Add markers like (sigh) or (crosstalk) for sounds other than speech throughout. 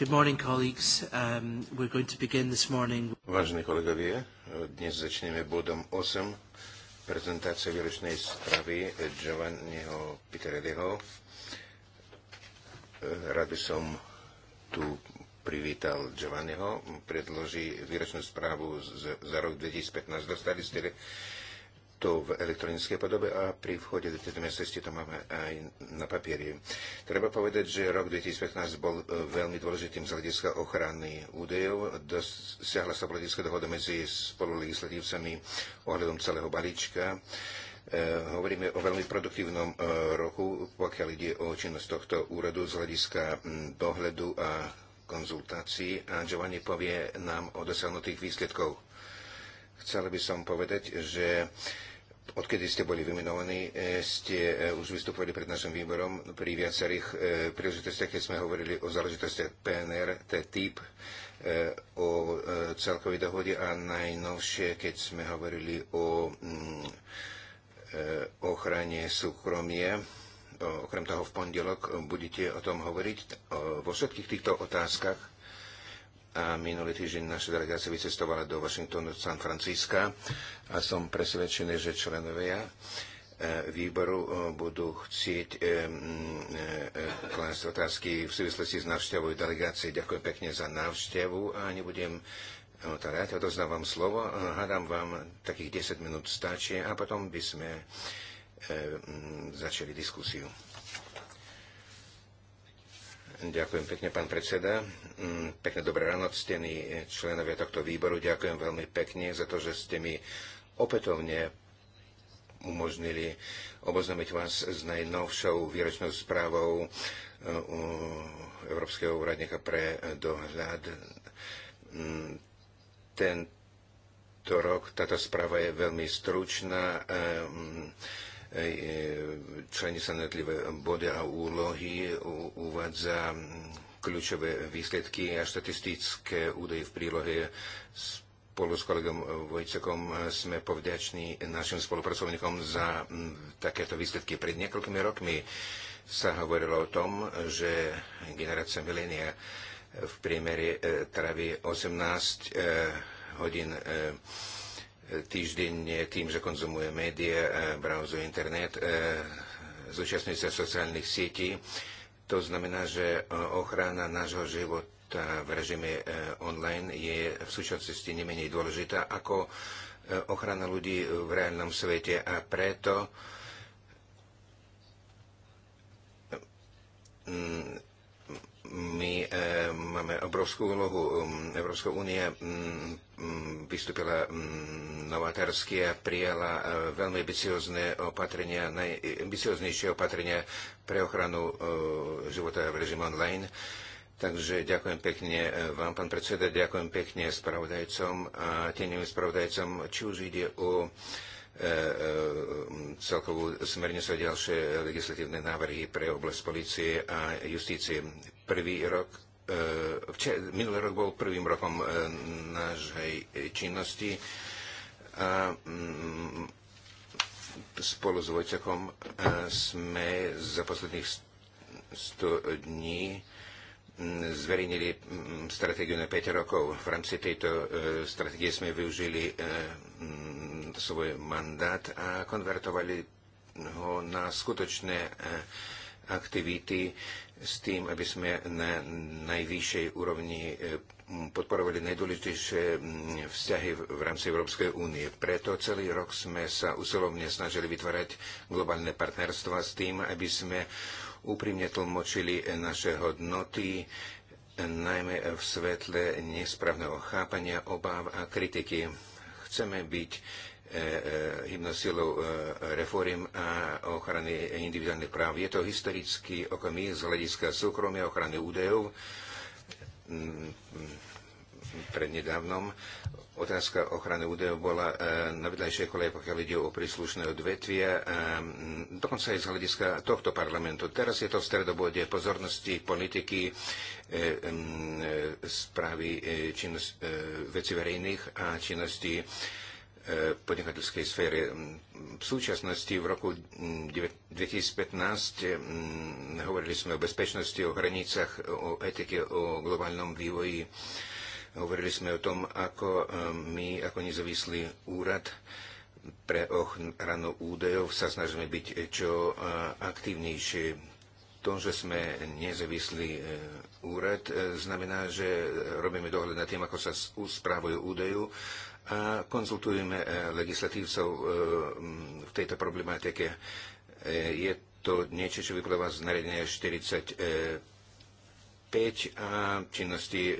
Good morning, colleagues. Um, we're going to begin this morning. Vážení kolegovia, dnes začneme bodom 8, prezentácia výročnej správy Giovanniho Pitereliho. Eh, rád by som tu privítal Giovanniho, predloží výročnú správu za rok 2015. Dostali ste to v elektronickej podobe a pri vchode do tejto miestnosti to máme aj na papieri. Treba povedať, že rok 2015 bol e, veľmi dôležitým z hľadiska ochrany údajov. Dosiahla sa politická dohoda medzi spolulegislatívcami ohľadom celého balíčka e, hovoríme o veľmi produktívnom e, roku, pokiaľ ide o činnosť tohto úradu z hľadiska dohľadu a konzultácií a Giovanni povie nám o dosiahnutých výsledkov. Chcel by som povedať, že odkedy ste boli vymenovaní, e, ste e, už vystupovali pred našim výborom pri viacerých e, príležitostiach, keď sme hovorili o záležitostiach PNR, TTIP, o celkovej dohode a najnovšie, keď sme hovorili o mm, ochrane súkromie. Okrem toho v pondelok budete o tom hovoriť vo všetkých týchto otázkach a minulý týždeň naša delegácia vycestovala do Washingtonu, San Francisca a som presvedčený, že členovia e, výboru e, budú chcieť e, klásť otázky v súvislosti s návštevou delegácie. Ďakujem pekne za návštevu a nebudem otárať. Odoznávam slovo. Hádam vám takých 10 minút stačí a potom by sme začali diskusiu. Ďakujem pekne, pán predseda. Mm, pekne dobré ráno, ctení členovia tohto výboru. Ďakujem veľmi pekne za to, že ste mi opätovne umožnili oboznámiť vás s najnovšou výročnou správou e, Európskeho úradníka pre dohľad. Mm, tento rok táto správa je veľmi stručná e, mm, E, člení sa netlivé body a úlohy, uvádza kľúčové výsledky a štatistické údaje v prílohe spolu s kolegom Vojcekom sme povďační našim spolupracovníkom za takéto výsledky. Pred niekoľkými rokmi sa hovorilo o tom, že generácia milénia v priemere e, trávi 18 e, hodín týždenne tým, že konzumuje médiá, e, browser, internet, e, zúčastňuje sa sociálnych sietí. To znamená, že e, ochrana nášho života v režime online je v súčasnosti nemenej dôležitá ako ochrana ľudí v reálnom svete a preto my eh, máme obrovskú úlohu. Um, Európska únia mm, mm, vystúpila mm, novatársky a prijala eh, veľmi ambiciozne opatrenia, najambicioznejšie opatrenia pre ochranu eh, života v režime online. Takže ďakujem pekne vám, pán predseda, ďakujem pekne spravodajcom a teným spravodajcom, či už ide o celkovú smernicu a ďalšie legislatívne návrhy pre oblasť policie a justície. Prvý rok, e, minulý rok bol prvým rokom e, našej činnosti a mm, spolu s Vojťakom e, sme za posledných 100 dní mm, zverejnili mm, stratégiu na 5 rokov. V rámci tejto stratégie sme využili svoj mandát a konvertovali ho na skutočné aktivity s tým, aby sme na najvyššej úrovni eh, podporovali najdôležitejšie mm, vzťahy v rámci Európskej únie. Preto celý rok sme sa usilovne snažili vytvárať globálne partnerstva s tým, aby sme úprimne tlmočili naše hodnoty, najmä v svetle nesprávneho chápania, obáv a kritiky. Chceme byť E, e, hybnou silou e, reform a ochrany individuálnych práv. Je to historický okamih z hľadiska súkromia ochrany údajov mm, prednedávnom. Otázka ochrany údajov bola na vedľajšej kole, pokiaľ ide o príslušné odvetvia, mm, dokonca aj z hľadiska tohto parlamentu. Teraz je to v stredobode pozornosti politiky, mm, správy činnosti, veci verejných a činnosti E, podnikateľskej sfére. V súčasnosti v roku 2015 hovorili sme o bezpečnosti, o hranicách, o etike, o globálnom vývoji. Hovorili sme o tom, ako e, my, ako nezávislý úrad pre ochranu údajov sa snažíme byť čo e, aktívnejšie. To, že sme nezávislý úrad, znamená, že robíme dohľad nad tým, ako sa správajú údajov a konzultujeme e, legislatívcov e, v tejto problematike. E, je to niečo, čo vyplýva z nariadenia 45 a činnosti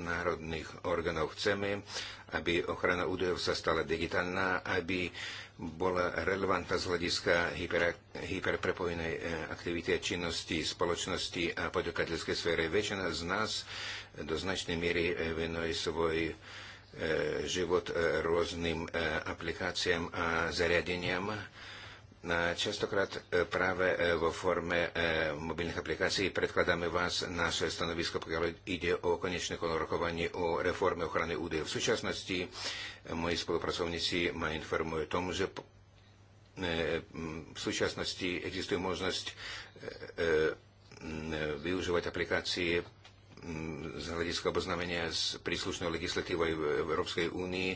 národných orgánov. Chceme, aby ochrana údajov sa stala digitálna, aby bola relevantná z hľadiska hyper, hyperprepojenej aktivity a činnosti spoločnosti a podnikateľskej sféry. Väčšina z nás do značnej miery venuje svoj E, život e, rôznym e, aplikáciám a zariadeniam. Častokrát práve vo forme mobilných aplikácií predkladáme vás naše stanovisko, pokiaľ ide o konečné rokovanie o reforme ochrany údajov. V súčasnosti moji spolupracovníci ma informujú o tom, že v súčasnosti existuje možnosť využívať aplikácie z hľadiska oboznamenia s príslušnou legislatívou v Európskej únii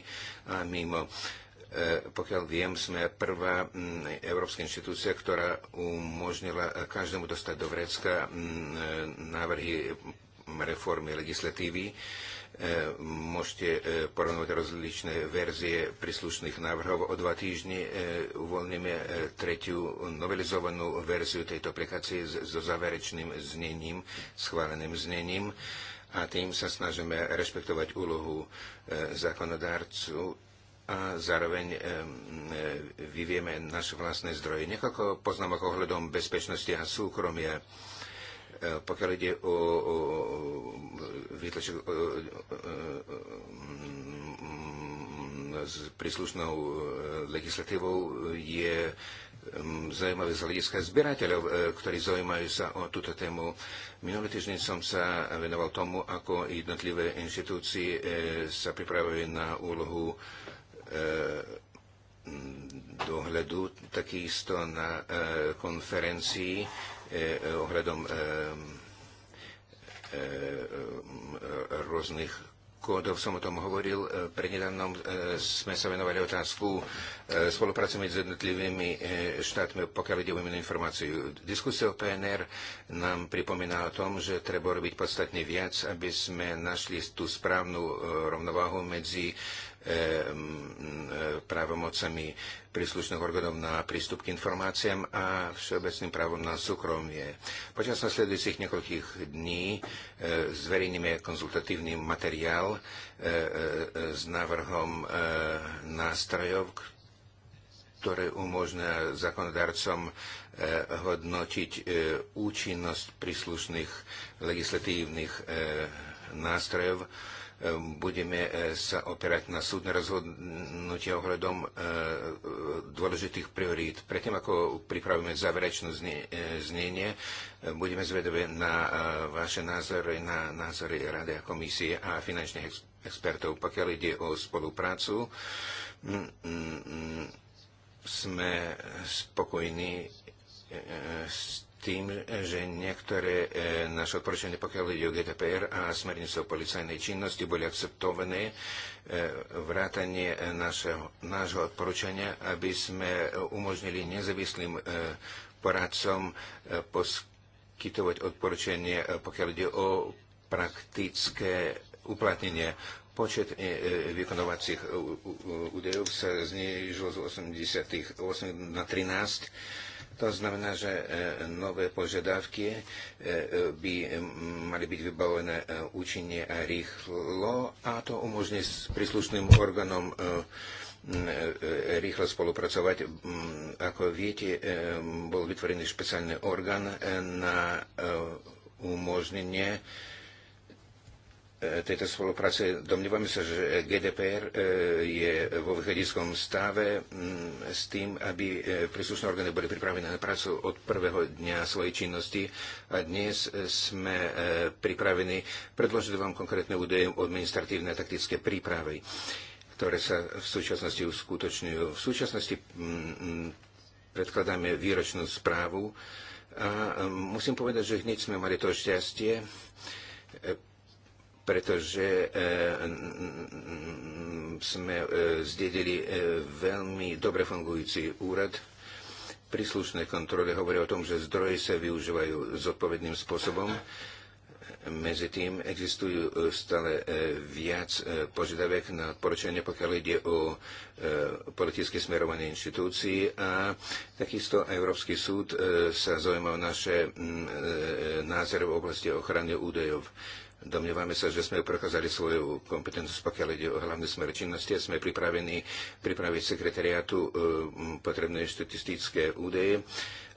a mimo. E, pokiaľ viem, sme prvá mm, európska inštitúcia, ktorá umožnila každému dostať do vrecka mm, e, návrhy reformy legislatívy. E, môžete e, porovnať rozličné verzie príslušných návrhov. O dva týždne e, uvoľníme tretiu novelizovanú verziu tejto aplikácie so záverečným znením, schváleným znením a tým sa snažíme rešpektovať úlohu zákonodárcu a zároveň vyvieme naše vlastné zdroje. Niekoľko poznámok ohľadom bezpečnosti a súkromia. Eh, pokiaľ ide o, o, výtlačok mm, s príslušnou eh, legislatívou, je mm, zaujímavé z hľadiska zbierateľov, eh, ktorí zaujímajú sa o túto tému. Minulý týždeň som sa venoval tomu, ako jednotlivé inštitúcie sa pripravujú na úlohu dohľadu, takisto na konferencii E, e, ohľadom e, rôznych kódov som o tom hovoril. Prednedávnom sme sa venovali otázku spolupráce medzi jednotlivými štátmi, pokiaľ ide o výmenu informáciu. Diskusia o PNR nám pripomína o tom, že treba robiť podstatne viac, aby sme našli tú správnu rovnováhu medzi právomocami príslušných orgánov na prístup k informáciám a všeobecným právom na súkromie. Počas nasledujúcich niekoľkých dní zverejníme konzultatívny materiál s návrhom nástrojov, ktoré umožňuje zákonodarcom hodnotiť účinnosť príslušných legislatívnych nástrojov budeme e, sa operať na súdne rozhodnutie ohľadom e, dôležitých priorít. Predtým, ako pripravíme záverečné e, znenie, budeme zvedovať na vaše názory, na názory Rady a komisie a finančných expertov. Pokiaľ ide o spoluprácu, sme spokojní s tým, že niektoré e, naše odporúčania, pokiaľ ide o GDPR a smernice o policajnej činnosti, boli akceptované e, vrátanie e, našeho, nášho odporúčania, aby sme umožnili nezávislým poradcom poskytovať odporúčanie, pokiaľ ide o praktické uplatnenie počet vykonovacích údajov sa znižil z 88 na 13 to znamená, že e, nové požiadavky e, e, by mali byť vybavené účinne a rýchlo a to umožní s príslušným orgánom rýchlo spolupracovať. Ako viete, bol vytvorený špeciálny orgán na umožnenie E, tejto spolupráce. Domnievame sa, že GDPR e, je vo východiskom stave mm, s tým, aby e, príslušné orgány boli pripravené na prácu od prvého dňa svojej činnosti a dnes sme pripravení predložiť vám konkrétne údaje o administratívnej a taktické príprave, ktoré sa v súčasnosti uskutočňujú. V súčasnosti mm, predkladáme výročnú správu a musím povedať, že hneď sme mali to šťastie pretože e, sme e, zdedili e, veľmi dobre fungujúci úrad. Príslušné kontroly hovoria o tom, že zdroje sa využívajú zodpovedným spôsobom. Medzi tým existujú stále viac požiadaviek na odporúčania, pokiaľ ide o politicky smerované inštitúcii a takisto Európsky súd sa zaujíma o naše názory v oblasti ochrany údajov. Domnievame sa, že sme prekázali svoju kompetenciu, pokiaľ ide o hlavné smer činnosti a sme pripravení pripraviť sekretariátu e, potrebné štatistické údaje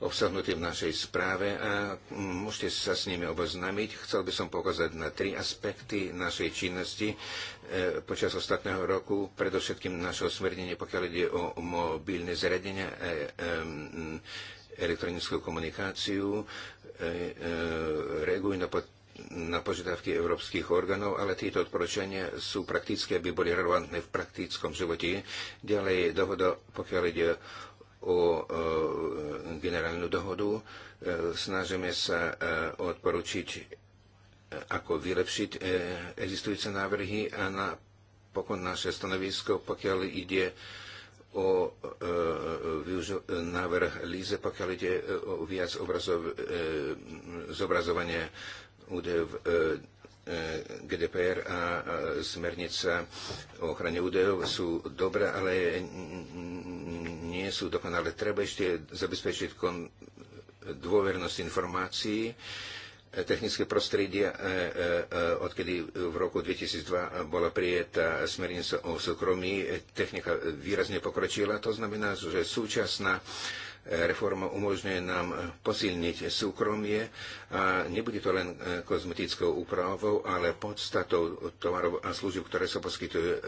obsahnuté v našej správe a môžete sa s nimi oboznámiť. Chcel by som pokazať na tri aspekty našej činnosti e, počas ostatného roku, predovšetkým naše osmernenie, pokiaľ ide o mobilné zariadenia, e, elektronickú komunikáciu, reagujú na pod na požiadavky európskych orgánov, ale tieto odporúčania sú praktické, aby boli relevantné v praktickom živote. Ďalej dohoda, pokiaľ ide o e, generálnu dohodu, e, snažíme sa e, odporučiť, ako vylepšiť existujúce návrhy a na pokon naše stanovisko, pokiaľ ide o e, návrh Líze, pokiaľ ide o viac obrazov, e, zobrazovanie údajov e, e, GDPR a smernica o ochrane údajov sú dobré, ale nie sú dokonalé. Treba ešte zabezpečiť kon- dôvernosť informácií, e, technické prostredie, odkedy v roku 2002 bola prijeta smernica o súkromí, technika výrazne pokročila. To znamená, že súčasná Reforma umožňuje nám posilniť súkromie a nebude to len e, kozmetickou úpravou, ale podstatou tovarov a služieb, ktoré sa poskytujú e,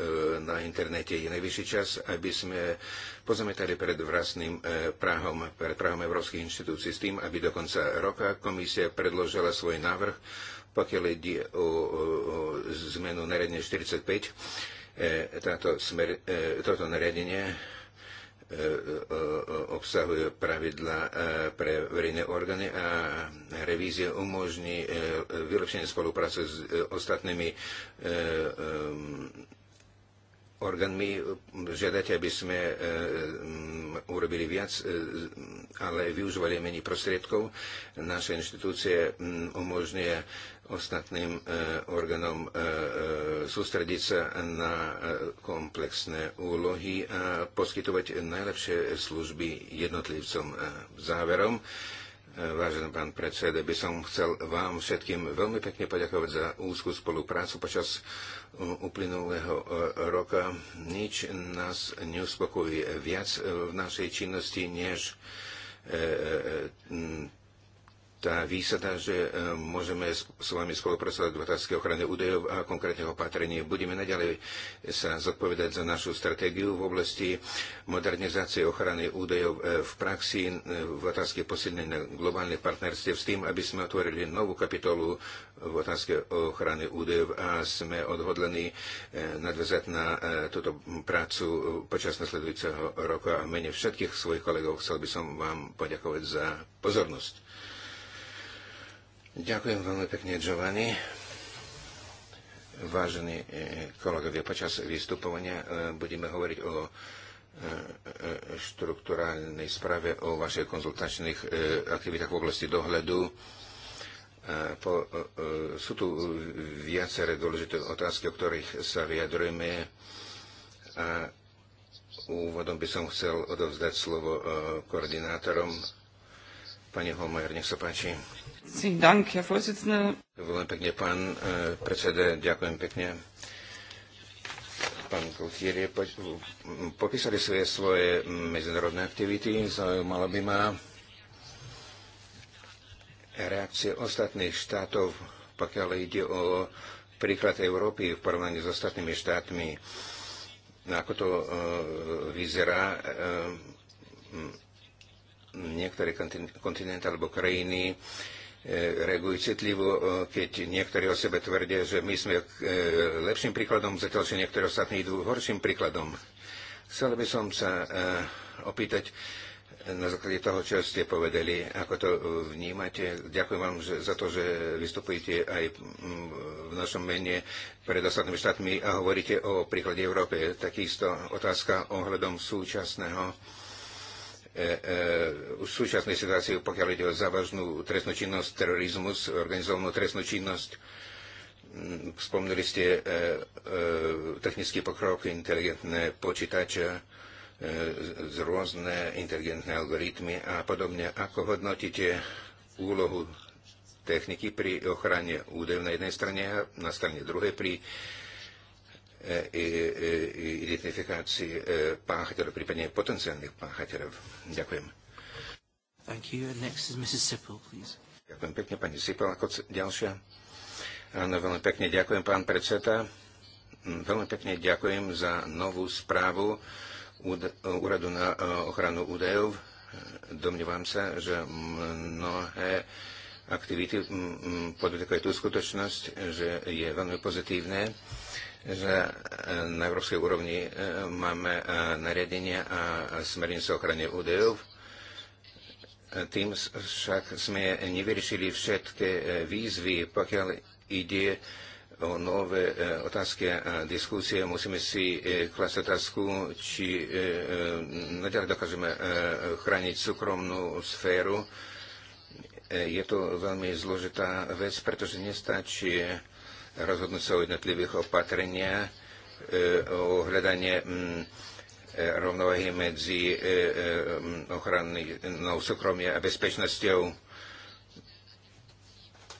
na internete. Je najvyšší čas, aby sme pozametali pred vlastným e, Prahom, pred Prahom Európskych inštitúcií s tým, aby do konca roka komisia predložila svoj návrh, pokiaľ ide o, zmenu nariadenia 45 táto smer, toto nariadenie E, e, e, obsahuje pravidla pre verejné orgány a revízia umožní vylepšenie spolupráce s ostatnými orgánmi. Žiadate, aby sme urobili viac, ale využívali menej prostriedkov. Naša inštitúcia umožňuje ostatným e, orgánom e, e, sústrediť sa na komplexné úlohy a poskytovať najlepšie služby jednotlivcom záverom. Vážený pán predseda, by som chcel vám všetkým veľmi pekne poďakovať za úzkú spoluprácu počas uplynulého roka. Nič nás neuspokojí viac v našej činnosti, než tá výsada, že e, môžeme s vami spolupracovať v otázke ochrany údajov a konkrétne opatrení. Budeme naďalej sa zodpovedať za našu stratégiu v oblasti modernizácie ochrany údajov e, v praxi, e, v otázke posilnenia globálnych partnerstiev s tým, aby sme otvorili novú kapitolu v otázke ochrany údajov a sme odhodlení nadvezať na túto prácu počas nasledujúceho roka a mene všetkých svojich kolegov chcel by som vám poďakovať za pozornosť. Ďakujem veľmi pekne, Giovanni. Vážení eh, kolegovia, počas vystupovania eh, budeme hovoriť o eh, štruktúrálnej správe o vašich konzultačných aktivitách v oblasti dohľadu. sú tu viaceré dôležité otázky, o ktorých sa vyjadrujeme. A úvodom by som chcel odovzdať slovo koordinátorom. Pani Holmajer, nech sa páči. Veľmi pekne, pán eh, predseda, ďakujem pekne. Pán popísali svoje, svoje medzinárodné aktivity, zaujímalo by ma reakcie ostatných štátov, pokiaľ ide o príklad Európy v porovnaní s ostatnými štátmi. Ako to e, vyzerá, e, niektoré kontinenty alebo krajiny e, E, reagujú citlivo, e, keď niektorí o sebe tvrdia, že my sme e, lepším príkladom, zatiaľ, že niektorí ostatní idú horším príkladom. Chcel by som sa opýtať na základe toho, čo ste povedali, ako to vnímate. Ďakujem vám za to, že vystupujete aj v našom mene pred ostatnými štátmi a hovoríte o príklade Európy. Takisto otázka ohľadom súčasného E, e, v súčasnej situácii, pokiaľ ide o závažnú trestnú činnosť, terorizmus, organizovanú trestnú činnosť. Mm, Spomnuli ste e, technický pokrok, inteligentné počítače, z rôzne inteligentné algoritmy a podobne. Ako hodnotíte úlohu techniky pri ochrane údev na jednej strane a na strane druhej pri E, e, e, identifikácii páchateľov, prípadne potenciálnych páchateľov. Ďakujem. Thank you. And next is Mrs. Sippel, please. Ďakujem pekne, pani Sipel, ako ďalšia. Áno, veľmi pekne ďakujem, pán predseda. Mm, veľmi pekne ďakujem za novú správu Úradu na ochranu údajov. Domnívam sa, že mnohé aktivity mm, mm, podľa je tú skutočnosť, že je veľmi pozitívne že e, na európskej úrovni e, máme e, nariadenia a smernice ochrany údajov. Tým však sme nevyriešili všetky výzvy, pokiaľ ide o nové otázky a diskusie. Musíme si klasť otázku, či naďalej dokážeme chrániť súkromnú sféru. Je to veľmi zložitá vec, pretože nestačí rozhodnúť sa o jednotlivých opatrenia, e, o hľadanie mm, e, rovnováhy medzi e, mm, ochrannou súkromia a bezpečnosťou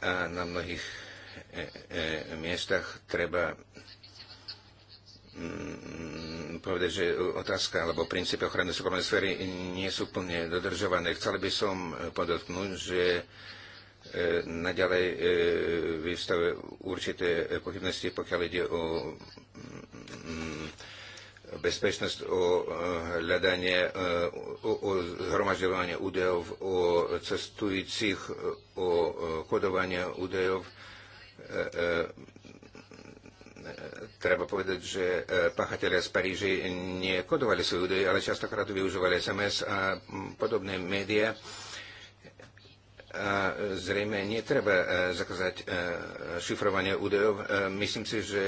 a na mnohých miestach treba mm, povedať, že otázka alebo princípy ochrany súkromnej sféry nie sú plne dodržované. Chcel by som podotknúť, že E, naďalej e, vystavuje určité e, pochybnosti, pokiaľ ide o mm, mm, bezpečnosť, o hľadanie, o, zhromažďovanie údajov, o cestujúcich, o kodovanie údajov. Treba povedať, že pachatelia z Paríži nekodovali svoje údaje, ale častokrát využívali SMS a podobné médiá E, zrejme netreba e, zakázať e, šifrovanie údajov. Myslím si, že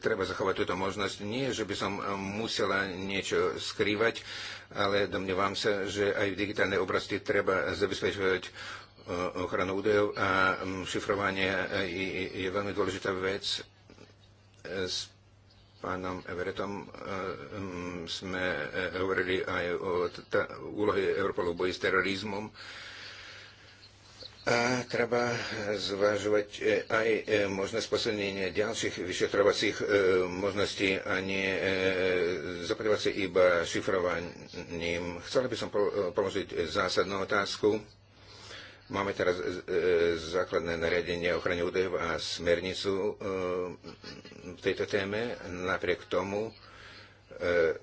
treba zachovať túto možnosť. Nie, že by som musela niečo skrývať, ale domnievam sa, že aj v digitálnej oblasti treba zabezpečovať ochranu údajov a šifrovanie je veľmi dôležitá vec. S pánom Everettom sme hovorili aj o úlohe Európolu v boji s terorizmom. A treba zvažovať e, aj e, možné posilnenie ďalších vyšetrovacích e, možností a nie zaprievať sa iba šifrovaním. Chcela by som položiť zásadnú otázku. Máme teraz základné nariadenie ochrany údajov a smernicu v tejto téme. Napriek tomu E,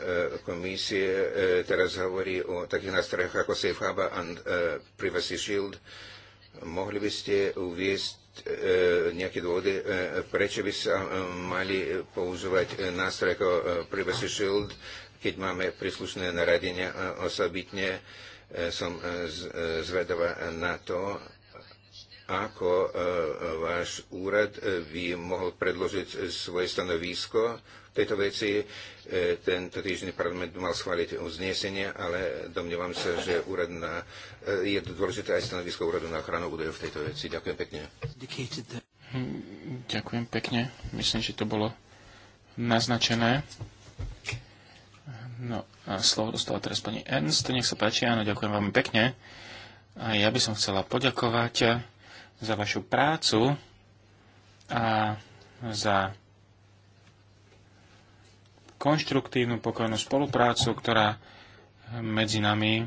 e, komisie e, teraz hovorí o takých nástrojoch ako Safe Harbor and Privacy Shield. Mohli by ste uviesť nejaké dôvody, prečo by sa mali používať nástroj ako Privacy Shield, keď máme príslušné naradenia osobitne. Som zvedavá na to, ako váš úrad by mohol predložiť svoje stanovisko tejto veci. E, tento týždeň parlament mal schváliť uznesenie, ale domnievam sa, že úrad na, e, je dôležité aj stanovisko úradu na ochranu údajov v tejto veci. Ďakujem pekne. Ďakujem pekne. Myslím, že to bolo naznačené. No a slovo dostala teraz pani Ernst. Nech sa páči, áno, ďakujem veľmi pekne. A ja by som chcela poďakovať za vašu prácu a za konštruktívnu pokojnú spoluprácu, ktorá medzi nami,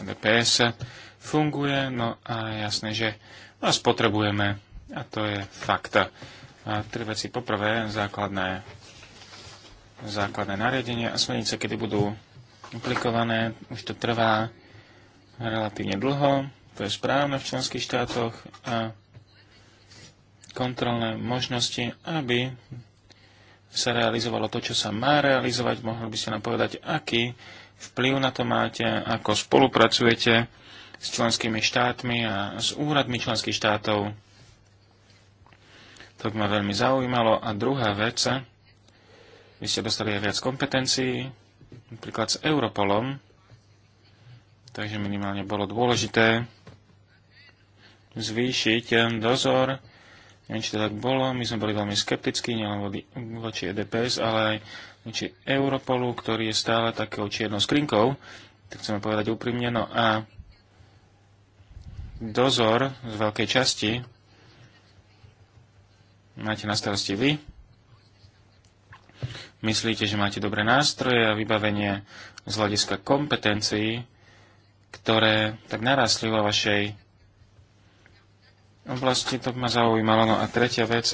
DPS, funguje. No a jasné, že vás potrebujeme a to je fakt. A tri veci. Poprvé, základné, základné nariadenie a smernice, kedy budú aplikované, už to trvá relatívne dlho, to je správne v členských štátoch a kontrolné možnosti, aby sa realizovalo to, čo sa má realizovať. Mohli by ste nám povedať, aký vplyv na to máte, ako spolupracujete s členskými štátmi a s úradmi členských štátov. To by ma veľmi zaujímalo. A druhá vec, vy ste dostali aj viac kompetencií, napríklad s Europolom, takže minimálne bolo dôležité zvýšiť eh, dozor Neviem, či to tak bolo. My sme boli veľmi skeptickí, nielen voči EDPS, ale aj voči Europolu, ktorý je stále takou čiernou skrinkou. Tak chceme povedať úprimne. No a dozor z veľkej časti máte na starosti vy. Myslíte, že máte dobré nástroje a vybavenie z hľadiska kompetencií, ktoré tak narastli vo vašej oblasti, to ma zaujímalo. No a tretia vec,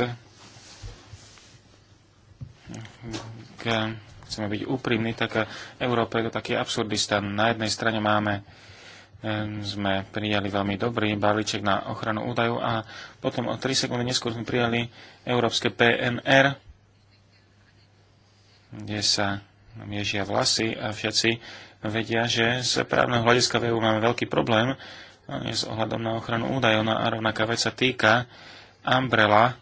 ak eh, chceme byť úprimní, tak eh, Európa je to taký absurdistan. Na jednej strane máme eh, sme prijali veľmi dobrý balíček na ochranu údajov a potom o 3 sekundy neskôr sme prijali európske PNR, kde sa miežia vlasy a všetci vedia, že z právneho hľadiska v EU máme veľký problém s ohľadom na ochranu údajov. No a rovnaká vec sa týka umbrella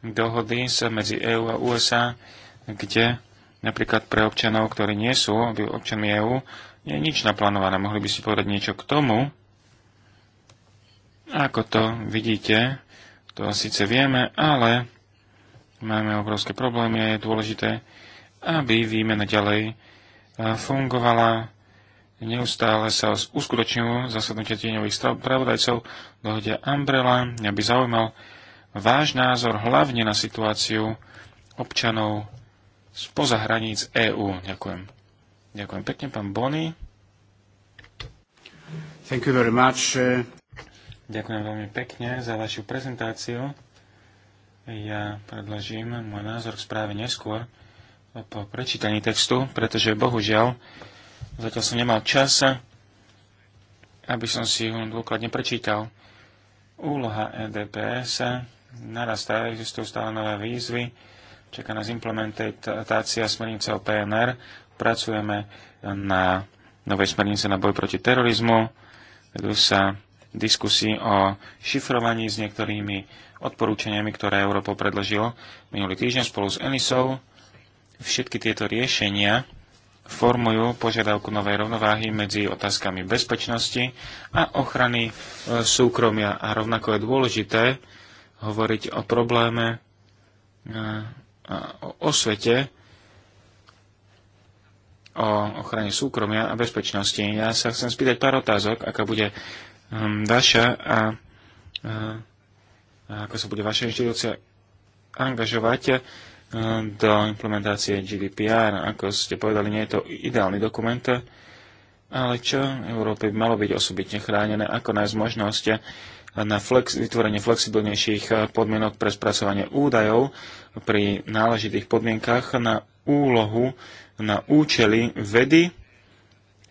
dohody medzi EÚ a USA, kde napríklad pre občanov, ktorí nie sú občanmi EÚ, nie je nič naplánované. Mohli by si povedať niečo k tomu, ako to vidíte, to síce vieme, ale máme obrovské problémy a je dôležité, aby výmena ďalej eh, fungovala Neustále sa uskutočňujú zasadnutia tieňových pravodajcov, dohodia Umbrella. Mňa by zaujímal váš názor hlavne na situáciu občanov spoza hraníc EÚ. Ďakujem. Ďakujem pekne, pán Bony. Thank you very much. Eh. Ďakujem veľmi pekne za vašu prezentáciu. Ja predložím môj názor k správe neskôr po prečítaní textu, pretože bohužiaľ Zatiaľ som nemal čas, aby som si ho dôkladne prečítal. Úloha EDPS narastá, existujú stále nové výzvy, čaká nás implementácia smernice o PNR, pracujeme na novej smernice na boj proti terorizmu, vedú sa diskusí o šifrovaní s niektorými odporúčaniami, ktoré Europol predložil minulý týždeň spolu s Enisou. Všetky tieto riešenia formujú požiadavku novej rovnováhy medzi otázkami bezpečnosti a ochrany e, súkromia. A rovnako je dôležité hovoriť o probléme, e, o osvete, o ochrane súkromia a bezpečnosti. Ja sa chcem spýtať pár otázok, aká bude hm, vaša a, a ako sa bude vaša inštitúcia angažovať do implementácie GDPR. Ako ste povedali, nie je to ideálny dokument, ale čo Európy Európe by malo byť osobitne chránené, ako nájsť možnosť na flex, vytvorenie flexibilnejších podmienok pre spracovanie údajov pri náležitých podmienkach na úlohu, na účely vedy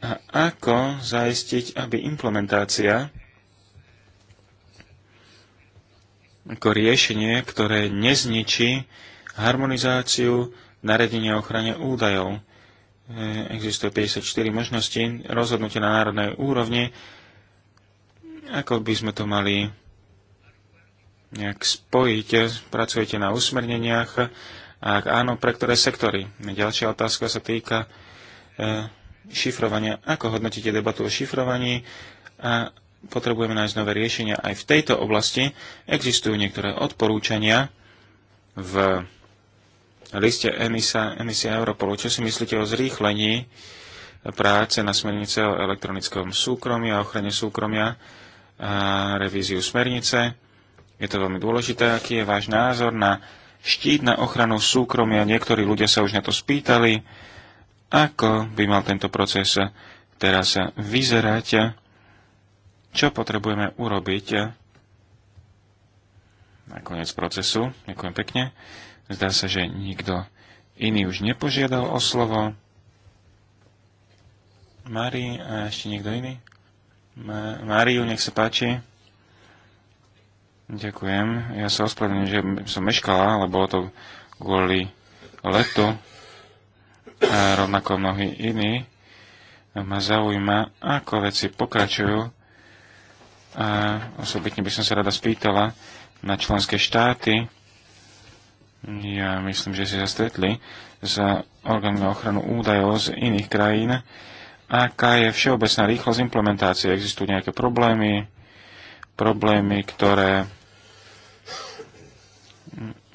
a ako zaistiť, aby implementácia ako riešenie, ktoré nezničí harmonizáciu nariadenia a ochrane údajov. E, existuje 54 možnosti rozhodnutia na národnej úrovni, ako by sme to mali nejak spojiť. Pracujete na usmerneniach, a ak áno, pre ktoré sektory? Ďalšia otázka sa týka e, šifrovania. Ako hodnotíte debatu o šifrovaní? A potrebujeme nájsť nové riešenia aj v tejto oblasti. Existujú niektoré odporúčania v liste emisa, emisia Europolu. Čo si myslíte o zrýchlení práce na smernice o elektronickom súkromí a ochrane súkromia a revíziu smernice? Je to veľmi dôležité. Aký je váš názor na štít na ochranu súkromia? Niektorí ľudia sa už na to spýtali. Ako by mal tento proces teraz vyzerať? Čo potrebujeme urobiť na koniec procesu? Ďakujem pekne. Zdá sa, že nikto iný už nepožiadal o slovo. Mári a ešte niekto iný? Máriu, nech sa páči. Ďakujem. Ja sa ospravedlňujem, že som meškala, ale bolo to kvôli letu. A rovnako mnohí iní ma zaujíma, ako veci pokračujú. A osobitne by som sa rada spýtala na členské štáty, ja myslím, že si sa stretli s orgánmi ochranu údajov z iných krajín. Aká je všeobecná rýchlosť implementácie? Existujú nejaké problémy? Problémy, ktoré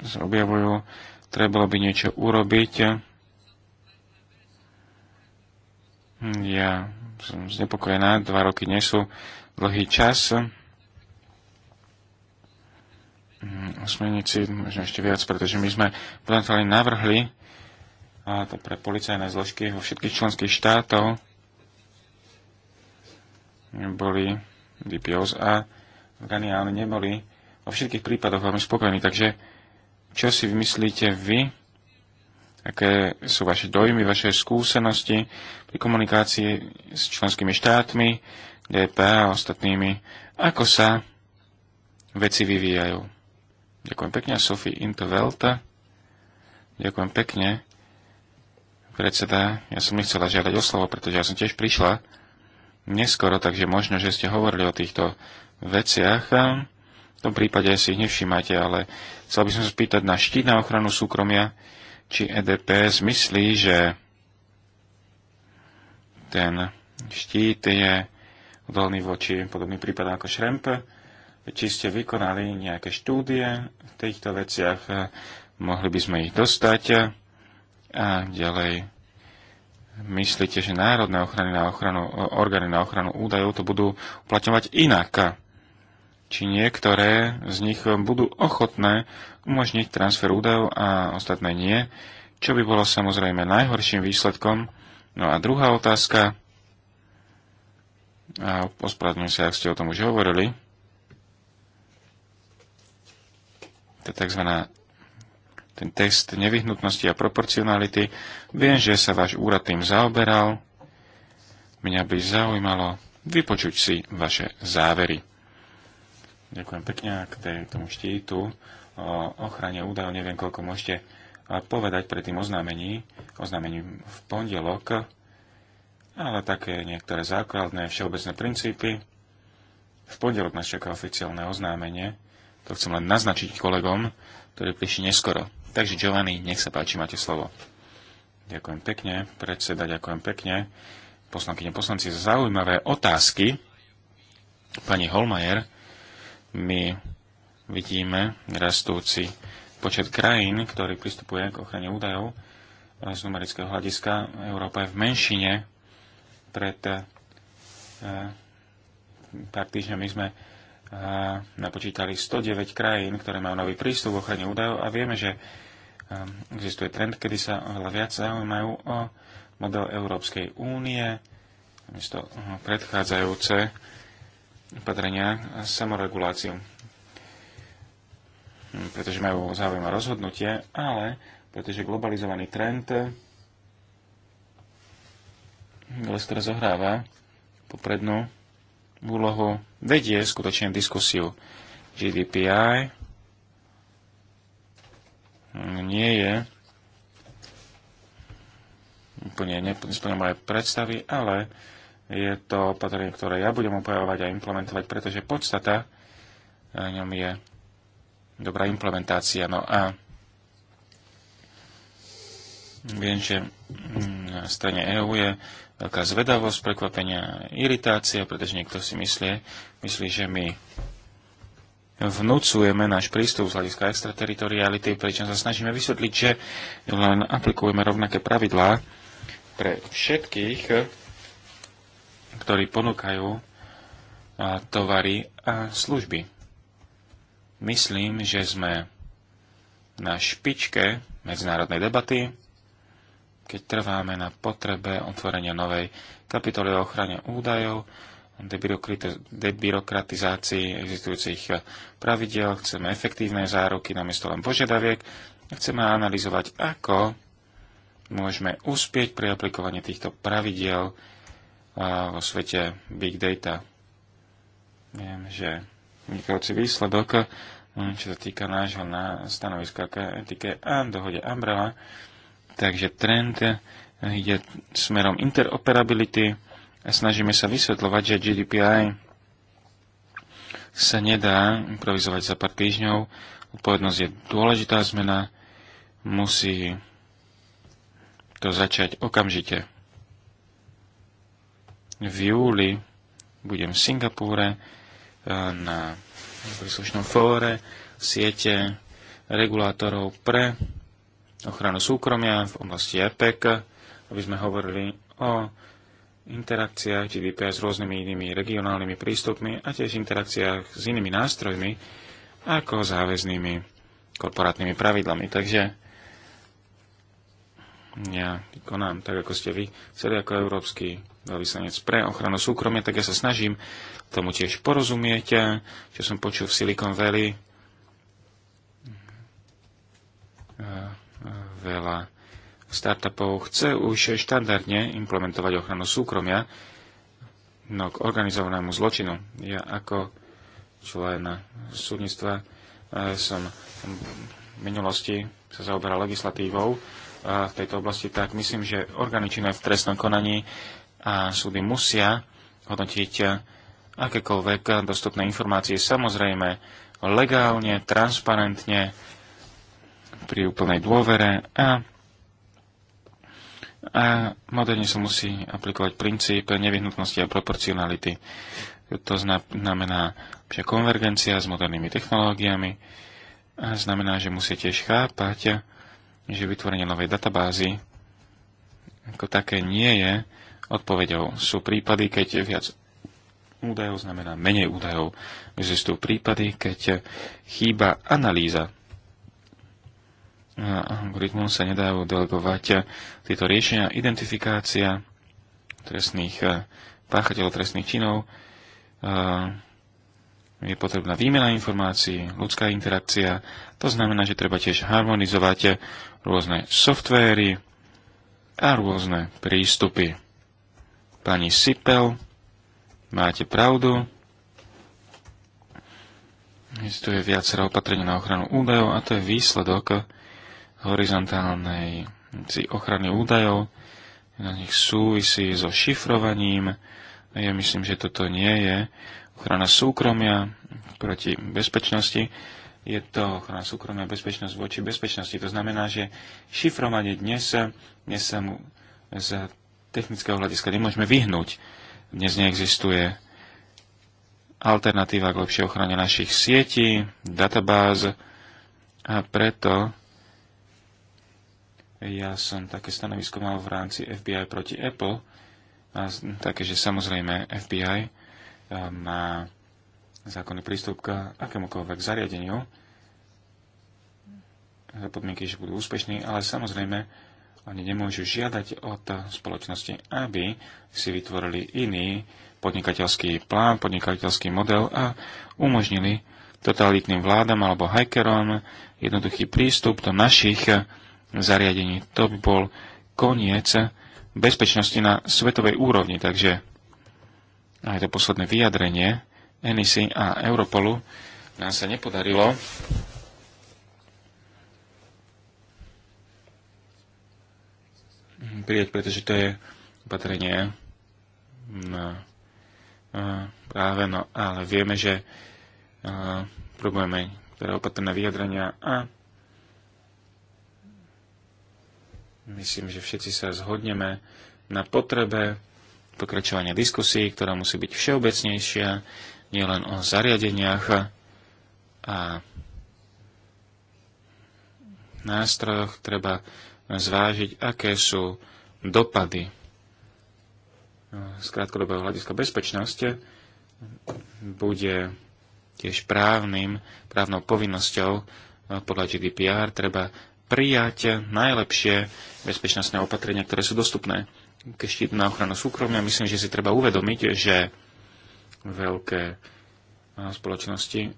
sa objavujú, trebalo by niečo urobiť. Ja som znepokojená, dva roky nie sú dlhý čas zmeniť mm, možno ešte viac, pretože my sme potenciálne navrhli a to pre policajné zložky vo všetkých členských štátov boli DPOs a v ale neboli vo všetkých prípadoch veľmi spokojní. Takže čo si vymyslíte vy, aké sú vaše dojmy, vaše skúsenosti pri komunikácii s členskými štátmi, DP a ostatnými, ako sa veci vyvíjajú? Ďakujem pekne, Sophie Intovelta. Ďakujem pekne. Predseda, ja som nechcela žiadať o slovo, pretože ja som tiež prišla neskoro, takže možno, že ste hovorili o týchto veciach. v tom prípade si ich nevšímate, ale chcel by som sa spýtať na štít na ochranu súkromia, či EDPS myslí, že ten štít je odolný voči podobným prípadom ako šremp, či ste vykonali nejaké štúdie v týchto veciach, eh, mohli by sme ich dostať. Eh, a ďalej, myslíte, že národné ochrany na ochranu, orgány na ochranu údajov to budú uplatňovať inak? Či niektoré z nich budú ochotné umožniť transfer údajov a ostatné nie, čo by bolo samozrejme najhorším výsledkom. No a druhá otázka, a ospravedlňujem sa, ak ste o tom už hovorili, to tzv. ten test nevyhnutnosti a proporcionality. Viem, že sa váš úrad tým zaoberal. Mňa by zaujímalo vypočuť si vaše závery. Ďakujem pekne k tomu štítu o ochrane údajov. Neviem, koľko môžete povedať pre tým oznámení, oznámením v pondelok, ale také niektoré základné všeobecné princípy. V pondelok nás čaká oficiálne oznámenie to chcem len naznačiť kolegom, ktorí prišli neskoro. Takže Giovanni, nech sa páči, máte slovo. Ďakujem pekne, predseda, ďakujem pekne. Poslankyne, poslanci, zaujímavé otázky. Pani Holmajer, my vidíme rastúci počet krajín, ktorý pristupuje k ochrane údajov z numerického hľadiska. Európa je v menšine. Pred eh, pár týždňami sme napočítali 109 krajín, ktoré majú nový prístup v ochrane údajov a vieme, že um, existuje trend, kedy sa oveľa viac zaujímajú o model Európskej únie, miesto predchádzajúce opatrenia a samoreguláciu. Hm, pretože majú záujem rozhodnutie, ale pretože globalizovaný trend Lester zohráva poprednú úlohu vedie skutočne diskusiu GDPI. Nie je úplne nesplňa moje predstavy, ale je to opatrenie, ktoré ja budem opojovať a implementovať, pretože podstata na ňom je dobrá implementácia. No a viem, že na strane EÚ je veľká zvedavosť, prekvapenia, iritácia, pretože niekto si myslí, myslí, že my vnúcujeme náš prístup z hľadiska extrateritoriality, pričom sa snažíme vysvetliť, že len aplikujeme rovnaké pravidlá pre všetkých, ktorí ponúkajú tovary a služby. Myslím, že sme na špičke medzinárodnej debaty keď trváme na potrebe otvorenia novej kapitoly o ochrane údajov, debyrokratizácii existujúcich pravidel, chceme efektívne záruky namiesto len požiadaviek, chceme analyzovať, ako môžeme uspieť pri aplikovaní týchto pravidiel vo svete big data. Viem, že vynikajúci výsledok, hm, čo sa týka nášho na stanoviska k etike a dohode Umbrella, Takže trend ide smerom interoperability a snažíme sa vysvetľovať, že GDPI sa nedá improvizovať za pár týždňov. Odpovednosť je dôležitá zmena, musí to začať okamžite. V júli budem v Singapúre eh, na príslušnom fóre siete regulátorov pre ochranu súkromia v oblasti EPEC, aby sme hovorili o interakciách GDP s rôznymi inými regionálnymi prístupmi a tiež interakciách s inými nástrojmi ako záväznými korporátnymi pravidlami. Takže ja konám tak, ako ste vy, celý ako európsky veľvyslanec pre ochranu súkromia, tak ja sa snažím tomu tiež porozumieť, čo som počul v Silicon Valley veľa startupov chce už štandardne implementovať ochranu súkromia no, k organizovanému zločinu. Ja ako člen súdnictva eh, som v minulosti sa zaoberal legislatívou eh, v tejto oblasti, tak myslím, že orgány činné v trestnom konaní a súdy musia hodnotiť eh, akékoľvek dostupné informácie samozrejme legálne, transparentne, pri úplnej dôvere a, a moderne sa musí aplikovať princíp nevyhnutnosti a proporcionality. To znamená, že konvergencia s modernými technológiami a znamená, že musí tiež chápať, že vytvorenie novej databázy ako také nie je odpovedou. Sú prípady, keď viac údajov znamená menej údajov. Existujú prípady, keď chýba analýza algoritmu sa nedajú delegovať e, tieto riešenia. Identifikácia trestných e, páchateľov trestných činov e, je potrebná výmena informácií, ľudská interakcia. To znamená, že treba tiež harmonizovať rôzne softvéry a rôzne prístupy. Pani Sipel, máte pravdu. Existuje viacero opatrení na ochranu údajov a to je výsledok horizontálnej si ochrany údajov, na nich súvisí so šifrovaním. Ja myslím, že toto nie je ochrana súkromia proti bezpečnosti. Je to ochrana súkromia a bezpečnosť voči bezpečnosti. To znamená, že šifrovanie dnes, dnes sa mu z technického hľadiska nemôžeme vyhnúť. Dnes neexistuje alternatíva k lepšej ochrane našich sietí, databáz a preto ja som také stanovisko mal v rámci FBI proti Apple, a také, že samozrejme FBI má zákonný prístup k akémukoľvek zariadeniu za podmienky, že budú úspešní, ale samozrejme oni nemôžu žiadať od spoločnosti, aby si vytvorili iný podnikateľský plán, podnikateľský model a umožnili totalitným vládam alebo hackerom jednoduchý prístup do našich zariadení. To by bol koniec bezpečnosti na svetovej úrovni. Takže aj to posledné vyjadrenie NIC a Europolu nám sa nepodarilo prijať, pretože to je opatrenie na, na práve, no ale vieme, že a, probujeme teda opatrné vyjadrenia a Myslím, že všetci sa zhodneme na potrebe pokračovania diskusí, ktorá musí byť všeobecnejšia, nielen o zariadeniach a nástrojoch. Treba zvážiť, aké sú dopady z krátkodobého hľadiska bezpečnosti bude tiež právnym, právnou povinnosťou podľa GDPR treba prijať najlepšie bezpečnostné opatrenia, ktoré sú dostupné ke štítu na ochranu súkromia. Myslím, že si treba uvedomiť, že veľké eh, spoločnosti eh,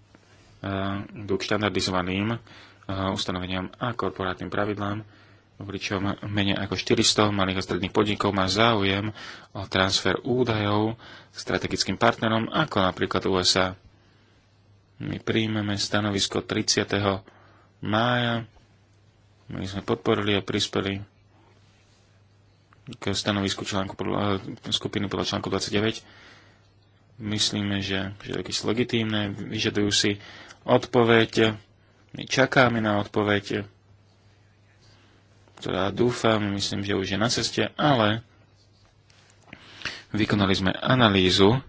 idú k štandardizovaným eh, ustanoveniam a korporátnym pravidlám, pričom menej ako 400 malých a stredných podnikov má záujem o transfer údajov strategickým partnerom, ako napríklad USA. My príjmeme stanovisko 30. mája my sme podporili a prispeli k stanovisku článku podľa, eh, skupiny podľa článku 29. Myslíme, že žiadky sú legitímne, vyžadujú si odpoveď. My čakáme na odpoveď, ktorá dúfam, myslím, že už je na ceste, ale vykonali sme analýzu,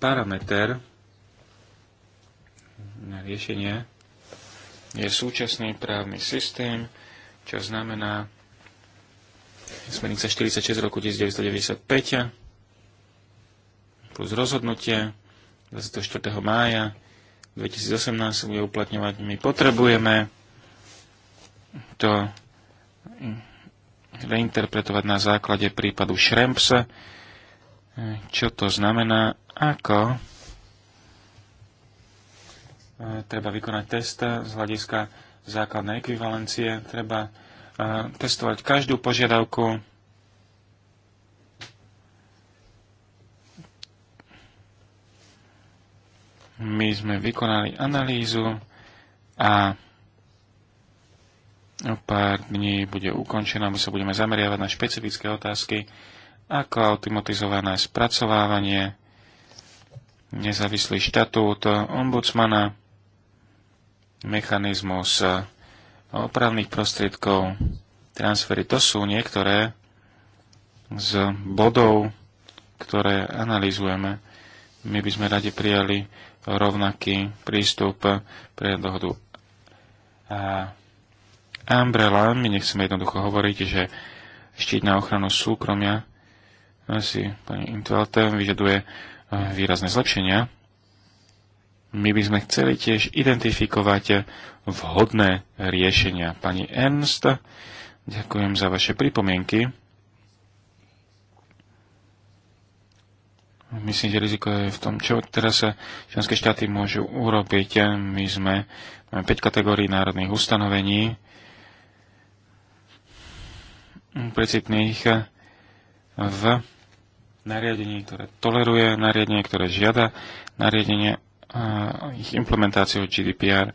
parameter na riešenie je súčasný právny systém, čo znamená smernica 46 roku 1995 plus rozhodnutie 24. mája 2018 sa bude uplatňovať. My potrebujeme to reinterpretovať na základe prípadu Šrempsa, čo to znamená, ako E, treba vykonať test z hľadiska základnej ekvivalencie, treba e, testovať každú požiadavku. My sme vykonali analýzu a o pár dní bude ukončená, my sa budeme zameriavať na špecifické otázky, ako automatizované spracovávanie, nezávislý štatút ombudsmana, mechanizmus e, opravných prostriedkov, transfery. To sú niektoré z bodov, ktoré analýzujeme. My by sme radi prijali rovnaký prístup pre dohodu a Umbrella. My nechceme jednoducho hovoriť, že štít na ochranu súkromia si pani Intvelte vyžaduje e, výrazné zlepšenia my by sme chceli tiež identifikovať vhodné riešenia. Pani Ernst, ďakujem za vaše pripomienky. Myslím, že riziko je v tom, čo teraz členské štáty môžu urobiť. My sme, máme 5 kategórií národných ustanovení, precitných v nariadení, ktoré toleruje, nariadenie, ktoré žiada, nariadenie ich implementáciou GDPR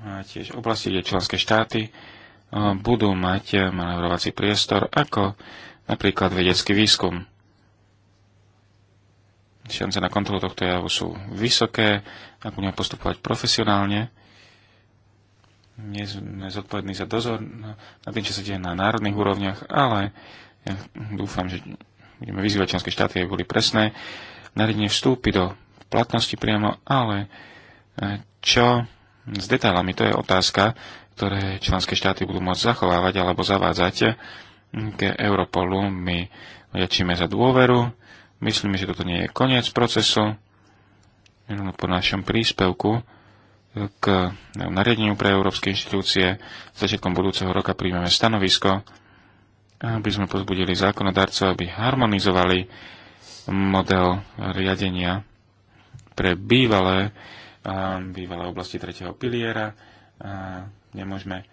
a tiež oblasti, kde členské štáty budú mať e, manevrovací priestor ako napríklad vedecký výskum. Šance na kontrolu tohto javu sú vysoké, ak budeme postupovať profesionálne. Nie sme zodpovední za dozor na tým, čo sa deje na národných úrovniach, ale ja dúfam, že budeme vyzývať členské štáty, aby boli presné nariadenie vstúpi do platnosti priamo, ale e, čo s detailami, to je otázka, ktoré členské štáty budú môcť zachovávať alebo zavádzať k Europolu. My vďačíme za dôveru, myslíme, že toto nie je koniec procesu. Po našom príspevku k nariadeniu pre európske inštitúcie začiatkom budúceho roka príjmeme stanovisko, aby sme pozbudili zákonodarcov, aby harmonizovali model riadenia pre bývalé, bývalé oblasti tretieho piliera. Nemôžeme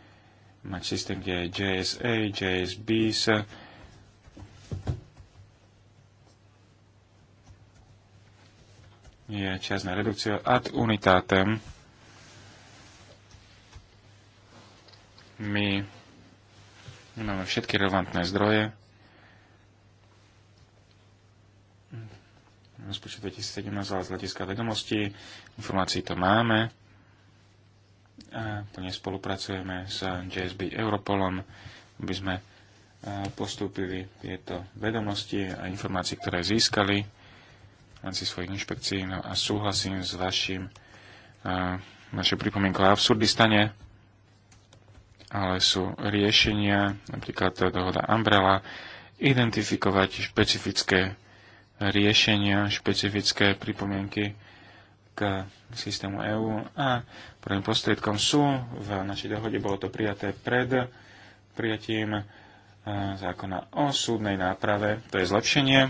mať systém, kde je JSA, JSB, je čas na redukciu ad unitátem. My máme všetky relevantné zdroje, rozpočet 2017, ale z hľadiska vedomostí, informácií to máme. A plne spolupracujeme s JSB Europolom, aby sme e, postúpili tieto vedomosti a informácie, ktoré získali v rámci svojich inšpekcií. No a súhlasím s vašim našou e, pripomienkou o Absurdistane, ale sú riešenia, napríklad dohoda Umbrella, identifikovať špecifické riešenia, špecifické pripomienky k systému EÚ a prvým prostriedkom sú, v našej dohode bolo to prijaté pred prijatím e, zákona o súdnej náprave. To je zlepšenie,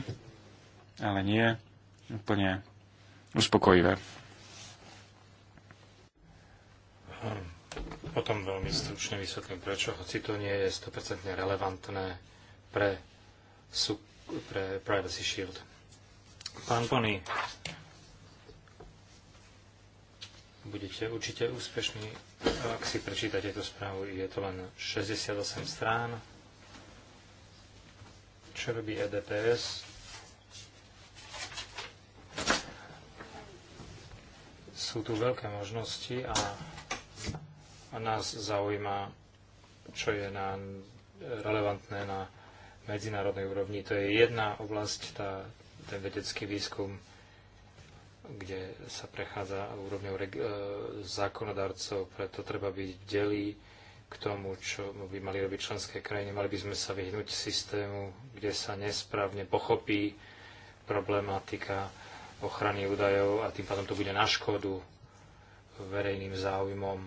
ale nie úplne uspokojivé. Potom veľmi stručne vysvetlím, prečo, hoci to nie je 100% relevantné pre, pre Privacy Shield Pán budete určite úspešní, ak si prečítate tú správu. Je to len 68 strán. Čo robí EDPS? Sú tu veľké možnosti a, a nás zaujíma, čo je na, relevantné na medzinárodnej úrovni. To je jedna oblasť, tá ten vedecký výskum, kde sa prechádza úrovňou e, zákonodarcov, preto treba byť delí k tomu, čo by mali robiť členské krajiny. Mali by sme sa vyhnúť systému, kde sa nesprávne pochopí problematika ochrany údajov a tým pádom to bude na škodu verejným záujmom.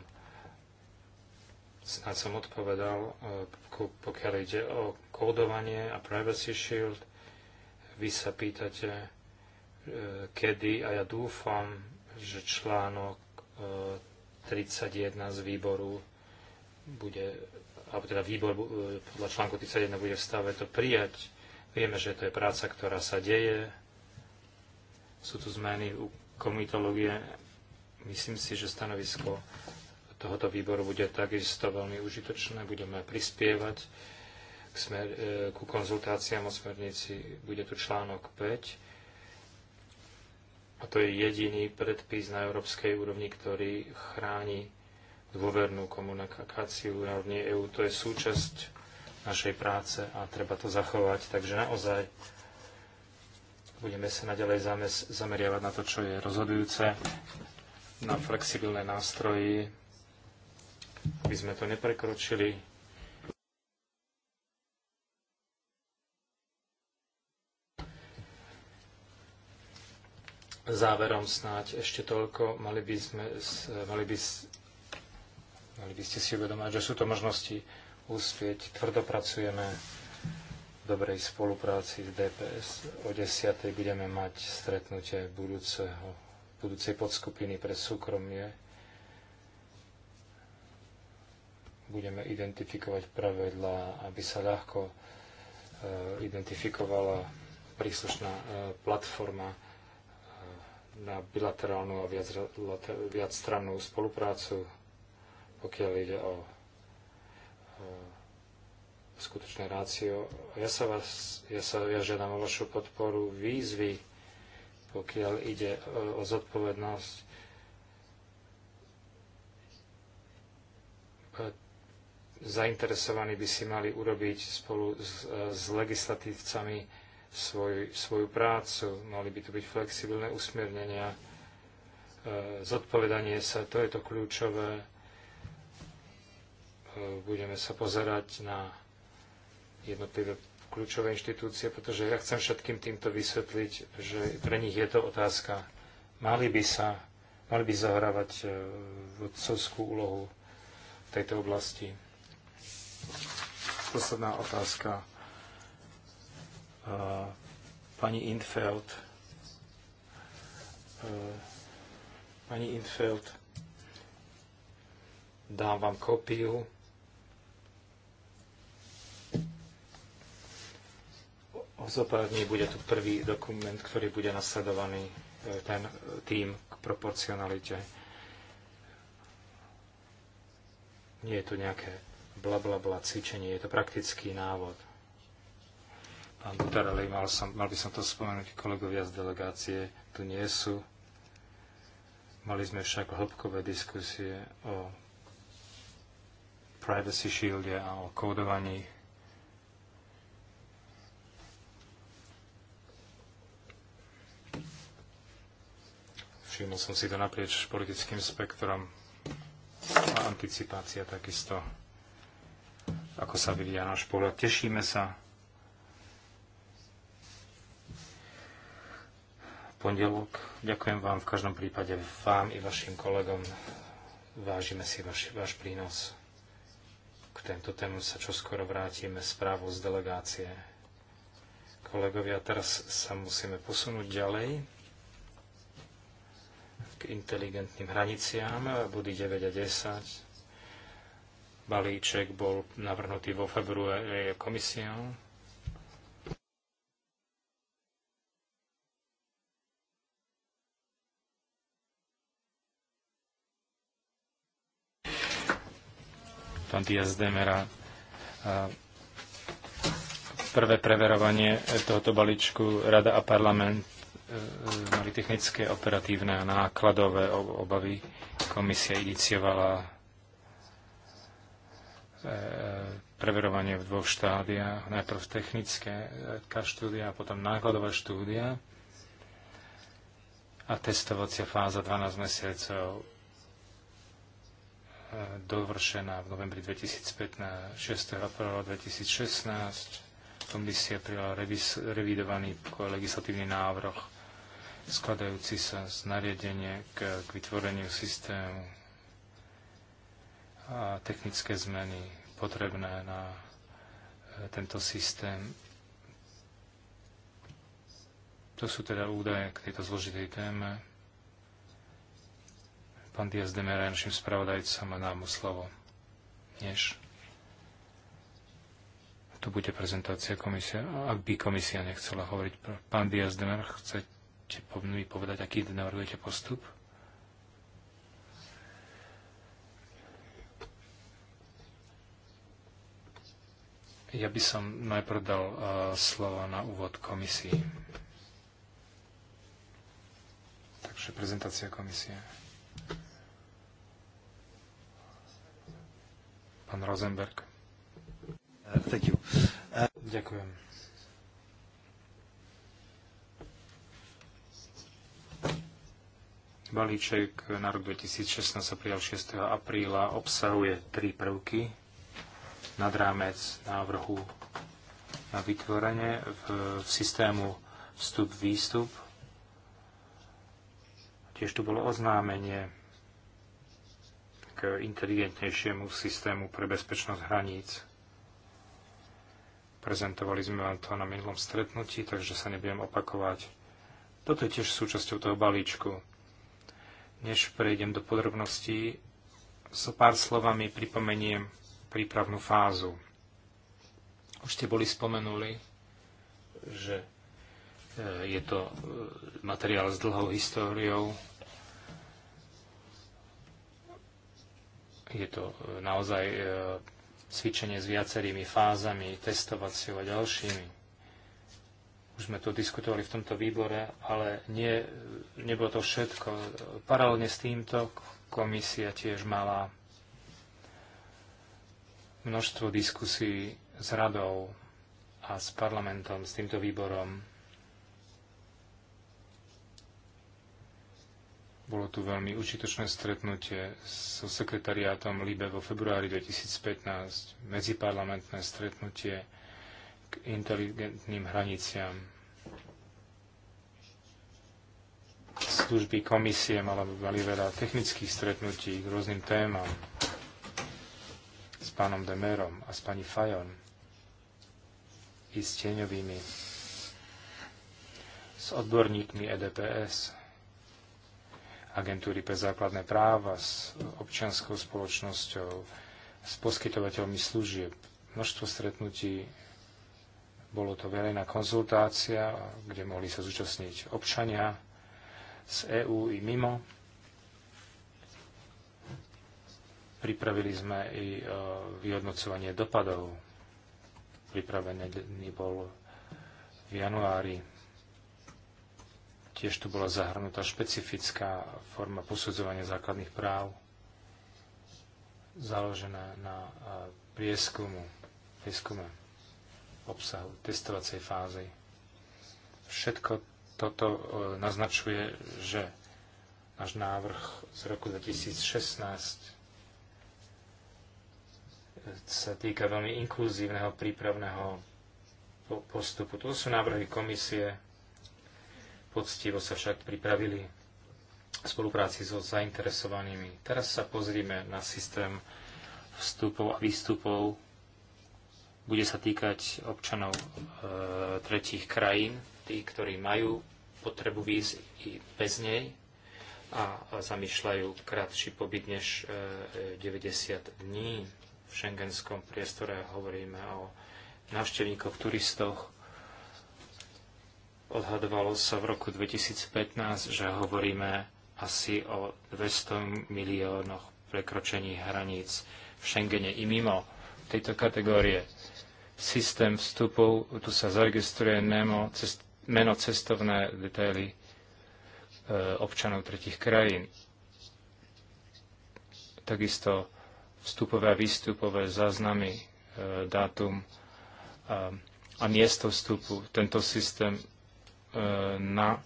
Snáď som odpovedal, e, pokiaľ ide o kódovanie a Privacy Shield – vy sa pýtate, e, kedy, a ja dúfam, že článok 31 e, z výboru bude, alebo teda výbor e, podľa článku 31 bude v stave to prijať. Vieme, že to je práca, ktorá sa deje. Sú tu zmeny u komitológie. Myslím si, že stanovisko tohoto výboru bude takisto veľmi užitočné. Budeme prispievať smer, e, ku konzultáciám o smernici. Bude tu článok 5 a to je jediný predpis na európskej úrovni, ktorý chráni dôvernú komunikáciu na úrovni EÚ. To je súčasť našej práce a treba to zachovať. Takže naozaj budeme sa naďalej zameriavať na to, čo je rozhodujúce, na flexibilné nástroji, aby sme to neprekročili Záverom snáď ešte toľko, mali by, sme, mali, by, mali by ste si uvedomať, že sú to možnosti uspieť. Tvrdo pracujeme v dobrej spolupráci s DPS. O 10. budeme mať stretnutie budúceho, budúcej podskupiny pre súkromie. Budeme identifikovať pravidlá, aby sa ľahko eh, identifikovala príslušná eh, platforma na bilaterálnu a viacstrannú spoluprácu, pokiaľ ide o skutočné rácio. Ja sa, vás, ja sa ja žiadam o vašu podporu výzvy, pokiaľ ide o, e, o zodpovednosť. Zainteresovaní by si mali urobiť spolu s, e, s legislatívcami svoj, svoju prácu, mali by to byť flexibilné usmernenia, e, zodpovedanie sa, to je to kľúčové. E, budeme sa pozerať na jednotlivé kľúčové inštitúcie, pretože ja chcem všetkým týmto vysvetliť, že pre nich je to otázka. Mali by sa, mali by zahrávať e, vodcovskú úlohu v tejto oblasti. Posledná otázka Eh, pani Infeld. Eh, pani Infeld, dám vám kopiu. O dní bude tu prvý dokument, ktorý bude nasledovaný eh, ten tým k proporcionalite. Nie je to nejaké blablabla bla, bla, cvičenie, je to praktický návod pán ale mal, som, mal by som to spomenúť, kolegovia z delegácie tu nie sú. Mali sme však hĺbkové diskusie o Privacy Shielde a o kódovaní. Všimol som si to naprieč politickým spektrom a anticipácia takisto, ako sa vyvíja náš pohľad. Tešíme sa, pondelok. Ďakujem vám v každom prípade, vám i vašim kolegom. Vážime si vaš, váš prínos. K tento tému sa čoskoro vrátime správu z delegácie. Kolegovia, teraz sa musíme posunúť ďalej k inteligentným hraniciám, body 9 a 10. Balíček bol navrhnutý vo februári komisiou pán Diaz Demera. Prvé preverovanie tohoto balíčku Rada a parlament e, mali technické, operatívne a nákladové obavy. Komisia iniciovala e, preverovanie v dvoch štádiách. Najprv technické e, štúdia, a potom nákladová štúdia a testovacia fáza 12 mesiacov dovršená v novembri 2015, 6. apríla 2016. Komisia prijala revidovaný legislatívny návrh skladajúci sa z nariadenie k, k vytvoreniu systému a technické zmeny potrebné na e, tento systém. To sú teda údaje k tejto zložitej téme. Pán Diaz de Mera, našim spravodajcom, a nám slovo. Než tu bude prezentácia komisia, ak by komisia nechcela hovoriť. Pán Diaz de Mera, chcete mi povedať, aký navrhujete postup? Ja by som najprv dal uh, slovo na úvod komisii. Takže prezentácia komisie. pán Rosenberg. Uh, thank you. Uh, Ďakujem. Balíček na rok 2016 sa prijal 6. apríla, obsahuje tri prvky nad rámec návrhu na vytvorenie v, v systému vstup-výstup. Tiež tu bolo oznámenie k inteligentnejšiemu systému pre bezpečnosť hraníc. Prezentovali sme vám to na minulom stretnutí, takže sa nebudem opakovať. Toto je tiež súčasťou toho balíčku. Než prejdem do podrobností, so pár slovami pripomeniem prípravnú fázu. Už ste boli spomenuli, že e, je to e, materiál s dlhou históriou, Je to e, naozaj e, cvičenie s viacerými fázami, testovacie a ďalšími. Už sme to diskutovali v tomto výbore, ale nie, nebolo to všetko. Paralelne s týmto komisia tiež mala množstvo diskusí s radou a s parlamentom, s týmto výborom Bolo tu veľmi užitočné stretnutie so sekretariátom LIBE vo februári 2015, medziparlamentné stretnutie k inteligentným hraniciam. Služby komisie mala, mali veľa technických stretnutí k rôznym témam s pánom Demerom a s pani Fajon i s tieňovými, s odborníkmi EDPS agentúry pre základné práva, s občianskou spoločnosťou, s poskytovateľmi služieb. Množstvo stretnutí, bolo to verejná konzultácia, kde mohli sa zúčastniť občania z EÚ i mimo. Pripravili sme i e, vyhodnocovanie dopadov. Pripravený bol v januári Tiež tu bola zahrnutá špecifická forma posudzovania základných práv, založená na e, prieskumu, prieskume obsahu testovacej fázy. Všetko toto e, naznačuje, že náš návrh z roku 2016 sa týka veľmi inkluzívneho prípravného postupu. Tu sú návrhy komisie, Poctivo sa však pripravili v spolupráci so zainteresovanými. Teraz sa pozrime na systém vstupov a výstupov. Bude sa týkať občanov e, tretích krajín, tí, ktorí majú potrebu výsť i bez nej a zamýšľajú krátší pobyt než 90 e, dní v šengenskom priestore. Hovoríme o návštevníkoch, turistoch, Odhadovalo sa v roku 2015, že hovoríme asi o 200 miliónoch prekročení hraníc v Schengene i mimo tejto kategórie. Systém vstupov, tu sa zaregistruje nemo, cest, meno cestovné detaily e, občanov tretich krajín. Takisto vstupové a výstupové záznamy, e, dátum a, a miesto vstupu. Tento systém E, na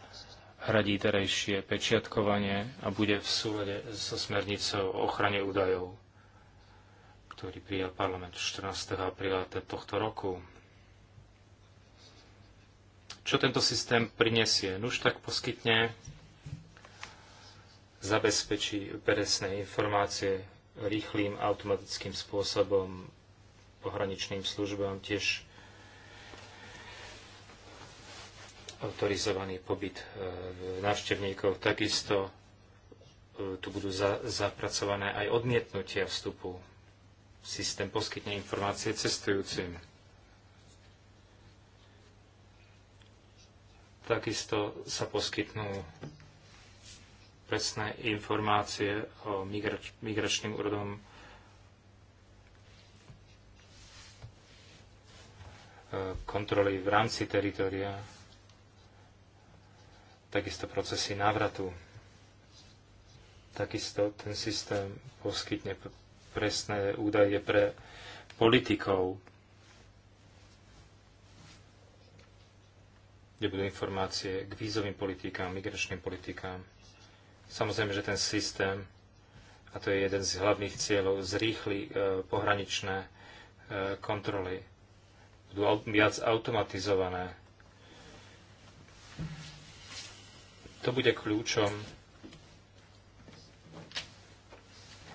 hradí terejšie pečiatkovanie a bude v súlade so smernicou o ochrane údajov, ktorý prijal parlament 14. apríla tohto roku. Čo tento systém prinesie? Nuž tak poskytne, zabezpečí presné informácie rýchlým automatickým spôsobom pohraničným službám, tiež autorizovaný pobyt e, návštevníkov. Takisto e, tu budú za, zapracované aj odmietnutia vstupu. Systém poskytne informácie cestujúcim. Takisto sa poskytnú presné informácie o migrač- migračným úrodom e, kontroly v rámci teritoria takisto procesy návratu. Takisto ten systém poskytne presné údaje pre politikov, kde budú informácie k vízovým politikám, migračným politikám. Samozrejme, že ten systém, a to je jeden z hlavných cieľov, zrýchli e, pohraničné e, kontroly. Budú viac automatizované To bude kľúčom.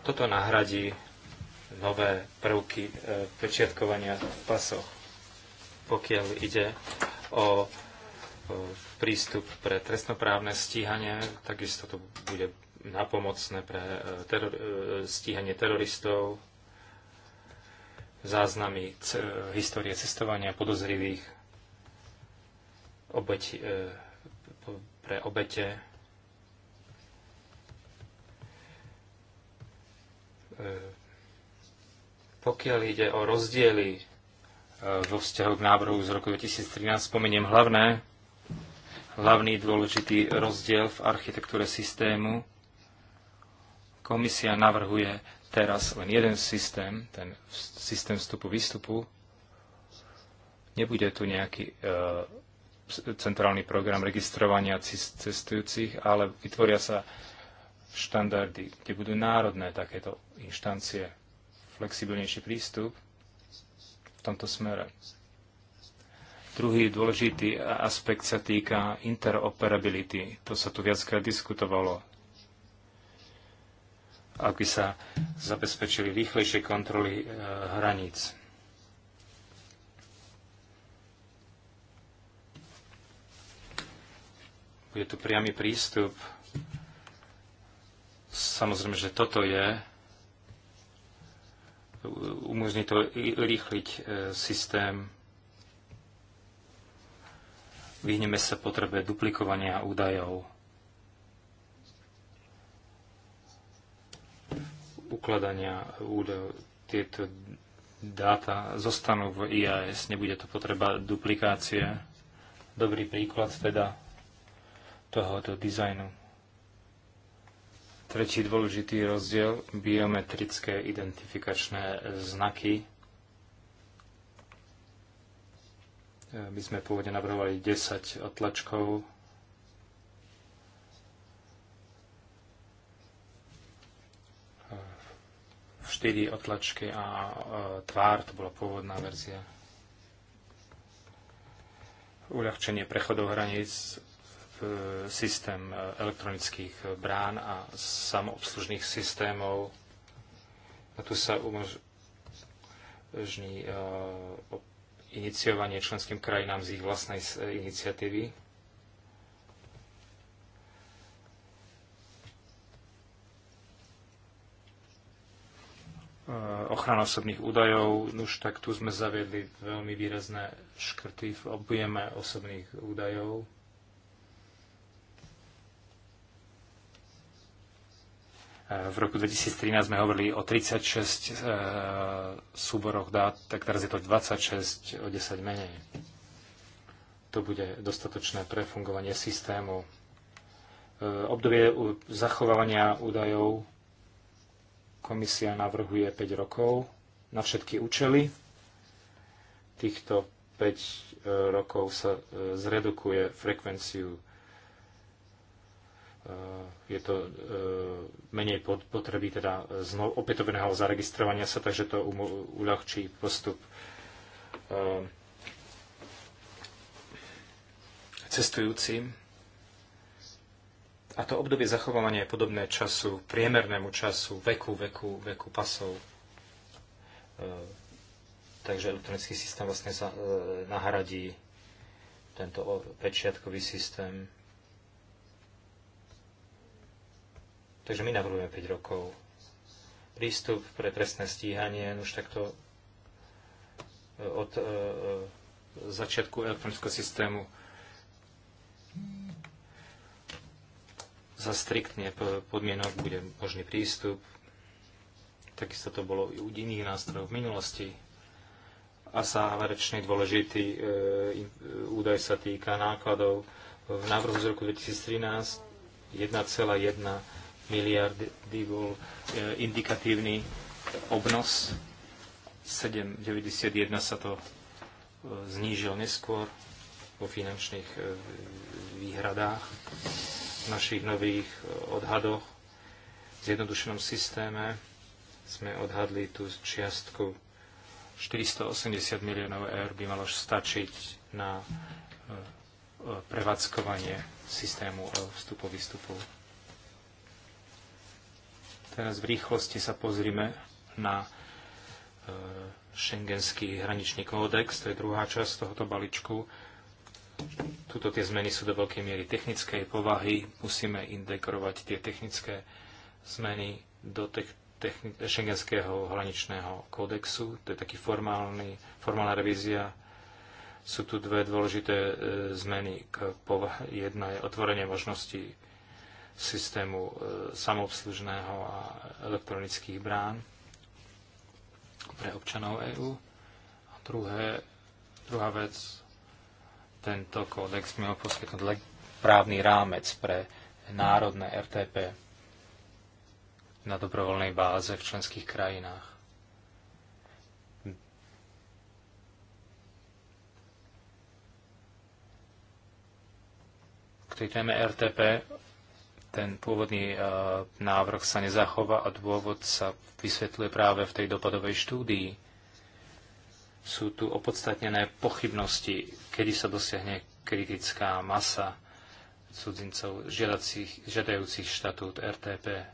Toto nahradí nové prvky e, pečiatkovania v pasoch, pokiaľ ide o prístup pre trestnoprávne stíhanie, takisto to bude napomocné pre e, teror, e, stíhanie teroristov, záznamy histórie cestovania podozrivých, obeť pre obete. E, pokiaľ ide o rozdiely e, vo vzťahu k návrhu z roku 2013, spomeniem hlavné, hlavný dôležitý rozdiel v architektúre systému. Komisia navrhuje teraz len jeden systém, ten systém vstupu-výstupu. Nebude tu nejaký e, centrálny program registrovania cestujúcich, ale vytvoria sa štandardy, kde budú národné takéto inštancie, flexibilnejší prístup v tomto smere. Druhý dôležitý aspekt sa týka interoperability. To sa tu viackrát diskutovalo. Ak by sa zabezpečili rýchlejšie kontroly eh, hraníc je tu priamy prístup. Samozrejme, že toto je umožní to rýchliť e, systém. Vyhneme sa potrebe duplikovania údajov. Ukladania údajov. Tieto dáta zostanú v IAS, nebude to potreba duplikácie. Dobrý príklad teda tohoto dizajnu. Tretí dôležitý rozdiel, biometrické identifikačné znaky. E, my sme pôvodne navrhovali 10 otlačkov. E, štyri otlačky a e, tvár, to bola pôvodná verzia. Uľahčenie prechodov hraníc E, systém e, elektronických brán a samoobslužných systémov. A tu sa umožní e, iniciovanie členským krajinám z ich vlastnej iniciatívy. ochrana osobných údajov, už tak tu sme zaviedli veľmi výrazné škrty v objeme osobných údajov. V roku 2013 sme hovorili o 36 eh, súboroch dát, tak teraz je to 26, o 10 menej. To bude dostatočné pre fungovanie systému. Eh, obdobie zachovávania údajov komisia navrhuje 5 rokov na všetky účely. Týchto 5 eh, rokov sa zredukuje frekvenciu Eh, je to eh, menej potreby teda znov opätovného zaregistrovania sa, takže to uľahčí postup eh, cestujúcim. A to obdobie zachovávania je podobné času, priemernému času, veku, veku, veku pasov. Takže elektronický systém vlastne nahradí tento pečiatkový systém Takže my navrhujeme 5 rokov. Prístup pre trestné stíhanie, no už takto e, od e, e, začiatku elektronického systému za striktne podmienok bude možný prístup. Takisto to bolo i u iných nástrojov v minulosti. A záverečný dôležitý e, e údaj sa týka nákladov. V návrhu z roku 2013 1,1 miliardy bol e, indikatívny obnos. 7,91 sa to e, znížil neskôr vo finančných e, výhradách v našich nových odhadoch. V zjednodušenom systéme sme odhadli tú čiastku 480 miliónov eur by malo stačiť na prevádzkovanie systému vstupu-výstupu. Teraz v rýchlosti sa pozrime na šengenský e, hraničný kódex, to je druhá časť tohoto balíčku. Tuto tie zmeny sú do veľkej miery technickej povahy. Musíme integrovať tie technické zmeny do tech, šengenského hraničného kódexu. To je taký formálny, formálna revízia. Sú tu dve dôležité e, zmeny k Jedna je otvorenie možností systému e, samoobslužného a elektronických brán pre občanov EÚ. A druhé, druhá vec, tento kódex mal poskytnúť právny rámec pre národné RTP na dobrovoľnej báze v členských krajinách. K tej téme RTP ten pôvodný e, návrh sa nezachová a dôvod sa vysvetľuje práve v tej dopadovej štúdii. Sú tu opodstatnené pochybnosti, kedy sa dosiahne kritická masa cudzincov žiadajúcich štatút RTP,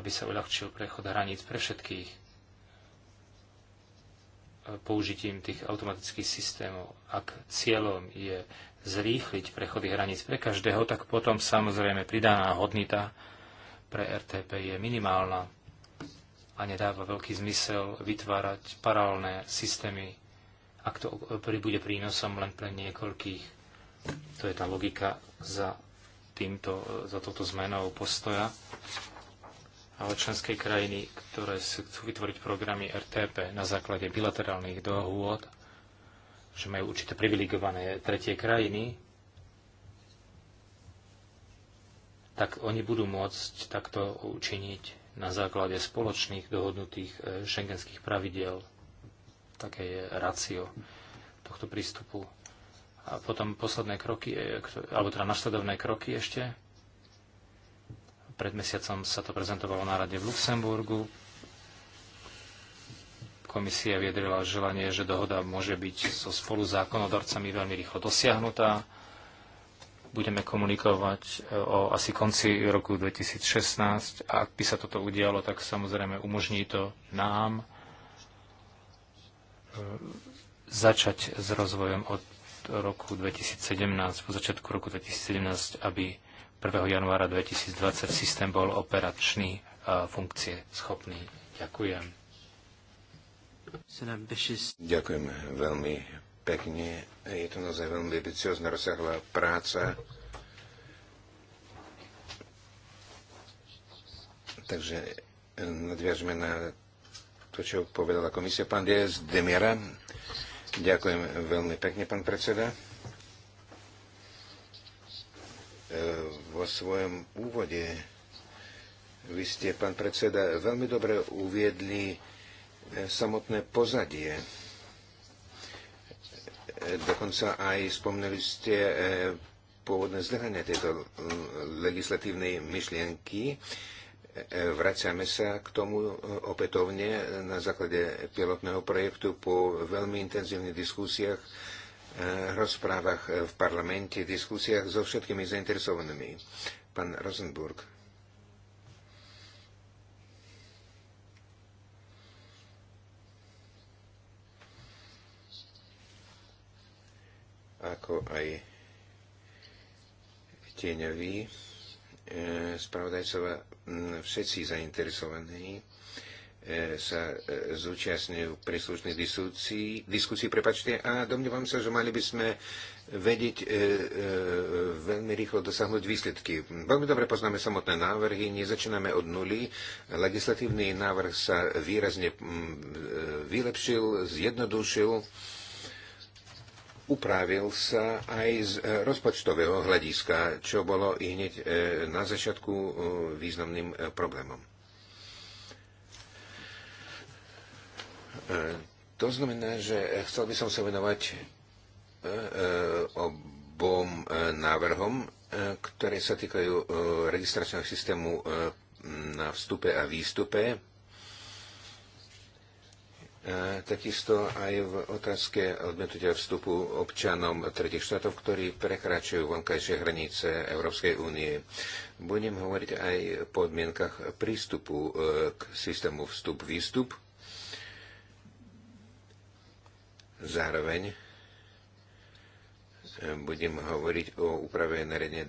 aby sa uľahčil prechod hraníc pre všetkých použitím tých automatických systémov. Ak cieľom je zrýchliť prechody hraníc pre každého, tak potom samozrejme pridaná hodnota pre RTP je minimálna a nedáva veľký zmysel vytvárať paralelné systémy, ak to pribude prínosom len pre niekoľkých. To je tá logika za, týmto, za touto zmenou postoja ale členské krajiny, ktoré chcú vytvoriť programy RTP na základe bilaterálnych dohôd, že majú určité privilegované tretie krajiny, tak oni budú môcť takto učiniť na základe spoločných dohodnutých e, šengenských pravidiel. Také je racio tohto prístupu. A potom posledné kroky, e, alebo teda nasledovné kroky ešte, pred mesiacom sa to prezentovalo na rade v Luxemburgu. Komisia vyjadrila želanie, že dohoda môže byť so zákonodarcami veľmi rýchlo dosiahnutá. Budeme komunikovať e, o asi konci roku 2016 a ak by sa toto udialo, tak samozrejme umožní to nám e, začať s rozvojom od roku 2017, po začiatku roku 2017, aby 1. januára 2020 systém bol operačný a funkcie schopný. Ďakujem. Ďakujem veľmi pekne. Je to naozaj veľmi ambiciozná rozsiahla práca. Takže nadviažme na to, čo povedala komisia. Pán Diaz Demiera, ďakujem veľmi pekne, pán predseda. E, vo svojom úvode. Vy ste, pán predseda, veľmi dobre uviedli e, samotné pozadie. E, dokonca aj spomneli ste pôvodné zlyhanie tejto legislatívnej myšlienky. Vraciame sa k tomu opätovne na základe pilotného projektu po veľmi intenzívnych diskusiách rozprávach eh, v parlamente, diskusiách so všetkými zainteresovanými. Pán Rosenburg. Ako aj tieňoví eh, spravodajcova mm, všetci zainteresovaní E, sa e, zúčastňujú v diskusí, diskusii prepačte, a domnievam sa, že mali by sme vedieť e, e, veľmi rýchlo dosiahnuť výsledky. Veľmi dobre poznáme samotné návrhy, nezačíname od nuly. Legislatívny návrh sa výrazne e, vylepšil, zjednodušil, upravil sa aj z rozpočtového hľadiska, čo bolo i hneď na začiatku významným problémom. E, to znamená, že chcel by som sa venovať e, e, obom návrhom, ktoré sa týkajú registračného systému na vstupe a výstupe. Takisto aj v otázke odmietnutia vstupu občanom tretich štátov, ktorí prekračujú vonkajšie hranice Európskej únie. Budem hovoriť aj o podmienkach prístupu k systému vstup-výstup Zároveň e, budem hovoriť o úprave nariadenia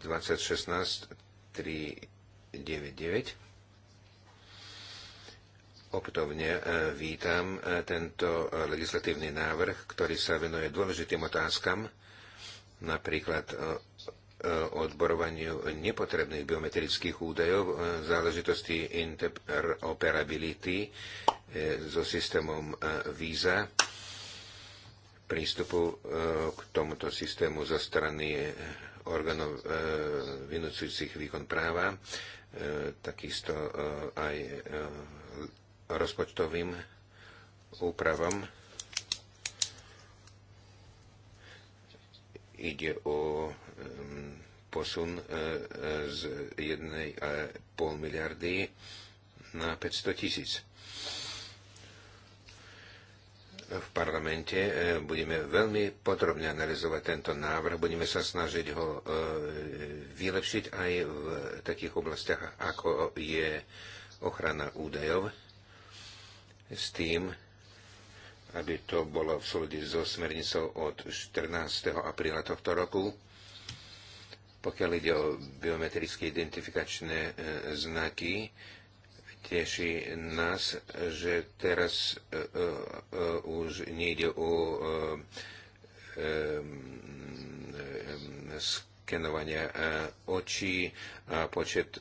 2016-399. Opätovne e, vítam e, tento legislatívny návrh, ktorý sa venuje dôležitým otázkam, napríklad odborovaniu nepotrebných biometrických údajov, záležitosti interoperability so systémom víza prístupu e, k tomuto systému zo strany e, orgánov e, vynúcujúcich výkon práva, takisto aj rozpočtovým úpravom. Ide o posun z 1,5 miliardy na 500 tisíc v parlamente. E, budeme veľmi podrobne analyzovať tento návrh, budeme sa snažiť ho e, vylepšiť aj v takých oblastiach, ako je ochrana údajov, s tým, aby to bolo v súlade so smernicou od 14. apríla tohto roku, pokiaľ ide o biometrické identifikačné e, znaky, Teší nás, že teraz uh, uh, už nejde o uh, um, uh, očí a počet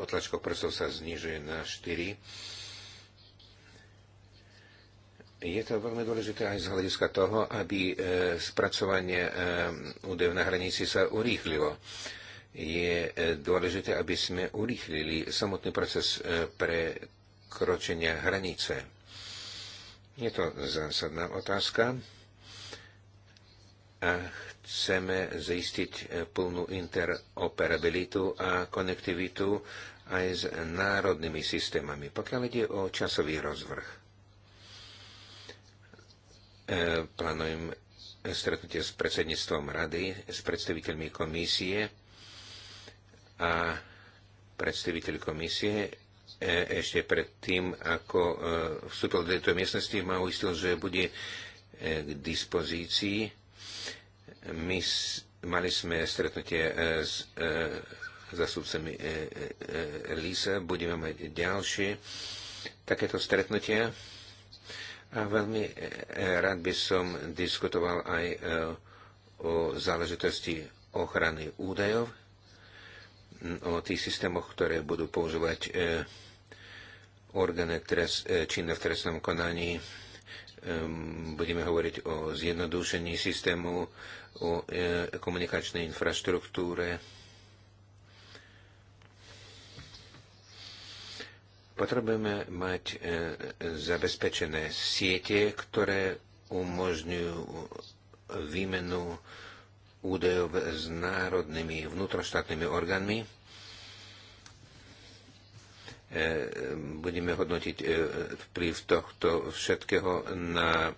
otlačkov prstov sa znižuje na 4. Je to veľmi dôležité aj z hľadiska toho, aby spracovanie uh, na hranici sa urýchlilo je e, dôležité, aby sme urýchlili samotný proces e, pre kročenia hranice. Je to zásadná otázka a chceme zistiť e, plnú interoperabilitu a konektivitu aj s národnými systémami, pokiaľ ide o časový rozvrh. Plánujem stretnutie s predsedníctvom rady, s predstaviteľmi komisie a predstaviteľ komisie e, ešte pred tým, ako e, vstúpil do tejto miestnosti, ma uistil, že bude e, k dispozícii. My mali sme stretnutie s zastupcami LISA, budeme mať ďalšie takéto stretnutia. A veľmi rád by som diskutoval aj o záležitosti ochrany údajov o tých systémoch, ktoré budú používať e, orgány e, činné v trestnom konaní. E, budeme hovoriť o zjednodušení systému, o komunikačnej infraštruktúre. Potrebujeme mať zabezpečené siete, ktoré umožňujú výmenu údajov s národnými vnútroštátnymi orgánmi. E, budeme hodnotiť e, vplyv tohto všetkého na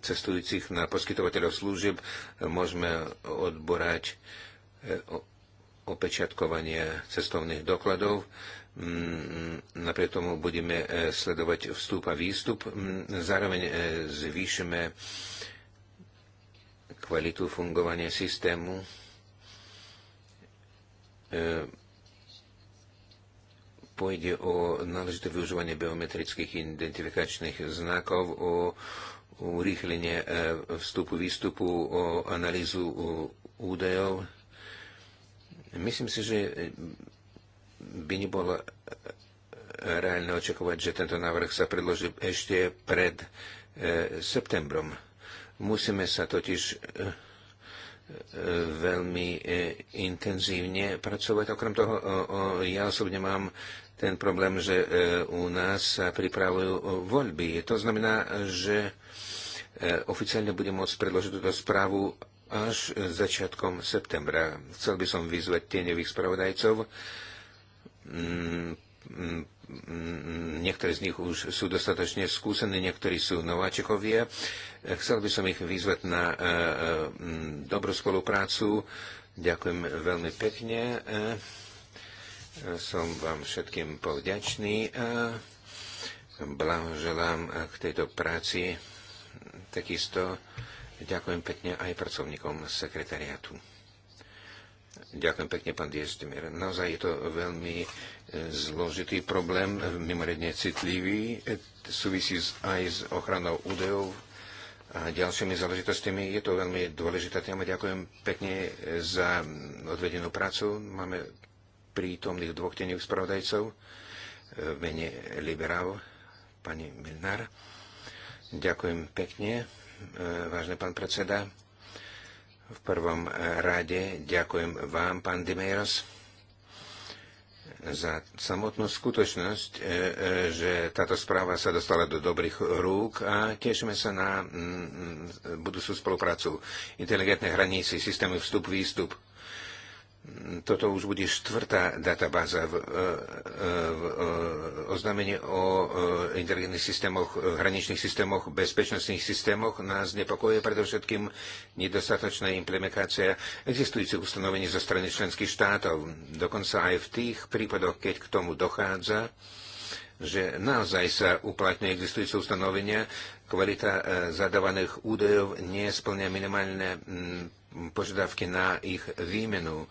cestujúcich, na poskytovateľov služieb. Môžeme odborať e, opečiatkovanie cestovných dokladov. Mm, napriek tomu budeme sledovať vstup a výstup. Mm, zároveň zvýšime kvalitu fungovania systému, e, pôjde o náležité využívanie biometrických identifikačných znakov, o urýchlenie e, vstupu, výstupu, o analýzu e, údajov. Myslím si, že by nebolo reálne očakovať, že tento návrh sa predloží ešte pred septembrom. Musíme sa totiž eh, eh, veľmi eh, intenzívne pracovať. Okrem toho, ja osobne mám ten problém, že u nás sa pripravujú voľby. To znamená, že oficiálne budem môcť predložiť túto správu až začiatkom septembra. Chcel by som vyzvať tieňových spravodajcov. Mm, mm, mm, niektorí z nich už sú dostatočne skúsení, niektorí sú nováčikovia. Chcel by som ich vyzvať na e, e, dobrú spoluprácu. Ďakujem veľmi pekne. E, som vám všetkým povďačný. Blahoželám k tejto práci. Takisto ďakujem pekne aj pracovníkom sekretariátu. Ďakujem pekne, pán Diezdimer. Naozaj je to veľmi zložitý problém, mimoriadne citlivý, súvisí aj s ochranou údajov a ďalšími záležitostiami. Je to veľmi dôležitá téma. Ďakujem pekne za odvedenú prácu. Máme prítomných dvoch tených spravodajcov e, v mene Liberál, pani Milnár. Ďakujem pekne, e, vážne pán predseda. V prvom rade ďakujem vám, pán Dimeiros za samotnú skutočnosť, e, e, že táto správa sa dostala do dobrých rúk a tešíme sa na mm, mm, budúcu spoluprácu. Inteligentné hranice, systémy vstup-výstup, toto už bude štvrtá databáza v, e, e, v, v e, oznámení o inteligentných systémoch, hraničných systémoch, bezpečnostných systémoch. Nás nepokoje predovšetkým nedostatočná implementácia existujúcich ustanovení zo strany členských štátov. Dokonca aj v tých prípadoch, keď k tomu dochádza, že naozaj sa uplatňuje existujúce ustanovenia, kvalita zadávaných údajov nesplňa minimálne požiadavky na ich výmenu.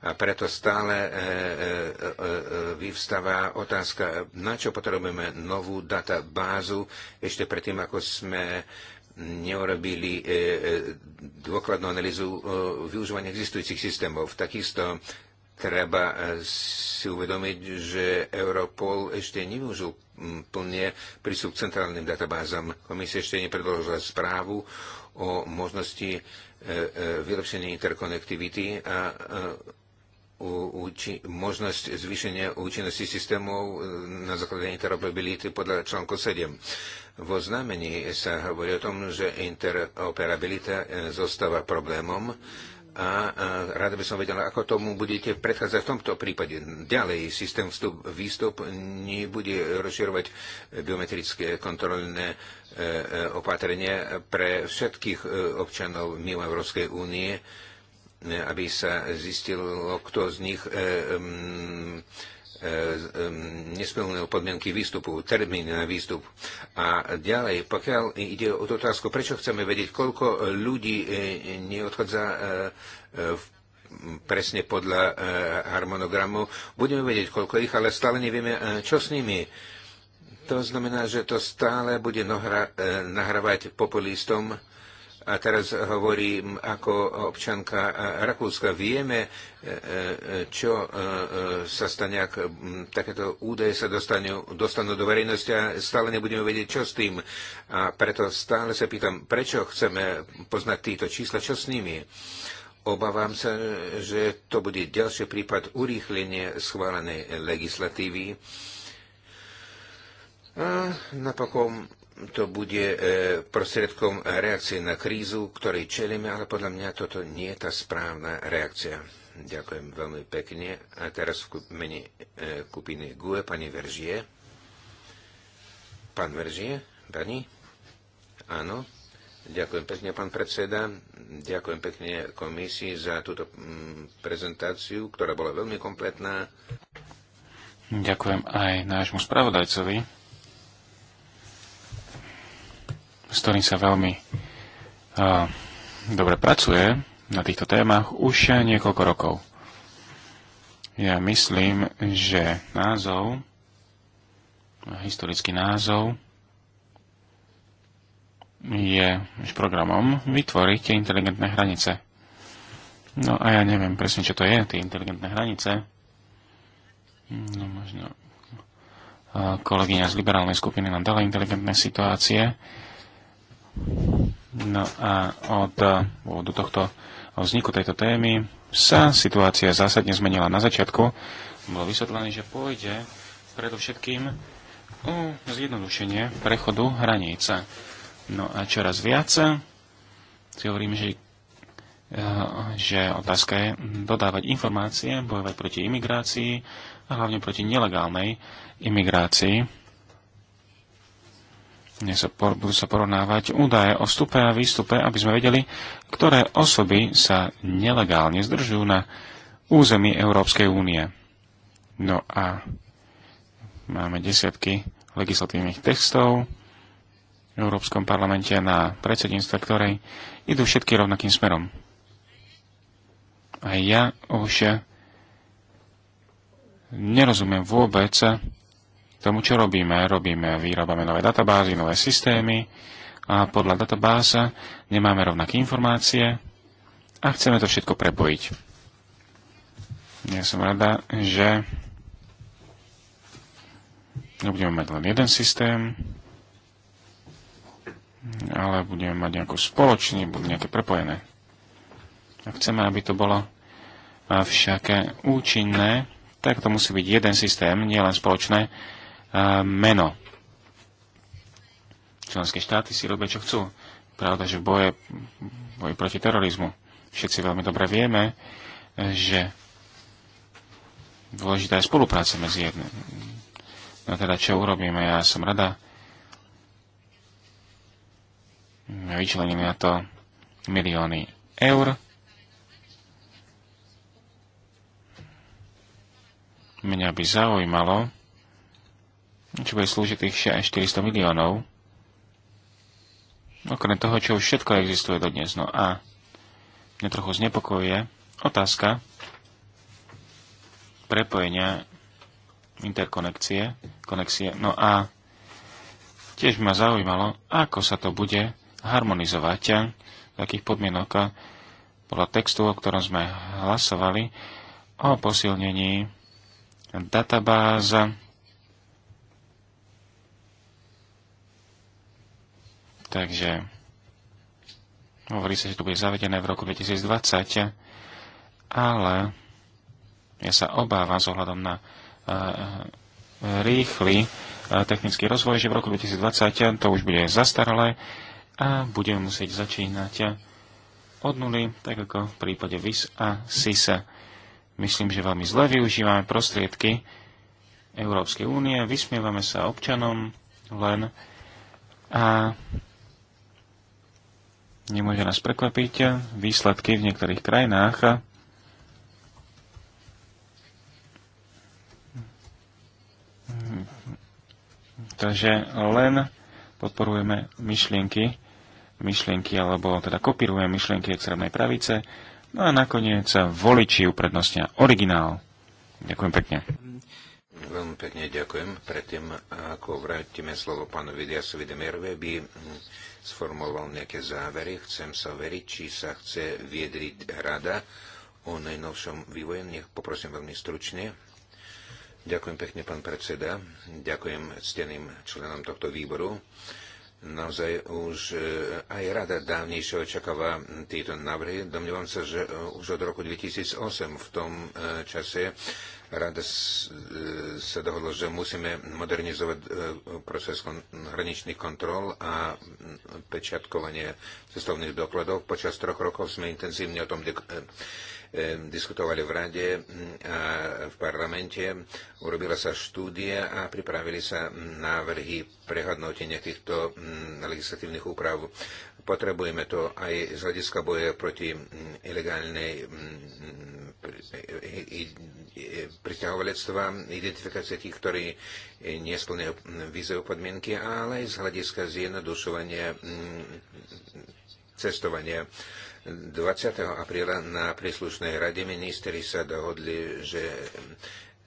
A preto stále e, e, e, vyvstáva otázka, na čo potrebujeme novú databázu ešte predtým, ako sme neurobili dôkladnú analýzu využívania existujúcich systémov. Takisto treba si uvedomiť, že Europol ešte nevyužil plne prístup k centrálnym databázam. Komisia ešte nepredložila správu o možnosti E, e, vylepšenie interkonektivity a e, možnosť zvýšenia účinnosti systémov na základe interoperability podľa článku 7. Vo znamení sa hovorí o tom, že interoperabilita zostáva problémom a rada by som vedela, ako tomu budete predchádzať v tomto prípade. Ďalej, systém vstup-výstup nebude rozširovať biometrické kontrolné E, e, opatrenia pre všetkých e, občanov mimo Európskej únie, aby sa zistilo, kto z nich nesplnil podmienky výstupu, termín na výstup. A ďalej, pokiaľ ide o tú otázku, prečo chceme vedieť, koľko ľudí neodchádza v presne podľa harmonogramu. Budeme vedieť, koľko ich, ale stále nevieme, čo s nimi. To znamená, že to stále bude nohra, e, nahrávať populistom. A teraz hovorím ako občanka Rakúska. Vieme, e, e, čo sa stane, ak takéto údaje sa dostanú, dostanú do verejnosti a stále nebudeme vedieť, čo s tým. A preto stále sa pýtam, prečo chceme poznať tieto čísla, čo s nimi. Obávam sa, že to bude ďalší prípad urýchlenie schválenej legislatívy a napokon to bude e, prostriedkom reakcie na krízu, ktorej čelíme, ale podľa mňa toto nie je tá správna reakcia. Ďakujem veľmi pekne. A teraz v mene e, kupiny GUE, pani Veržie. Pán Veržie, pani? Áno. Ďakujem pekne, pán predseda. Ďakujem pekne komisii za túto mm, prezentáciu, ktorá bola veľmi kompletná. Ďakujem aj nášmu spravodajcovi s ktorým sa veľmi uh, dobre pracuje na týchto témach už niekoľko rokov. Ja myslím, že názov, historický názov, je už programom vytvoriť tie inteligentné hranice. No a ja neviem presne, čo to je, tie inteligentné hranice. No možno kolegyňa z liberálnej skupiny nám dala inteligentné situácie No a od eh, od tohto od vzniku tejto témy sa situácia zásadne zmenila. Na začiatku bolo vysvetlené, že pôjde predovšetkým o zjednodušenie prechodu hranice. No a čoraz viac si hovorím, že, eh, že otázka je dodávať informácie, bojovať proti imigrácii a hlavne proti nelegálnej imigrácii dnes sa por, budú sa porovnávať údaje o vstupe a výstupe, aby sme vedeli, ktoré osoby sa nelegálne zdržujú na území Európskej únie. No a máme desiatky legislatívnych textov v Európskom parlamente na predsedníctve, ktorej idú všetky rovnakým smerom. A ja už nerozumiem vôbec, tomu, čo robíme. Robíme, vyrábame nové databázy, nové systémy a podľa databáza nemáme rovnaké informácie a chceme to všetko prepojiť. Ja som rada, že nebudeme mať len jeden systém, ale budeme mať nejakú spoločný, budú nejaké prepojené. A chceme, aby to bolo všaké účinné, tak to musí byť jeden systém, nielen spoločné meno. Členské štáty si robia, čo chcú. Pravda, že boje, boje proti terorizmu. Všetci veľmi dobre vieme, že dôležitá je spolupráca medzi jedným. No teda, čo urobíme? Ja som rada. Vyčlenili na to milióny eur. Mňa by zaujímalo, čo bude slúžiť tých 400 miliónov. Okrem toho, čo už všetko existuje dodnes. No a mňa trochu znepokojuje otázka prepojenia interkonekcie, konexie. No a tiež ma zaujímalo, ako sa to bude harmonizovať takých podmienok podľa textu, o ktorom sme hlasovali, o posilnení databáza Takže hovorí sa, že to bude zavedené v roku 2020, ale ja sa obávam zohľadom na na e, rýchly e, technický rozvoj, že v roku 2020 to už bude zastaralé a budeme musieť začínať od nuly, tak ako v prípade VIS a SIS. Myslím, že veľmi zle využívame prostriedky Európskej únie, vysmievame sa občanom len a Nemôže nás prekvapiť výsledky v niektorých krajinách. Takže len podporujeme myšlienky, myšlienky alebo teda kopírujeme myšlienky extrémnej pravice. No a nakoniec voliči uprednostňa originál. Ďakujem pekne. Veľmi pekne ďakujem. Predtým, ako vrátime slovo pánovi Diasovi Demerovi, by sformuloval nejaké závery. Chcem sa veriť, či sa chce viedriť rada o najnovšom vývoji. Nech poprosím veľmi stručne. Ďakujem pekne, pán predseda. Ďakujem steným členom tohto výboru. Naozaj už e, aj rada dávnejšie očakáva tieto návrhy. Domnievam sa, že e, už od roku 2008 v tom e, čase Rada e, sa dohodla, že musíme modernizovať e, proces hraničných kontrol a pečiatkovanie cestovných dokladov. Počas troch rokov sme intenzívne o tom e, diskutovali v rade a v parlamente. Urobila sa štúdia a pripravili sa návrhy prehodnotenia týchto legislatívnych úprav. Potrebujeme to aj z hľadiska boja proti ilegálnej priťahovalectva, identifikácia tých, ktorí nesplňajú vízové podmienky, ale aj z hľadiska zjednodušovania mm, cestovania. 20. apríla na príslušnej rade ministri sa dohodli, že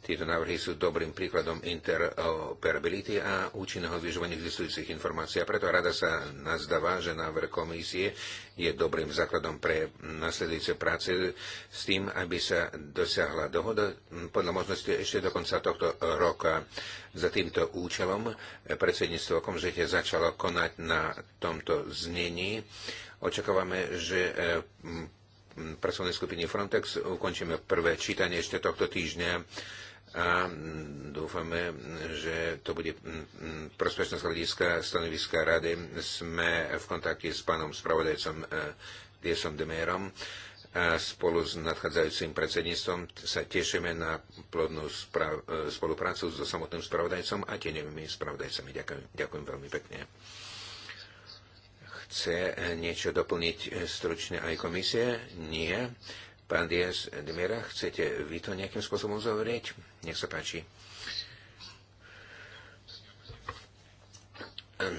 tieto návrhy sú dobrým príkladom interoperability a účinného zvyšovania existujúcich informácií. A preto rada sa nazdáva, že návrh komisie je dobrým základom pre nasledujúce práce s tým, aby sa dosiahla dohoda podľa možnosti ešte do konca tohto roka. Za týmto účelom predsedníctvo okamžite začalo konať na tomto znení. Očakávame, že pracovnej skupiny Frontex ukončíme prvé čítanie ešte tohto týždňa a mm, dúfame, že to bude mm, mm, prospešné z hľadiska stanoviska rady. Sme v kontakte s pánom spravodajcom e, Diesom Demérom a e, spolu s nadchádzajúcim predsedníctvom sa tešíme na plodnú e, spoluprácu so samotným spravodajcom a tieňovými spravodajcami. Ďakujem, ďakujem veľmi pekne. Chce niečo doplniť stručne aj komisie? Nie. Pán Diaz Demera, chcete vy to nejakým spôsobom zavrieť? Nech sa páči.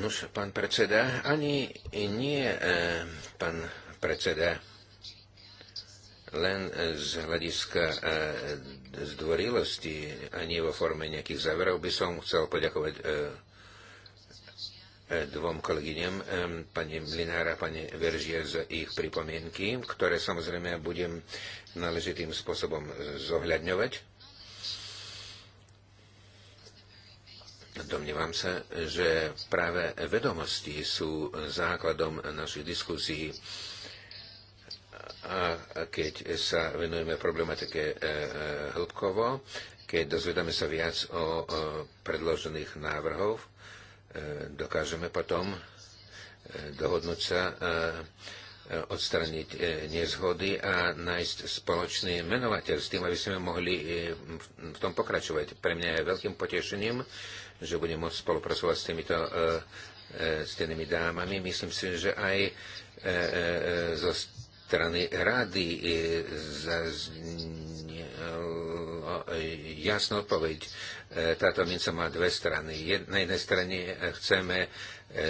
Nož, pán predseda, ani nie, eh, pán predseda, len eh, z hľadiska eh, zdvorilosti, ani vo forme nejakých záverov by som chcel poďakovať E, dvom kolegyňam, e, pani Mlinára a pani Veržia, za ich pripomienky, ktoré samozrejme budem náležitým spôsobom zohľadňovať. Domnievam sa, že práve vedomosti sú základom našich diskusí. A keď sa venujeme problematike e, hĺbkovo, keď dozvedame sa viac o predložených návrhoch, E, dokážeme potom e, dohodnúť sa, e, odstraniť nezhody a nájsť spoločný menovateľ s tým, aby sme mohli v tom pokračovať. Pre mňa je veľkým potešením, že budem môcť spolupracovať s týmito stenými dámami. Myslím si, že aj zo strany rady zaznela jasná odpoveď E, táto minca má dve strany. Na jednej strane e, chceme e,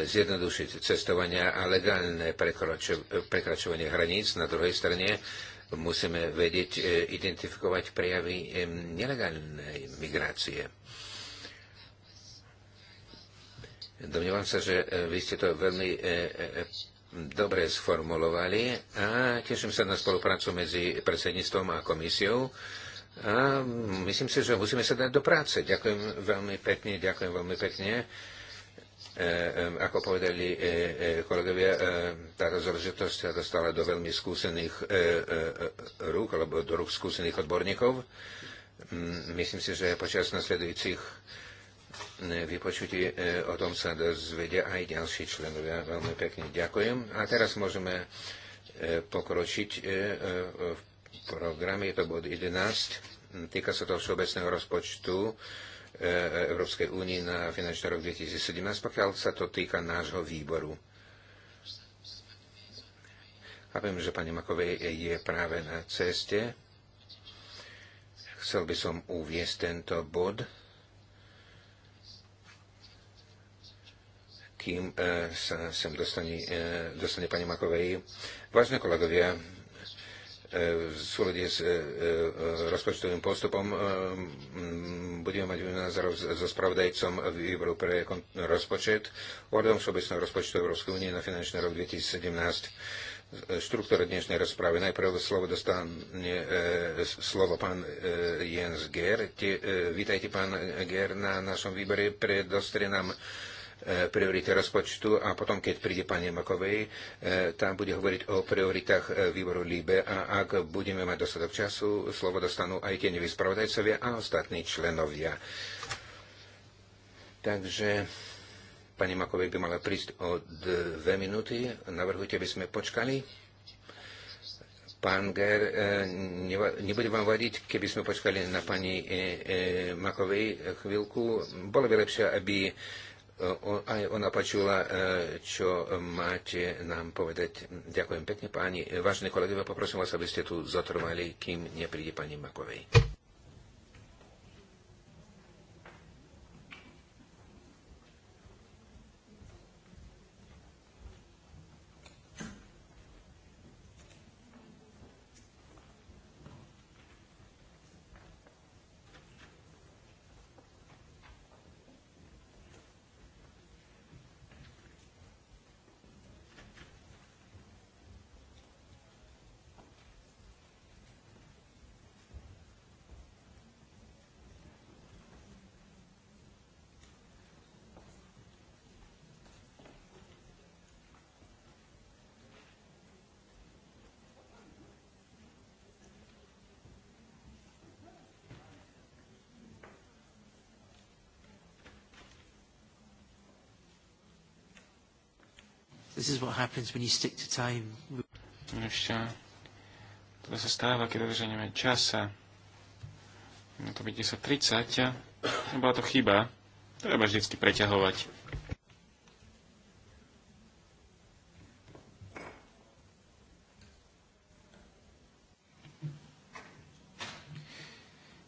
zjednodušiť cestovania a legálne prekračovanie hraníc. Na druhej strane musíme vedieť, identifikovať prejavy nelegálnej migrácie. Domnievam sa, že vy ste to veľmi dobre sformulovali a teším sa na spoluprácu medzi predsedníctvom a komisiou. A myslím si, že musíme sa dať do práce. Ďakujem veľmi pekne, ďakujem veľmi pekne. E, e ako povedali e, e, kolegovia, e, tá záležitosť sa dostala do veľmi skúsených e, rúk, alebo do rúk skúsených odborníkov. Mm, myslím si, že počas nasledujúcich vypočutí o tom sa dozvedia aj ďalší členovia. Veľmi pekne ďakujem. A teraz môžeme pokročiť v Program je to bod 11, týka sa to všeobecného rozpočtu e, Európskej únie na finančný rok 2017, pokiaľ sa to týka nášho výboru. Chápem, že pani Makovej je práve na ceste. Chcel by som uviesť tento bod, kým e, sa sem dostane, e, dostane pani Makovej. Vážne kolegovia, E, v súlede s e, e, rozpočtovým postupom budeme mať názor so spravodajcom výboru pre rozpočet ohľadom všeobecného rozpočtu Európskej únie na finančný rok 2017 štruktúra dnešnej rozpravy. Najprv slovo dostane slovo pán Jens Ger. vítajte pán Ger na našom výbore. Predostrie nám Eh, priority rozpočtu a potom, keď príde pani Makovej, eh, tam bude hovoriť o prioritách eh, výboru Líbe a ak budeme mať dostatok času, slovo dostanú aj tie nevyspravodajcovia a ostatní členovia. Takže pani Makovej by mala prísť o dve minúty. Navrhujte, aby sme počkali. Pán Ger, nebude vám vadiť, keby sme počkali na pani Makovej chvíľku. Bolo by lepšie, aby aj ona počula, e, čo máte nám povedať. Ďakujem pekne, páni. Vážne kolegovia, poprosím vás, aby ste tu zotrvali, kým nepríde pani Makovej. This is what happens when you stick to time. Ešte. To sa stáva, keď dodržaneme časa. No to by 10.30. Bola to chyba. Treba vždycky preťahovať.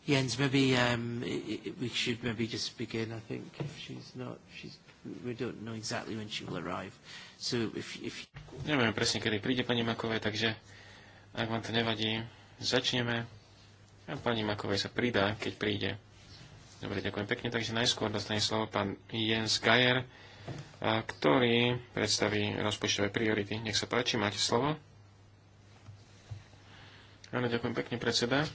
Jens, maybe um, we should maybe just begin. I think if she's not, she's, we don't know exactly when she will arrive. So if, if... Neviem presne, kedy príde pani Makovej, takže ak vám to nevadí, začneme. A pani Makovej sa pridá, keď príde. Dobre, ďakujem pekne. Takže najskôr dostane slovo pán Jens Geier, ktorý predstaví rozpočtové priority. Nech sa páči, máte slovo. Áno, ďakujem pekne, predseda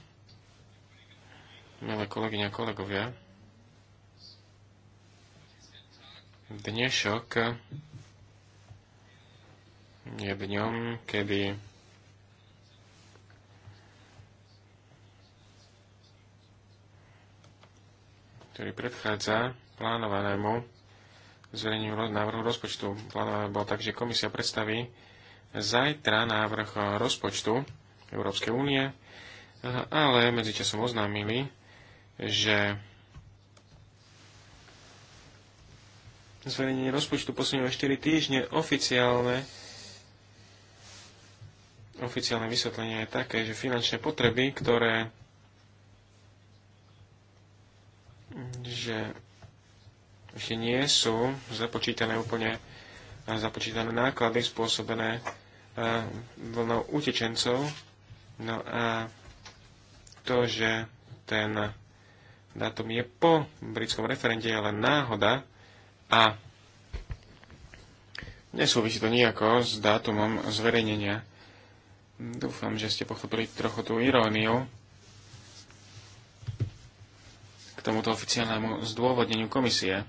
milé kolegyne a kolegovia, dnešok je dňom, kedy ktorý predchádza plánovanému zverejnímu návrhu rozpočtu. Plánované bolo tak, že komisia predstaví zajtra návrh rozpočtu Európskej únie, ale medzičasom oznámili, že zverejnenie rozpočtu posunulo 4 týždne oficiálne oficiálne vysvetlenie je také, že finančné potreby, ktoré že ešte nie sú započítané úplne započítané náklady spôsobené vlnou utečencov. No a to, že ten dátum je po britskom referende, je len náhoda a nesúvisí to nejako s dátumom zverejnenia. Dúfam, že ste pochopili trochu tú iróniu k tomuto oficiálnemu zdôvodneniu komisie.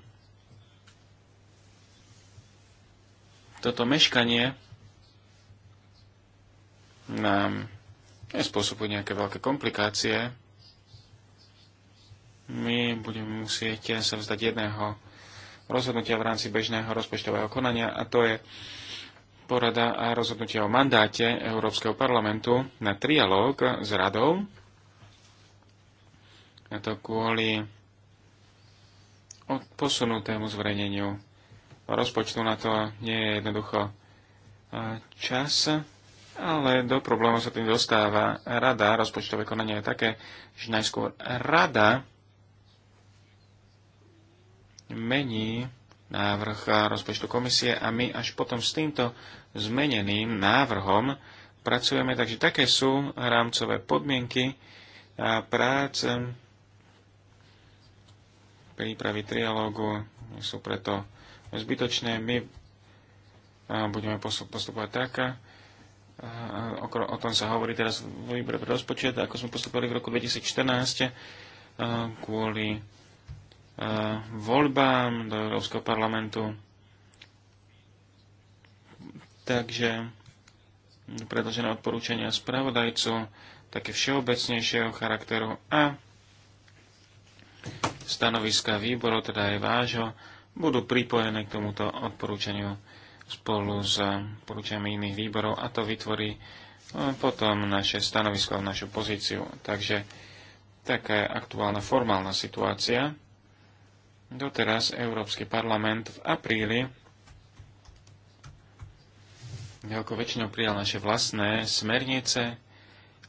Toto meškanie nám nespôsobuje nejaké veľké komplikácie, my budeme musieť sa vzdať jedného rozhodnutia v rámci bežného rozpočtového konania a to je porada a rozhodnutie o mandáte Európskeho parlamentu na trialóg s radou. A to kvôli posunutému zverejneniu rozpočtu na to nie je jednoducho čas, ale do problémov sa tým dostáva rada. Rozpočtové konanie je také, že najskôr rada mení návrh rozpočtu komisie a my až potom s týmto zmeneným návrhom pracujeme. Takže také sú rámcové podmienky a práce. prípravy trialógu sú preto zbytočné. My budeme postupovať tak, o tom sa hovorí teraz v výbore pre rozpočet, ako sme postupovali v roku 2014 kvôli voľbám do Európskeho parlamentu. Takže predložené odporúčania spravodajcu, také všeobecnejšieho charakteru a stanoviska výborov, teda aj vášho, budú pripojené k tomuto odporúčaniu spolu s odporúčaniami iných výborov a to vytvorí e, potom naše stanovisko a našu pozíciu. Takže taká je aktuálna formálna situácia. Doteraz Európsky parlament v apríli ako väčšinou prijal naše vlastné smernice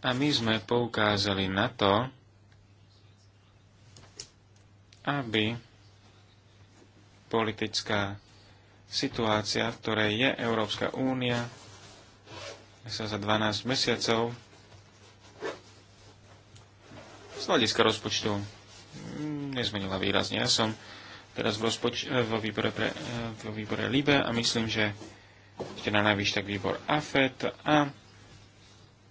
a my sme poukázali na to, aby politická situácia, v ktorej je Európska únia, sa za 12 mesiacov z hľadiska rozpočtu Mm, nezmenila výrazne. Ja som teraz v rozpoč- vo, výbore pre, eh, vo výbore LIBE a myslím, že ešte na najvyš tak výbor AFET a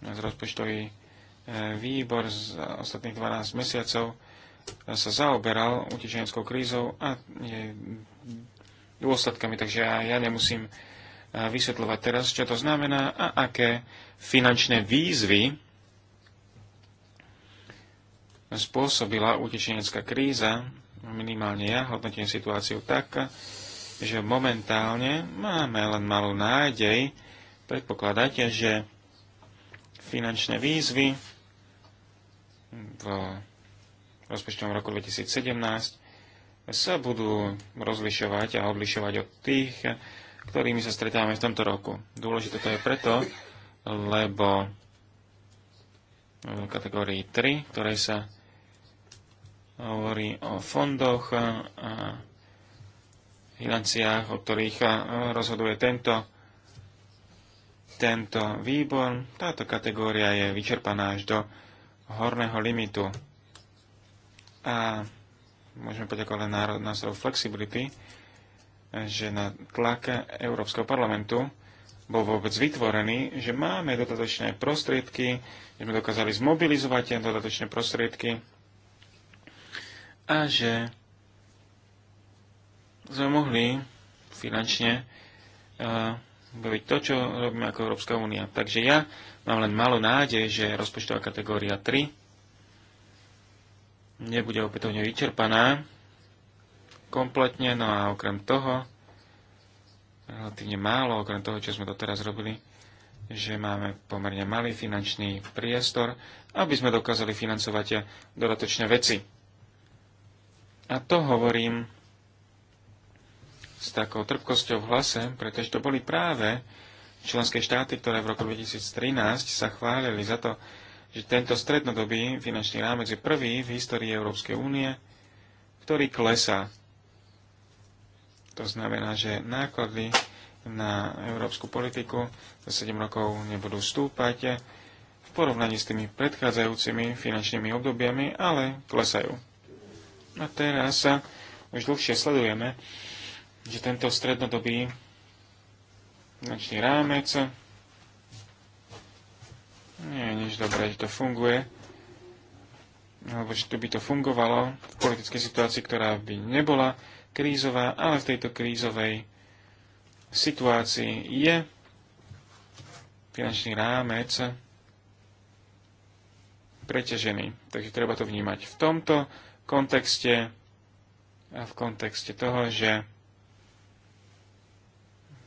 z rozpočtový eh, výbor za ostatných 12 mesiacov sa zaoberal utečeneckou krízou a jej dôsledkami, takže ja, ja nemusím eh, vysvetľovať teraz, čo to znamená a aké finančné výzvy spôsobila utečenecká kríza, minimálne ja hodnotím situáciu tak, že momentálne máme len malú nádej predpokladať, že finančné výzvy v rozpočtovom roku 2017 sa budú rozlišovať a odlišovať od tých, ktorými sa stretávame v tomto roku. Dôležité to je preto, lebo v kategórii 3, ktorej sa hovorí o fondoch a financiách, o ktorých rozhoduje tento, tento výbor. Táto kategória je vyčerpaná až do horného limitu. A môžeme poďakovať národ nástroj flexibility, že na tlak Európskeho parlamentu bol vôbec vytvorený, že máme dodatočné prostriedky, že sme dokázali zmobilizovať tie dodatočné prostriedky a že sme mohli finančne robiť to, čo robíme ako Európska únia. Takže ja mám len malú nádej, že rozpočtová kategória 3 nebude opätovne vyčerpaná kompletne, no a okrem toho, relatívne málo, okrem toho, čo sme doteraz robili, že máme pomerne malý finančný priestor, aby sme dokázali financovať dodatočné veci. A to hovorím s takou trpkosťou v hlase, pretože to boli práve členské štáty, ktoré v roku 2013 sa chválili za to, že tento strednodobý finančný rámec je prvý v histórii Európskej únie, ktorý klesá. To znamená, že náklady na európsku politiku za 7 rokov nebudú stúpať v porovnaní s tými predchádzajúcimi finančnými obdobiami, ale klesajú. A teraz sa už dlhšie sledujeme, že tento strednodobý finančný rámec nie je nič dobré, že to funguje alebo že to by to fungovalo v politickej situácii, ktorá by nebola krízová, ale v tejto krízovej situácii je finančný rámec preťažený. Takže treba to vnímať v tomto kontexte v kontexte toho, že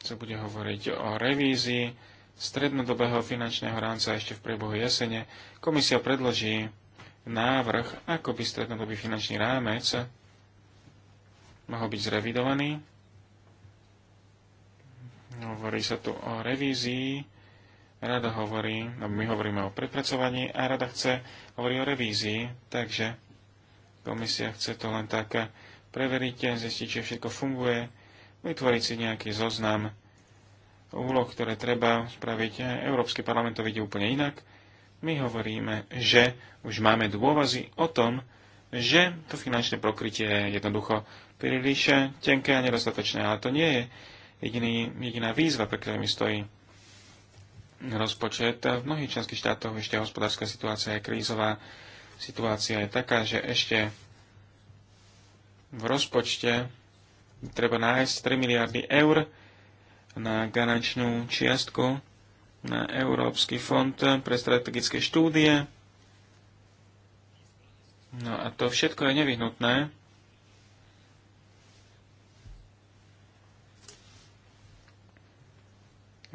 sa bude hovoriť o revízii strednodobého finančného rámca ešte v priebehu jesene, komisia predloží návrh, ako by strednodobý finančný rámec mohol byť zrevidovaný. Hovorí sa tu o revízii, rada hovorí, no my hovoríme o prepracovaní a rada chce, hovorí o revízii, takže Komisia chce to len tak preveriť, zistiť, či všetko funguje, vytvoriť si nejaký zoznam úloh, ktoré treba spraviť. Európsky parlament to vidí úplne inak. My hovoríme, že už máme dôvazy o tom, že to finančné pokrytie je jednoducho príliš tenké a nedostatočné. Ale to nie je jediný, jediná výzva, pre ktorými stojí rozpočet. V mnohých členských štátoch ešte hospodárska situácia je krízová situácia je taká, že ešte v rozpočte treba nájsť 3 miliardy eur na garančnú čiastku na Európsky fond pre strategické štúdie. No a to všetko je nevyhnutné.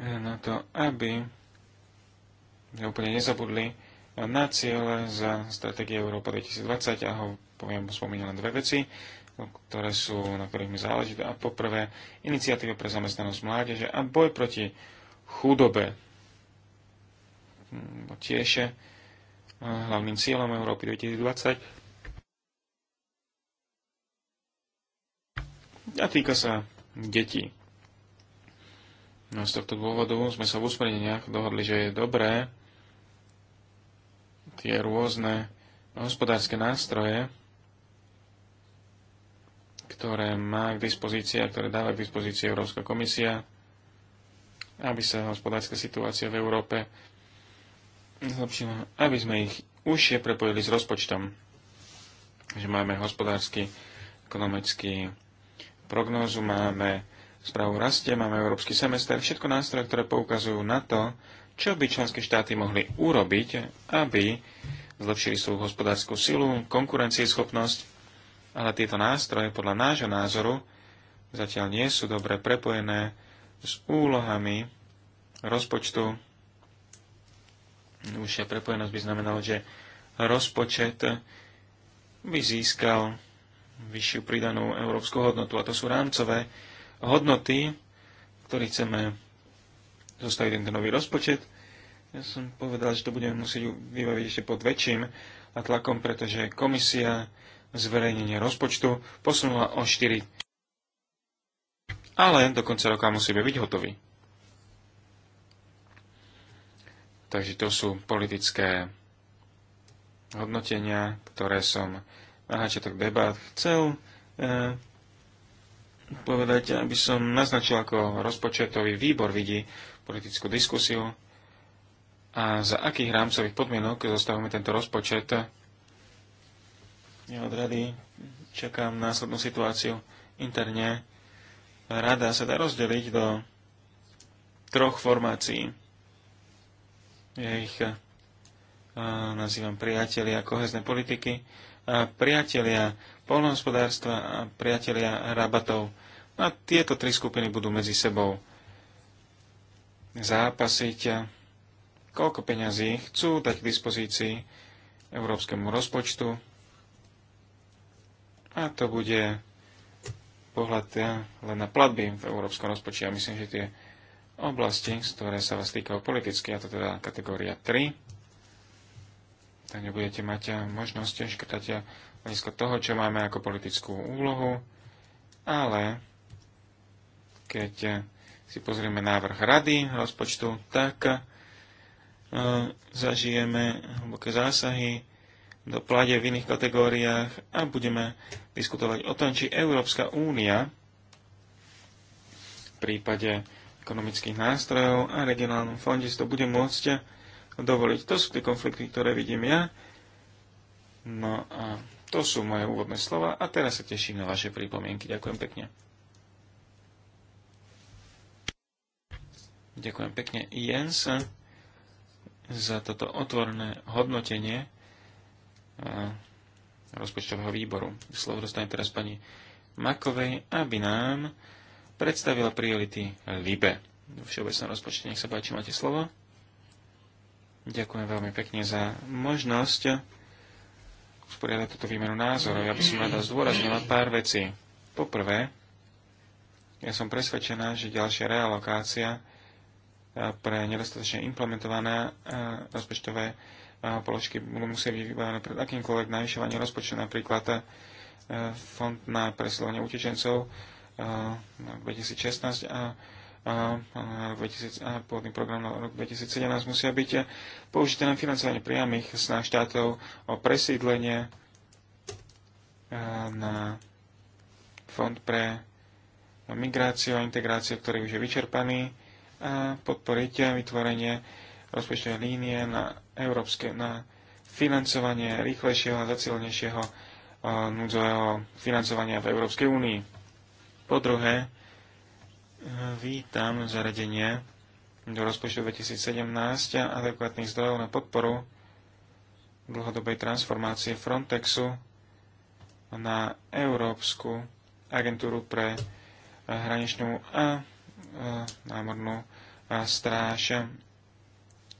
Na to, aby sme úplne nezabudli na cieľ za stratégie Európa 2020 a ho poviem, spomínam len dve veci, ktoré sú, na ktorých mi záleží. A poprvé, iniciatíva pre zamestnanosť mládeže a boj proti chudobe. Hm, tiež eh, hlavným cieľom Európy 2020 a týka sa detí. No z tohto dôvodu sme sa v usmerneniach dohodli, že je dobré tie rôzne hospodárske nástroje, ktoré má k dispozícii a ktoré dáva k dispozícii Európska komisia, aby sa hospodárska situácia v Európe zlepšila, aby sme ich užšie prepojili s rozpočtom. Že máme hospodársky, ekonomický prognózu, máme správu rastie, máme európsky semester, všetko nástroje, ktoré poukazujú na to, čo by členské štáty mohli urobiť, aby zlepšili svoju hospodárskú silu, konkurencieschopnosť, ale tieto nástroje podľa nášho názoru zatiaľ nie sú dobre prepojené s úlohami rozpočtu. Užšia prepojenosť by znamenalo, že rozpočet by získal vyššiu pridanú európsku hodnotu. A to sú rámcové hodnoty, ktoré chceme zostaviť tento nový rozpočet. Ja som povedal, že to budeme musieť vybaviť ešte pod väčším tlakom, pretože komisia zverejnenie rozpočtu posunula o 4. Ale do konca roka musíme byť hotoví. Takže to sú politické hodnotenia, ktoré som na začiatok debát chcel e, povedať, aby som naznačil, ako rozpočetový výbor vidí politickú diskusiu a za akých rámcových podmienok zostavujeme tento rozpočet. Ja od rady čakám následnú situáciu interne. Rada sa dá rozdeliť do troch formácií. Ja ich e, nazývam priatelia kohezné politiky, a priatelia polnohospodárstva a priatelia rabatov. A tieto tri skupiny budú medzi sebou zápasiť koľko peňazí chcú dať k dispozícii európskemu rozpočtu. A to bude pohľad len na platby v európskom rozpočte. Ja myslím, že tie oblasti, z ktoré sa vás týkajú politicky, a to teda kategória 3, tak nebudete mať možnosť škrtať hľadiska toho, čo máme ako politickú úlohu, ale keď si pozrieme návrh rady rozpočtu, tak E, zažijeme hlboké zásahy do plade v iných kategóriách a budeme diskutovať o tom, či Európska únia v prípade ekonomických nástrojov a regionálnom fonde si to bude môcť dovoliť. To sú tie konflikty, ktoré vidím ja. No a to sú moje úvodné slova a teraz sa teším na vaše pripomienky. Ďakujem pekne. Ďakujem pekne, Jens za toto otvorné hodnotenie e, rozpočtového výboru. Slovo dostane teraz pani Makovej, aby nám predstavila priority LIBE. V všeobecnom rozpočte, nech sa páči, máte slovo. Ďakujem veľmi pekne za možnosť usporiadať túto výmenu názorov. Ja by som rada zdôraznila pár vecí. Poprvé, ja som presvedčená, že ďalšia realokácia pre nedostatočne implementované rozpočtové položky budú musieť byť vybavené pred akýmkoľvek navyšovaním rozpočtu, napríklad fond na presilovanie utečencov na 2016 a a, a, 2000, a pôvodný program na rok 2017 musia byť použité na financovanie priamých snah štátov o presídlenie na fond pre migráciu a integráciu, ktorý už je vyčerpaný a podporiť vytvorenie rozpočtovej línie na, európske, na financovanie rýchlejšieho a zacielnejšieho núdzového financovania v Európskej únii. Po druhé, e, vítam zaradenie do rozpočtu 2017 a adekvátnych zdrojov na podporu dlhodobej transformácie Frontexu na Európsku agentúru pre hraničnú a E, námornú e, stráž,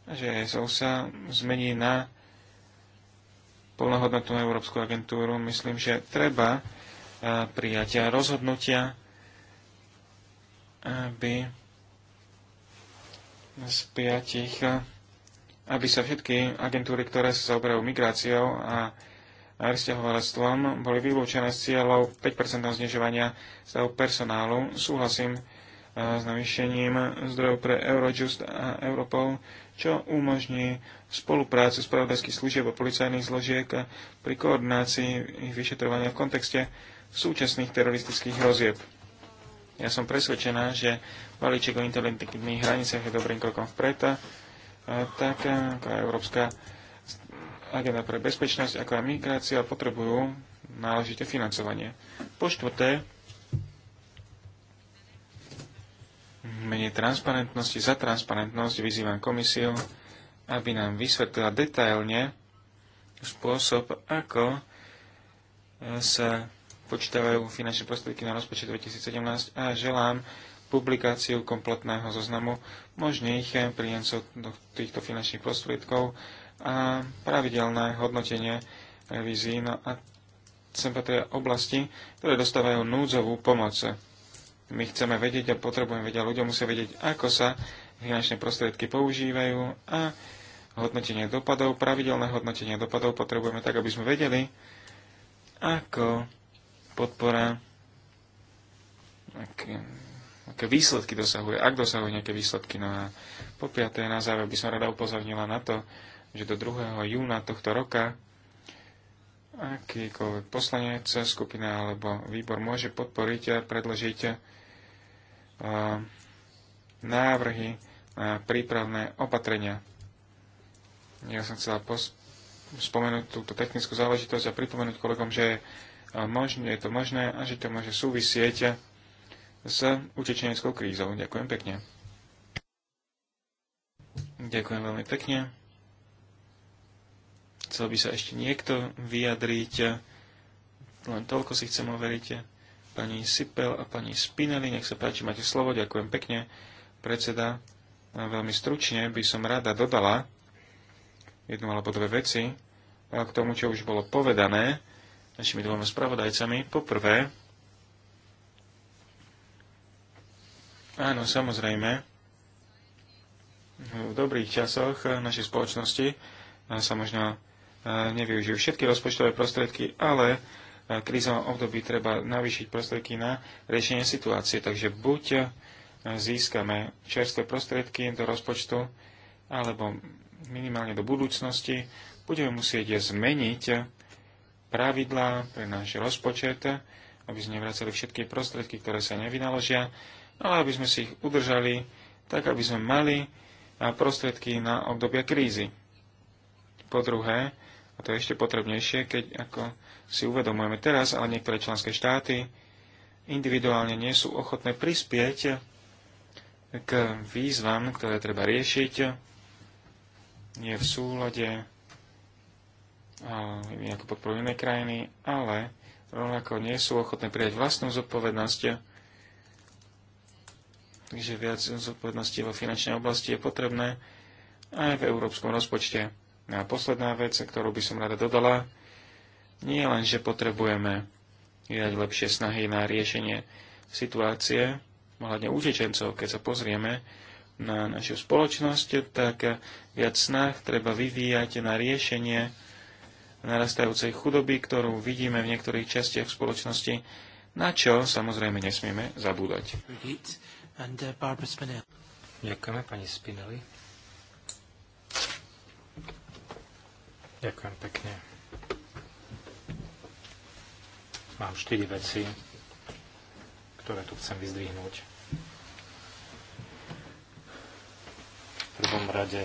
že ESO sa zmení na plnohodnotnú Európsku agentúru. Myslím, že treba e, prijať rozhodnutia, aby z piatich, aby sa všetky agentúry, ktoré sa zaoberajú migráciou a rozťahovalectvom boli vylúčené s cieľou 5% znižovania stavu personálu. Súhlasím s navýšením zdrojov pre Eurojust a Europol, čo umožní spoluprácu spravodajských služieb a policajných zložiek pri koordinácii ich vyšetrovania v kontexte súčasných teroristických hrozieb. Ja som presvedčená, že balíček o inteligentných hraniciach je dobrým krokom vpred, tak ako Európska agenda pre bezpečnosť, ako aj migrácia potrebujú náležite financovanie. Po štvrté, mene transparentnosti za transparentnosť vyzývam komisiu, aby nám vysvetlila detailne spôsob, ako eh, sa počítavajú finančné prostriedky na rozpočet 2017 a želám publikáciu kompletného zoznamu možných eh, príjemcov týchto finančných prostriedkov a pravidelné hodnotenie revízií. Eh, no a sem patria oblasti, ktoré dostávajú núdzovú pomoc. My chceme vedieť a potrebujeme vedieť, a ľudia musia vedieť, ako sa finančné prostriedky používajú a hodnotenie dopadov, pravidelné hodnotenie dopadov potrebujeme tak, aby sme vedeli, ako podpora, aké, aké výsledky dosahuje, ak dosahuje nejaké výsledky. No a po piaté, na záver by som rada upozornila na to, že do 2. júna tohto roka akýkoľvek poslanec, skupina alebo výbor môže podporiť a predložiť návrhy na prípravné opatrenia. Ja som chcel spomenúť túto technickú záležitosť a pripomenúť kolegom, že je, možné, je to možné a že to môže súvisieť s utečeneckou krízou. Ďakujem pekne. Ďakujem veľmi pekne. Chcel by sa ešte niekto vyjadriť. Len toľko si chcem overiť pani Sipel a pani Spinelli. Nech sa páči, máte slovo. Ďakujem pekne, predseda. Veľmi stručne by som rada dodala jednu alebo dve veci k tomu, čo už bolo povedané našimi dvoma spravodajcami. Poprvé, áno, samozrejme, v dobrých časoch našej spoločnosti sa možno nevyužijú všetky rozpočtové prostriedky, ale krízovom období treba navýšiť prostriedky na riešenie situácie. Takže buď e, získame čerstvé prostriedky do rozpočtu, alebo minimálne do budúcnosti budeme musieť zmeniť pravidlá pre náš rozpočet, aby sme nevracali všetky prostriedky, ktoré sa nevynaložia, ale aby sme si ich udržali tak, aby sme mali e, prostriedky na obdobia krízy. Po druhé, a to je ešte potrebnejšie, keď ako si uvedomujeme teraz, ale niektoré členské štáty individuálne nie sú ochotné prispieť k výzvam, ktoré treba riešiť, nie v súlade ako podporujú iné krajiny, ale rovnako nie sú ochotné prijať vlastnú zodpovednosť takže viac zodpovednosti vo finančnej oblasti je potrebné aj v európskom rozpočte. a posledná vec, ktorú by som rada dodala, nie len, že potrebujeme vydať lepšie snahy na riešenie situácie ohľadne utečencov, keď sa pozrieme na našu spoločnosť, tak viac snah treba vyvíjať na riešenie narastajúcej chudoby, ktorú vidíme v niektorých častiach spoločnosti, na čo samozrejme nesmieme zabúdať. Ďakujeme pani Spinelli. Ďakujem pekne. Mám štyri veci, ktoré tu chcem vyzdvihnúť. V prvom rade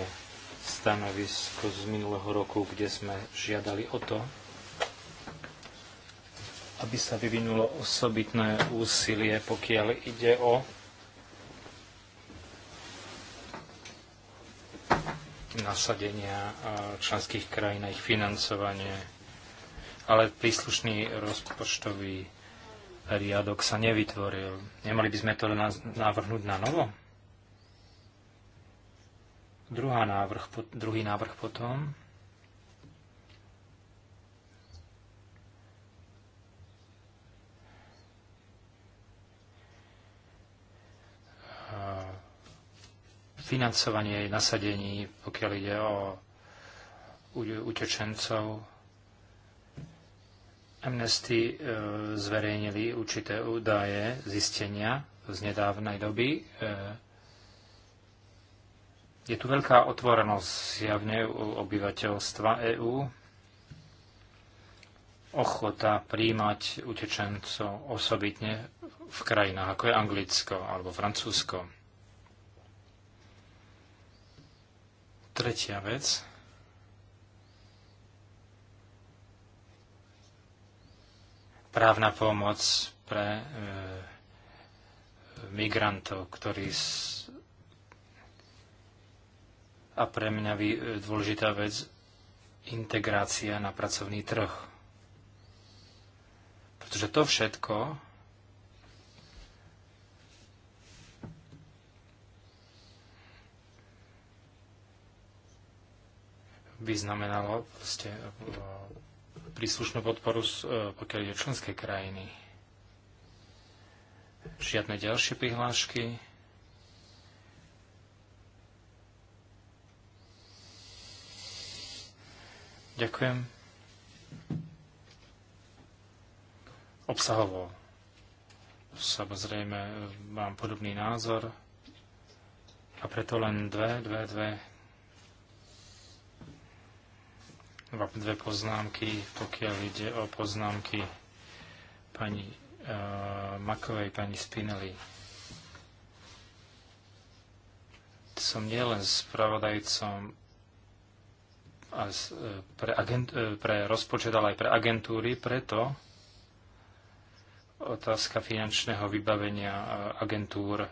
stanovisko z minulého roku, kde sme žiadali o to, aby sa vyvinulo osobitné úsilie, pokiaľ ide o nasadenia členských krajín a ich financovanie ale príslušný rozpočtový riadok sa nevytvoril. Nemali by sme to navrhnúť na novo? Druhá návrh, druhý návrh potom. financovanie nasadení, pokiaľ ide o utečencov Amnesty e, zverejnili určité údaje, zistenia z nedávnej doby. E, je tu veľká otvorenosť javne u obyvateľstva EÚ, ochota príjmať utečencov osobitne v krajinách ako je Anglicko alebo Francúzsko. Tretia vec. právna pomoc pre e, migrantov, ktorí s... a pre mňa vý, e, dôležitá vec integrácia na pracovný trh. Pretože to všetko by znamenalo proste e, príslušnú podporu, e, pokiaľ je členské krajiny. Žiadne ďalšie prihlášky. Ďakujem. Obsahovo. Samozrejme, e, mám podobný názor. A preto len dve, dve, dve dve poznámky, pokiaľ ide o poznámky pani uh, Makovej, pani Spinelli. Som nielen spravodajcom a eh, pre, agent, eh, pre rozpočet, ale aj pre agentúry, preto otázka finančného vybavenia agentúr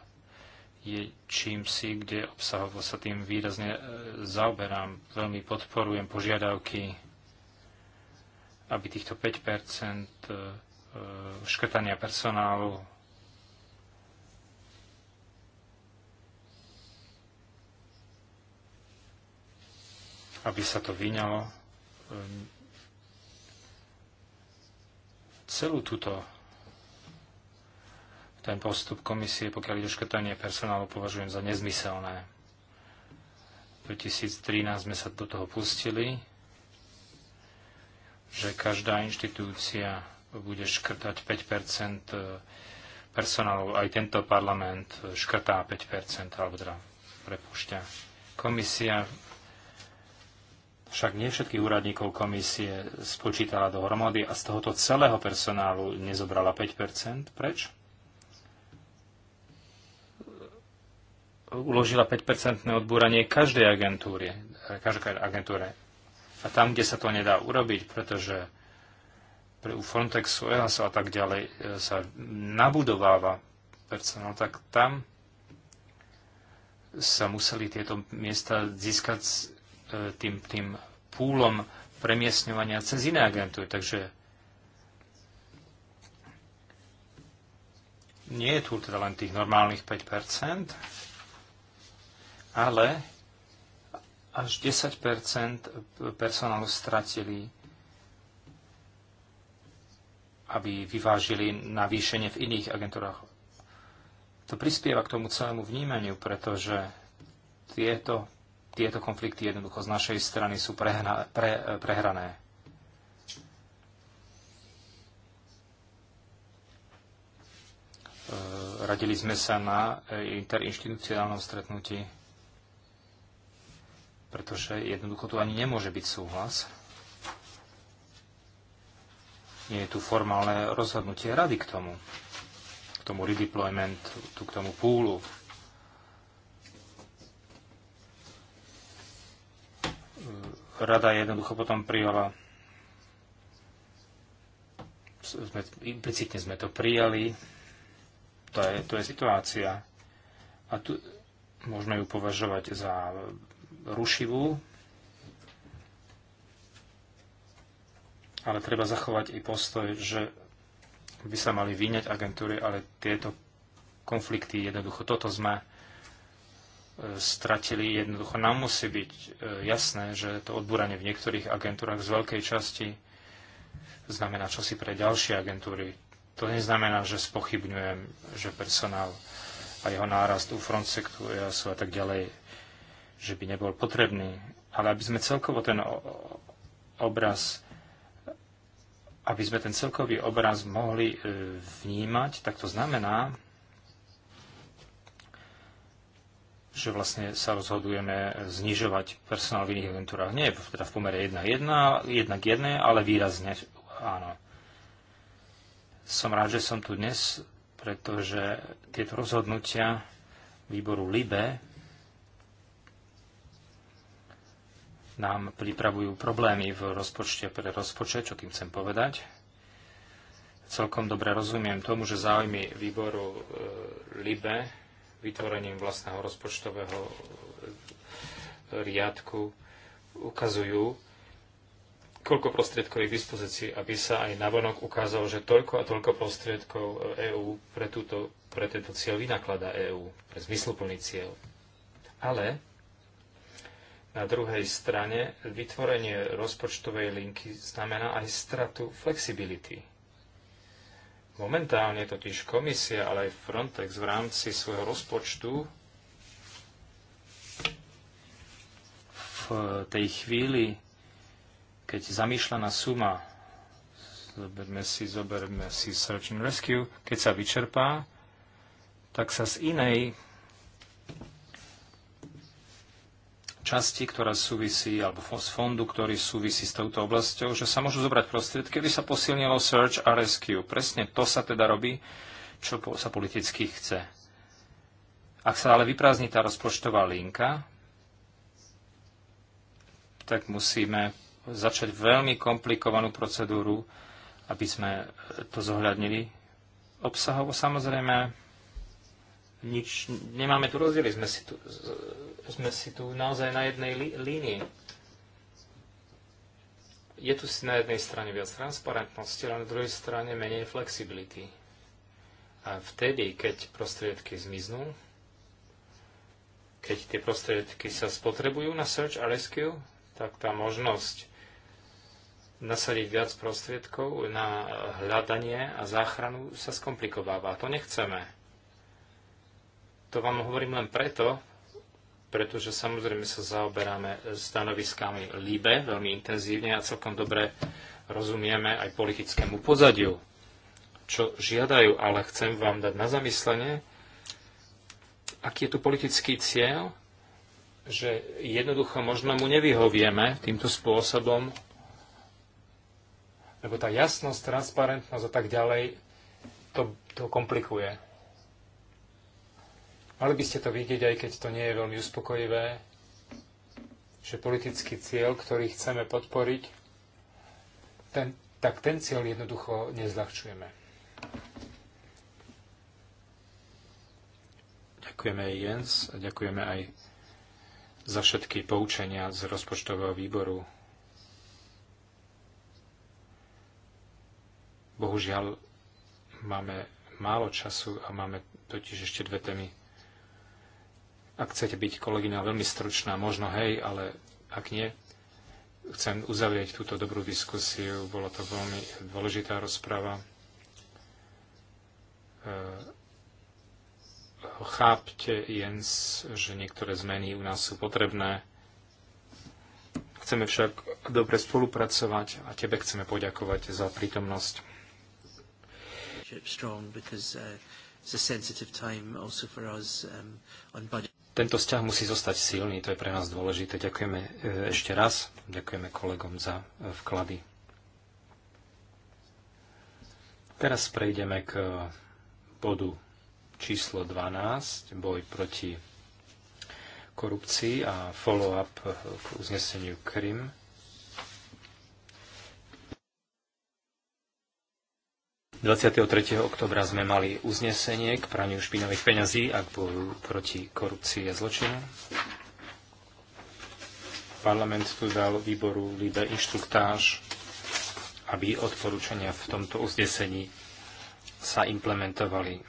je čím si, kde obsahovo sa tým výrazne e, zaoberám. Veľmi podporujem požiadavky, aby týchto 5 e, škrtania personálu aby sa to vyňalo. Ehm, celú túto ten postup komisie, pokiaľ ide o škrtanie personálu, považujem za nezmyselné. V 2013 sme sa do toho pustili, že každá inštitúcia bude škrtať 5 e, personálu. Aj tento parlament škrtá 5 alebo teda prepušťa. Komisia však nie všetkých úradníkov komisie spočítala dohromady a z tohoto celého personálu nezobrala 5 Preč? uložila 5-percentné odbúranie každej agentúre, každej agentúre. A tam, kde sa to nedá urobiť, pretože pre u Frontexu, EASO a tak ďalej e, sa nabudováva personál, no tak tam sa museli tieto miesta získať e, tým, tým púlom premiesňovania cez iné agentúry. Takže nie je tu teda len tých normálnych 5%, ale až 10 personálu stratili, aby vyvážili navýšenie v iných agentúrach. To prispieva k tomu celému vnímaniu, pretože tieto, tieto konflikty jednoducho z našej strany sú prehna, pre, prehrané. Radili sme sa na interinstitucionálnom stretnutí pretože jednoducho tu ani nemôže byť súhlas. Nie je tu formálne rozhodnutie rady k tomu, k tomu redeploymentu tu k tomu púlu. Rada jednoducho potom prijala sme, implicitne sme to prijali. To je, to je situácia. A tu môžeme ju považovať za rušivú, ale treba zachovať i postoj, že by sa mali vyňať agentúry, ale tieto konflikty jednoducho toto sme e, stratili. Jednoducho nám musí byť e, jasné, že to odbúranie v niektorých agentúrach z veľkej časti znamená čosi pre ďalšie agentúry. To neznamená, že spochybňujem, že personál a jeho nárast u Frontsektu, a tak ďalej že by nebol potrebný, ale aby sme celkovo ten obraz, aby sme ten celkový obraz mohli e, vnímať, tak to znamená, že vlastne sa rozhodujeme znižovať personál v iných agentúrach. Nie teda v pomere 1-1, 1 k 1, ale výrazne áno. Som rád, že som tu dnes, pretože tieto rozhodnutia výboru LIBE nám pripravujú problémy v rozpočte pre rozpočet, čo tým chcem povedať. Celkom dobre rozumiem tomu, že záujmy výboru e, LIBE vytvorením vlastného rozpočtového e, riadku ukazujú, koľko prostriedkov je k dispozícii, aby sa aj navonok ukázalo, že toľko a toľko prostriedkov EÚ e pre, túto, pre tento cieľ vynaklada EÚ, pre zmysluplný cieľ. Ale na druhej strane vytvorenie rozpočtovej linky znamená aj stratu flexibility. Momentálne totiž komisia, ale aj Frontex v rámci svojho rozpočtu v tej chvíli, keď zamýšľaná suma, zoberme si, zoberme si Search and Rescue, keď sa vyčerpá, tak sa z inej časti, ktorá súvisí, alebo z fondu, ktorý súvisí s touto oblasťou, že sa môžu zobrať prostriedky, aby sa posilnilo search a rescue. Presne to sa teda robí, čo sa politicky chce. Ak sa ale vyprázdni tá rozpočtová linka, tak musíme začať veľmi komplikovanú procedúru, aby sme e, to zohľadnili. Obsahovo samozrejme nič, nemáme tu rozdiely, sme si tu, sme si tu naozaj na jednej li, línii. Je tu si na jednej strane viac transparentnosti, ale na druhej strane menej flexibility. A vtedy, keď prostriedky zmiznú, keď tie prostriedky sa spotrebujú na search a rescue, tak tá možnosť nasadiť viac prostriedkov na hľadanie a záchranu sa skomplikováva. To nechceme. To vám hovorím len preto, pretože samozrejme sa zaoberáme stanoviskami LIBE veľmi intenzívne a celkom dobre rozumieme aj politickému pozadiu, čo žiadajú, ale chcem vám dať na zamyslenie, aký je tu politický cieľ, že jednoducho možno mu nevyhovieme týmto spôsobom, lebo tá jasnosť, transparentnosť a tak ďalej to, to komplikuje. Mali by ste to vidieť, aj keď to nie je veľmi uspokojivé, že politický cieľ, ktorý chceme podporiť, ten, tak ten cieľ jednoducho nezľahčujeme. Ďakujeme aj Jens a ďakujeme aj za všetky poučenia z rozpočtového výboru. Bohužiaľ, máme málo času a máme totiž ešte dve témy ak chcete byť, kolegyňa, veľmi stručná, možno hej, ale ak nie, chcem uzavrieť túto dobrú diskusiu. Bola to veľmi dôležitá rozprava. E, chápte, Jens, že niektoré zmeny u nás sú potrebné. Chceme však dobre spolupracovať a tebe chceme poďakovať za prítomnosť. Strong because uh, it's a sensitive time also for us um, on budget. Tento vzťah musí zostať silný, to je pre nás dôležité. Ďakujeme e, ešte raz, ďakujeme kolegom za e, vklady. Teraz prejdeme k e, bodu číslo 12, boj proti korupcii a follow-up k uzneseniu Krym 23. oktobra sme mali uznesenie k praniu špinavých peňazí a k boju proti korupcii a zločinu. Parlament tu dal výboru LIBE inštruktáž, aby odporúčania v tomto uznesení sa implementovali.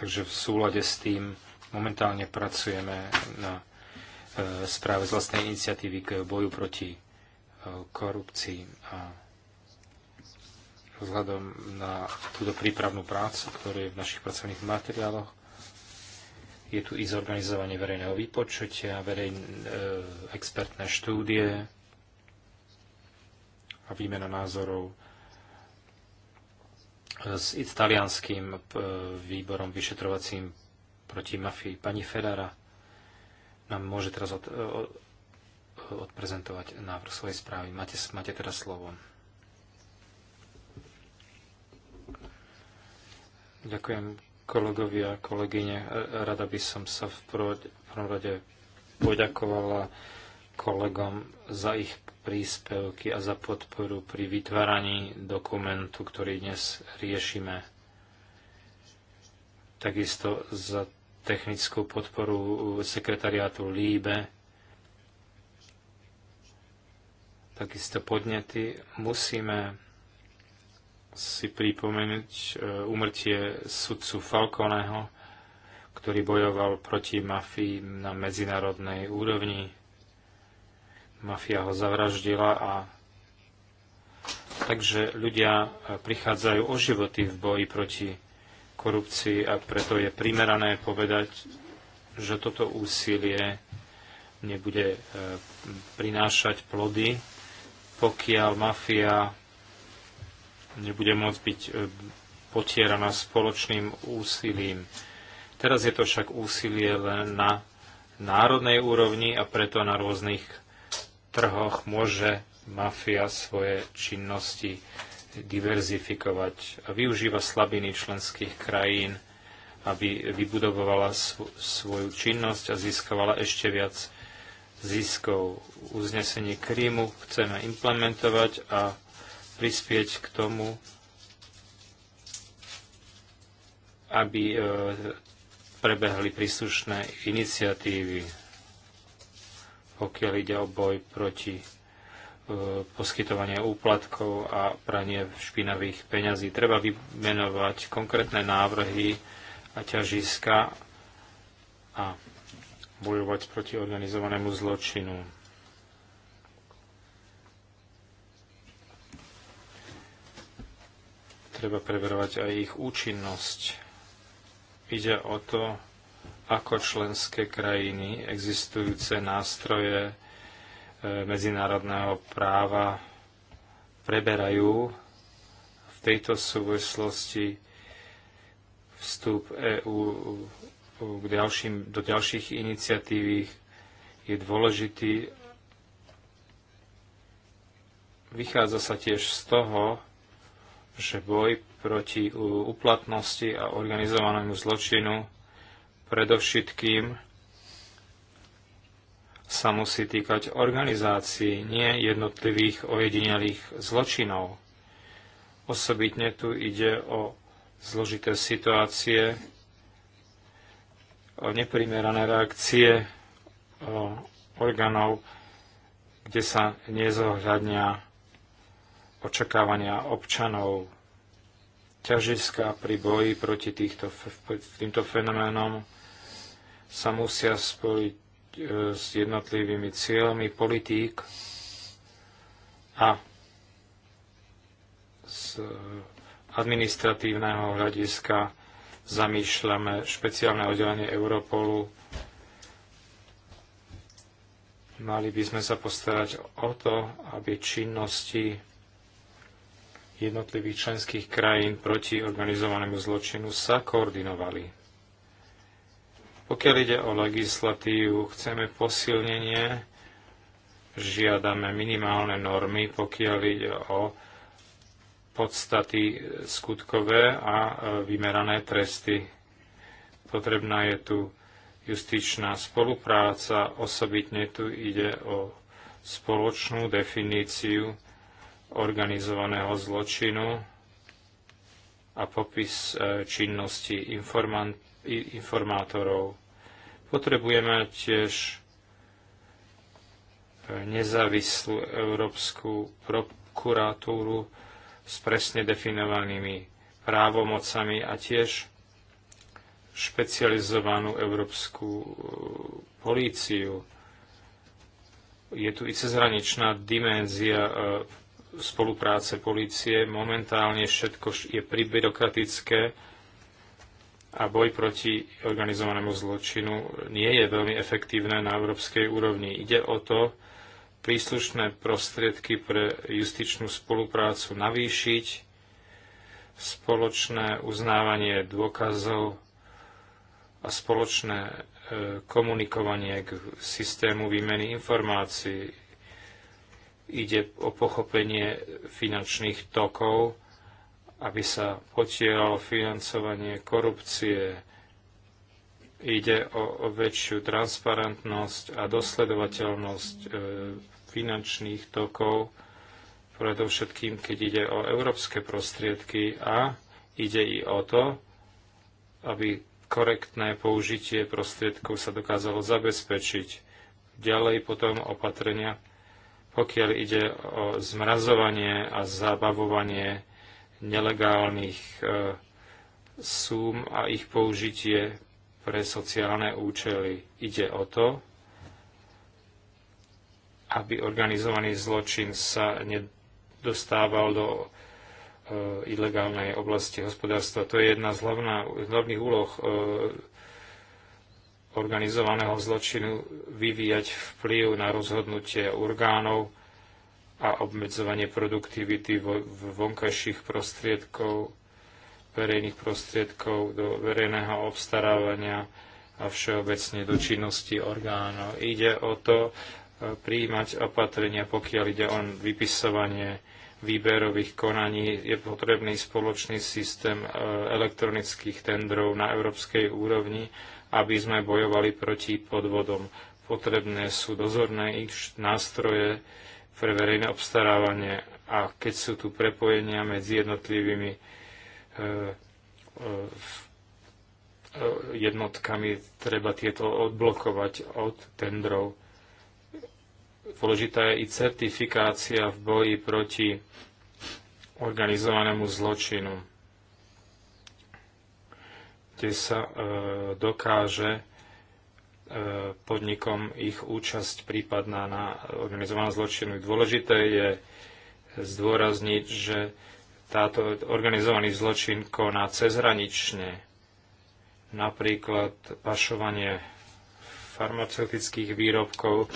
Takže v súlade s tým momentálne pracujeme na e, správe z vlastnej iniciatívy k boju proti e, korupcii a vzhľadom na túto prípravnú prácu, ktorú je v našich pracovných materiáloch. Je tu i zorganizovanie verejného výpočutia, verejné e, expertné štúdie a výmena názorov e, s italianským e, výborom vyšetrovacím proti mafii. Pani Ferrara nám môže teraz od, e, od, odprezentovať návrh svojej správy. Máte, máte teraz slovo. Ďakujem kolegovi a kolegyne. E, rada by som sa v prvom rade poďakovala kolegom za ich príspevky a za podporu pri vytváraní dokumentu, ktorý dnes riešime. Takisto za technickú podporu sekretariátu Líbe, takisto podnety. Musíme si pripomenúť e, umrtie sudcu Falconeho, ktorý bojoval proti mafii na medzinárodnej úrovni. Mafia ho zavraždila a takže ľudia e, prichádzajú o životy v boji proti korupcii a preto je primerané povedať, že toto úsilie nebude e, prinášať plody, pokiaľ mafia nebude môcť byť e, potieraná spoločným úsilím. Teraz je to však úsilie len na národnej úrovni a preto na rôznych trhoch môže mafia svoje činnosti diverzifikovať a využíva slabiny členských krajín, aby vybudovala svoju činnosť a získavala ešte viac ziskov. Uznesenie Krímu chceme implementovať a prispieť k tomu, aby e, prebehli príslušné iniciatívy, pokiaľ ide o boj proti e, poskytovanie úplatkov a pranie špinavých peňazí. Treba vymenovať konkrétne návrhy a ťažiska a bojovať proti organizovanému zločinu treba preverovať aj ich účinnosť. Ide o to, ako členské krajiny existujúce nástroje e, medzinárodného práva preberajú v tejto súvislosti vstup EÚ k ďalším, do ďalších iniciatív je dôležitý. Vychádza sa tiež z toho, že boj proti uplatnosti a organizovanému zločinu predovšetkým sa musí týkať organizácií, nie jednotlivých ojedinelých zločinov. Osobitne tu ide o zložité situácie, o neprimerané reakcie o orgánov, kde sa nezohľadňa očakávania občanov, ťažiska pri boji proti týchto, týmto fenoménom sa musia spojiť e, s jednotlivými cieľmi politík a z administratívneho hľadiska zamýšľame špeciálne oddelenie Europolu. Mali by sme sa postarať o to, aby činnosti jednotlivých členských krajín proti organizovanému zločinu sa koordinovali. Pokiaľ ide o legislatívu, chceme posilnenie, žiadame minimálne normy, pokiaľ ide o podstaty skutkové a e, vymerané tresty. Potrebná je tu justičná spolupráca, osobitne tu ide o spoločnú definíciu organizovaného zločinu a popis e, činnosti informátorov. Potrebujeme tiež e, nezávislú európsku prokuratúru s presne definovanými právomocami a tiež špecializovanú európsku e, políciu. Je tu i cezhraničná dimenzia spolupráce polície. Momentálne všetko je pribyrokratické a boj proti organizovanému zločinu nie je veľmi efektívne na európskej úrovni. Ide o to, príslušné prostriedky pre justičnú spoluprácu navýšiť, spoločné uznávanie dôkazov a spoločné e, komunikovanie k systému výmeny informácií. Ide o pochopenie finančných tokov, aby sa potieralo financovanie korupcie. Ide o, väčšiu transparentnosť a dosledovateľnosť e, finančných tokov, predovšetkým keď ide o európske prostriedky a ide i o to, aby korektné použitie prostriedkov sa dokázalo zabezpečiť. Ďalej potom opatrenia pokiaľ ide o zmrazovanie a zabavovanie nelegálnych e, súm a ich použitie pre sociálne účely. Ide o to, aby organizovaný zločin sa nedostával do e, ilegálnej oblasti hospodárstva. To je jedna z hlavná, hlavných úloh e, organizovaného zločinu vyvíjať vplyv na rozhodnutie orgánov a obmedzovanie produktivity vonkajších prostriedkov, verejných prostriedkov do verejného obstarávania a všeobecne do činnosti orgánov. Ide o to e, príjmať opatrenia, pokiaľ ide o vypisovanie výberových konaní. Je potrebný spoločný systém e, elektronických tendrov na európskej úrovni, aby sme bojovali proti podvodom. Potrebné sú dozorné nástroje pre verejné obstarávanie a keď sú tu prepojenia medzi jednotlivými e, e, e, jednotkami treba tieto odblokovať od tendrov. Dôležitá je i certifikácia v boji proti organizovanému zločinu kde sa e, dokáže e, podnikom ich účasť prípadná na organizovanom zločinu. Dôležité je zdôrazniť, že táto organizovaný zločin koná cezhranične, napríklad pašovanie farmaceutických výrobkov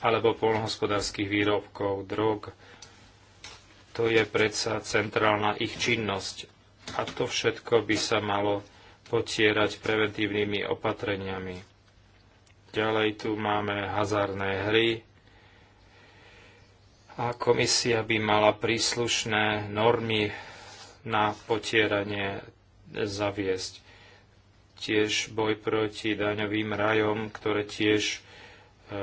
alebo polnohospodárských výrobkov, drog. To je predsa centrálna ich činnosť. A to všetko by sa malo potierať preventívnymi opatreniami. Ďalej tu máme hazardné hry a komisia by mala príslušné normy na potieranie zaviesť. Tiež boj proti daňovým rajom, ktoré tiež e, e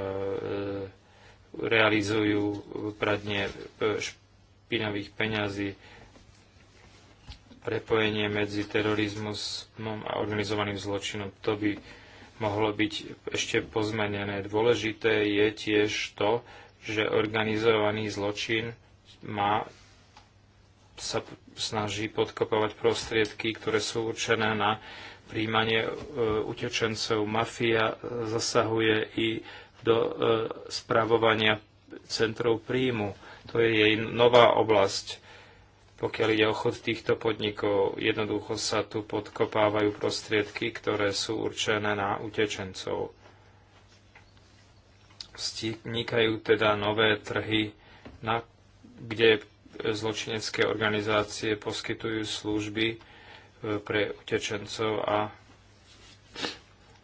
realizujú pradne e, špinavých peňazí prepojenie medzi terorizmom a organizovaným zločinom. To by mohlo byť ešte pozmenené. Dôležité je tiež to, že organizovaný zločin má sa snaží podkopovať prostriedky, ktoré sú určené na príjmanie e, utečencov. Mafia e, zasahuje i do e, spravovania centrov príjmu. To je jej nová oblasť pokiaľ ide o chod týchto podnikov. Jednoducho sa tu podkopávajú prostriedky, ktoré sú určené na utečencov. Vznikajú teda nové trhy, na, kde zločinecké organizácie poskytujú služby e, pre utečencov a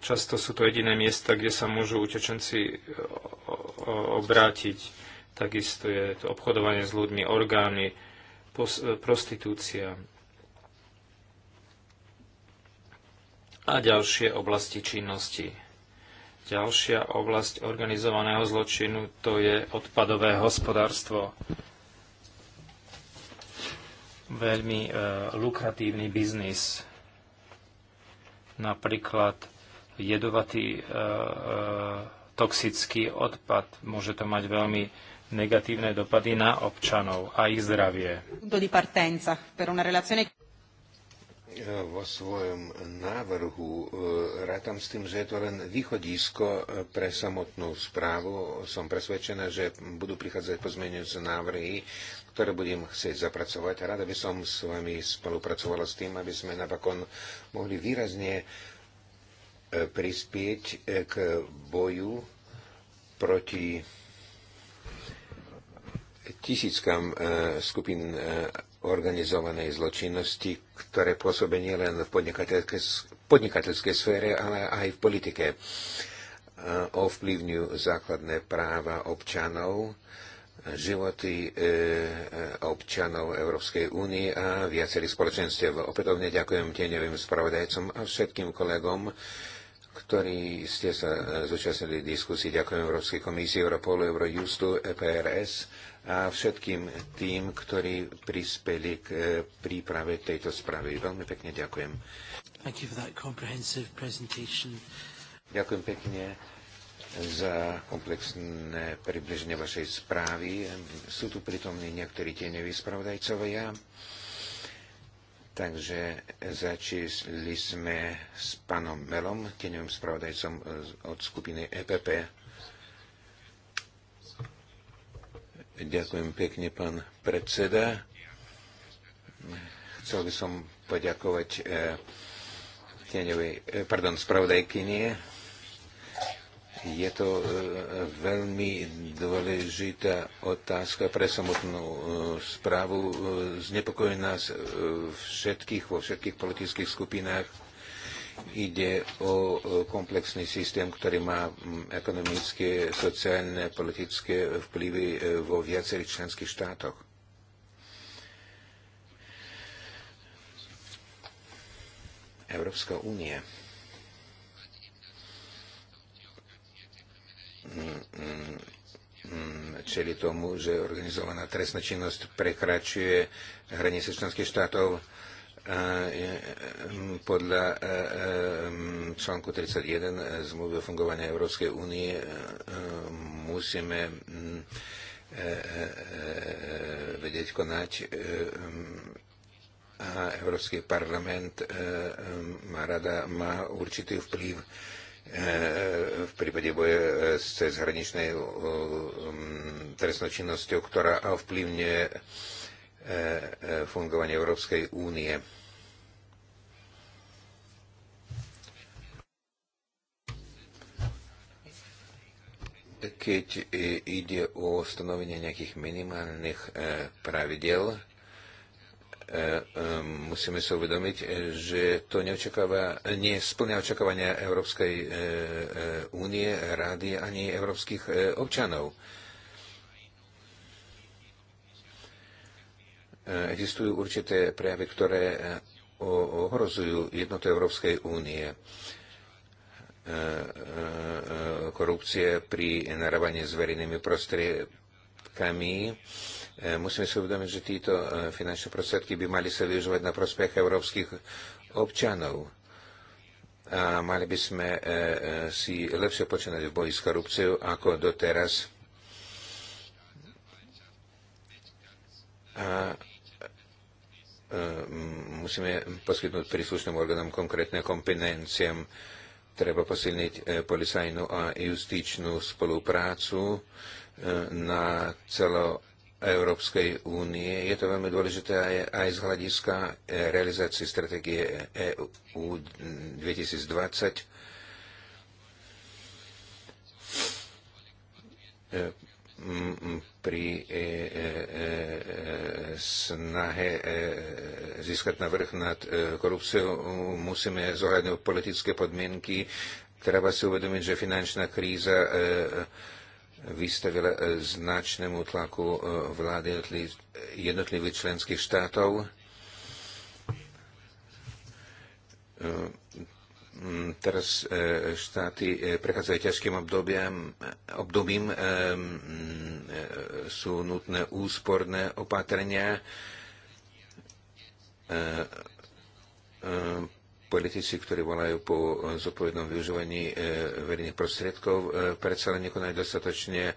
často sú to jediné miesta, kde sa môžu utečenci e, obrátiť. Takisto je to obchodovanie s ľuďmi, orgány, E, prostitúcia a ďalšie oblasti činnosti. Ďalšia oblasť organizovaného zločinu to je odpadové hospodárstvo. Veľmi e, lukratívny biznis. Napríklad jedovatý e, e, toxický odpad môže to mať veľmi negatívne dopady na občanov a ich zdravie. Vo svojom návrhu eh, rátam s tým, že je to len východisko eh, pre samotnú správu. Som presvedčená, že budú prichádzať pozmeňujúce návrhy, ktoré budem chcieť zapracovať. Rada by som s vami spolupracovala s tým, aby sme napokon mohli výrazne eh, prispieť k boju proti tisíckam e, skupín e, organizovanej zločinnosti, ktoré nie nielen v podnikateľskej, podnikateľskej sfére, ale aj v politike. E, ovplyvňujú základné práva občanov, životy občanov Európskej únie a viacerých spoločenstiev. Opätovne ďakujem tieňovým spravodajcom a všetkým kolegom, ktorí ste sa zúčastnili diskusii. Ďakujem Európskej komisii, Europolu, Eurojustu, EPRS a všetkým tým, ktorí prispeli k e, príprave tejto správy. Veľmi pekne ďakujem. Ďakujem pekne za komplexné približenie vašej správy. Sú tu pritomní niektorí tieňoví spravodajcovia. Takže začali sme s pánom Melom, tieňovým spravodajcom od skupiny EPP. Ďakujem pekne, pán predseda. Chcel by som poďakovať e, tieňovej, e, pardon, spravodajkynie. Je to e, veľmi dôležitá otázka pre samotnú správu. Znepokojí nás všetkých vo všetkých politických skupinách Ide o komplexný systém, ktorý má ekonomické, sociálne, politické vplyvy e, vo viacerých členských štátoch. Európska únie čeli tomu, že organizovaná trestná činnosť prekračuje hranice členských štátov E, e, podľa e, článku 31 zmluvy o fungovaní Európskej únie musíme vedieť konať a Európsky parlament má rada má určitý vplyv v prípade boje s cezhraničnej trestnočinnosťou, ktorá ovplyvňuje E, e, fungovanie Európskej únie. Keď ide o stanovenie nejakých minimálnych e, pravidel, musíme sa uvedomiť, že to neočakáva, splňa očakávania Európskej únie, rády ani európskych občanov. existujú určité prejavy, ktoré eh, ohrozujú jednotu Európskej únie eh, eh, korupcie pri narábaní s verejnými prostriedkami. Musíme si uvedomiť, že títo finančné prostriedky by mali sa využívať na prospech európskych občanov. A mali by sme si lepšie počínať v boji s korupciou ako doteraz. A Ehm, musíme poskytnúť príslušným orgánom konkrétne kompetenciám. Treba posilniť e, policajnú a justičnú spoluprácu e, na celo Európskej únie. Je to veľmi dôležité aj, aj z hľadiska e, realizácie stratégie EU 2020 pri e, e, e, snahe získať vrch nad korupciou musíme zohľadňovať politické podmienky. Treba si uvedomiť, že finančná kríza vystavila značnému tlaku vlády jednotlivých členských štátov Mm, teraz e, štáty e, prechádzajú ťažkým obdobiam, e, obdobím, sú nutné úsporné opatrenia. Politici, ktorí volajú po zodpovednom využívaní verejných prostriedkov, predsa len nekonajú dostatočne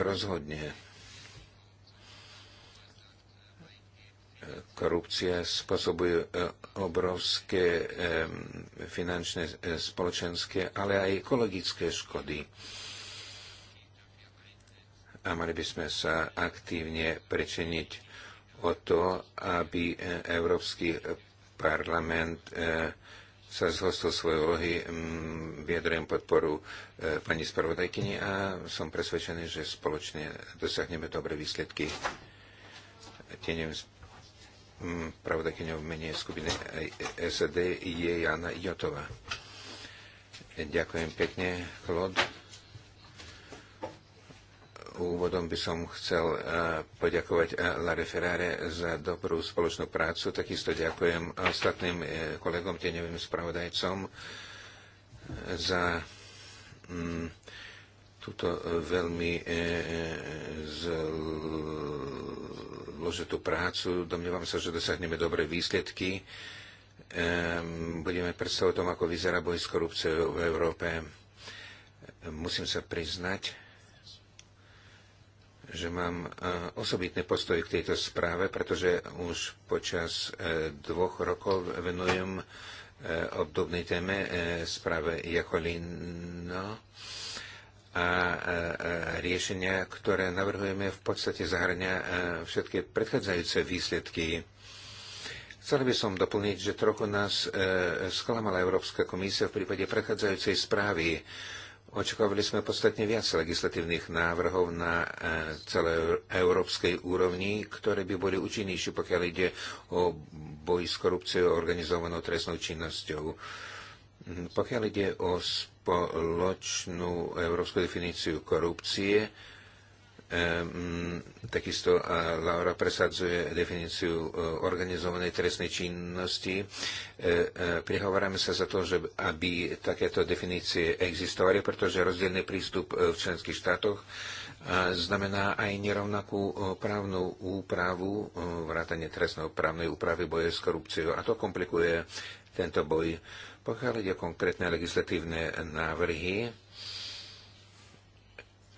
rozhodne korupcia spôsobuje e, obrovské e, finančné, e, spoločenské, ale aj ekologické škody. A mali by sme sa aktívne prečeniť o to, aby Európsky parlament sa zhostil svojej úlohy. Vyjadrujem podporu pani spravodajkyni a som presvedčený, že spoločne dosiahneme dobré výsledky. Tieňujem Mm, pravodajkyňou v mene skupiny SED je Jana Jotová. Ďakujem pekne, Klod. Úvodom by som chcel eh, poďakovať eh, Lare Ferrare za dobrú spoločnú prácu. Takisto ďakujem ostatným eh, kolegom, tieňovým spravodajcom za mm, túto veľmi zl zložitú prácu. Domnievam sa, že dosiahneme dobré výsledky. Ehm, budeme predstavovať tom, ako vyzerá boj s korupciou v Európe. Musím sa priznať, že mám eh, osobitný postoj k tejto správe, pretože už počas eh, dvoch rokov venujem eh, obdobnej téme správe Jakolino a riešenia, ktoré navrhujeme, v podstate zahrania všetky predchádzajúce výsledky. Chcel by som doplniť, že trochu nás e, sklamala Európska komisia v prípade predchádzajúcej správy. Očakávali sme podstatne viac legislatívnych návrhov na e, celej európskej úrovni, ktoré by boli účinnejšie, pokiaľ ide o boj s korupciou a organizovanou trestnou činnosťou. Pokiaľ ide o spoločnú európsku definíciu korupcie. Takisto Laura presadzuje definíciu e, organizovanej trestnej činnosti. E, e, prihovoráme sa za to, že aby takéto definície existovali, pretože rozdielny prístup v členských štátoch znamená aj nerovnakú právnu úpravu, vrátanie trestného právnej úpravy boje s korupciou a to komplikuje tento boj. Pokiaľ ide o konkrétne legislatívne návrhy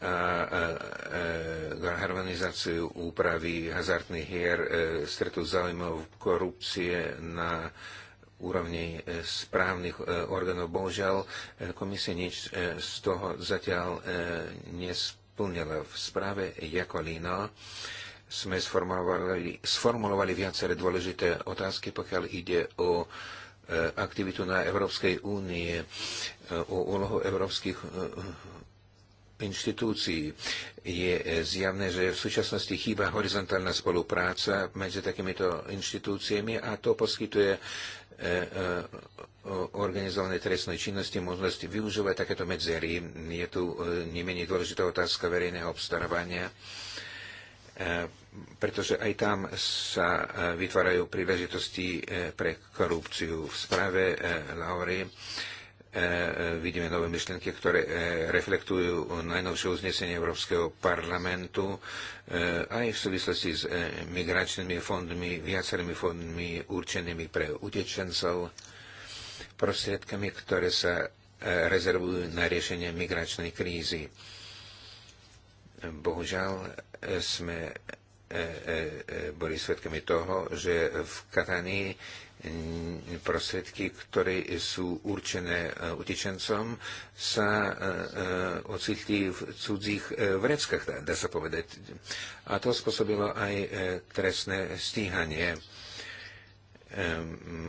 a, a, a harmonizáciu úpravy hazardných hier, e, stretu záujmov, korupcie na úrovni e, správnych e, orgánov. Bohužiaľ, e, komisia nič z toho zatiaľ nesplnila. V správe Jakolino sme sformulovali, sformulovali viaceré dôležité otázky, pokiaľ ide o E, aktivitu na Európskej únie, e, o úlohu európskych e, inštitúcií. Je zjavné, že v súčasnosti chýba horizontálna spolupráca medzi takýmito inštitúciami a to poskytuje organizovanej trestnej činnosti možnosť využívať takéto medzery. Je tu nemenej dôležitá otázka verejného obstarávania pretože aj tam sa e, vytvárajú príležitosti e, pre korupciu. V správe e, Laury vidíme nové myšlienky, ktoré reflektujú najnovšie uznesenie Európskeho parlamentu aj v súvislosti s migračnými fondmi, viacerými fondmi určenými pre utečencov, prostriedkami, ktoré sa rezervujú na riešenie migračnej krízy. Bohužiaľ e, sme e, e, boli svedkami toho, že v Katani prostriedky, ktoré sú určené utečencom, sa ocitli v cudzích vreckách, dá sa povedať. A to spôsobilo aj trestné stíhanie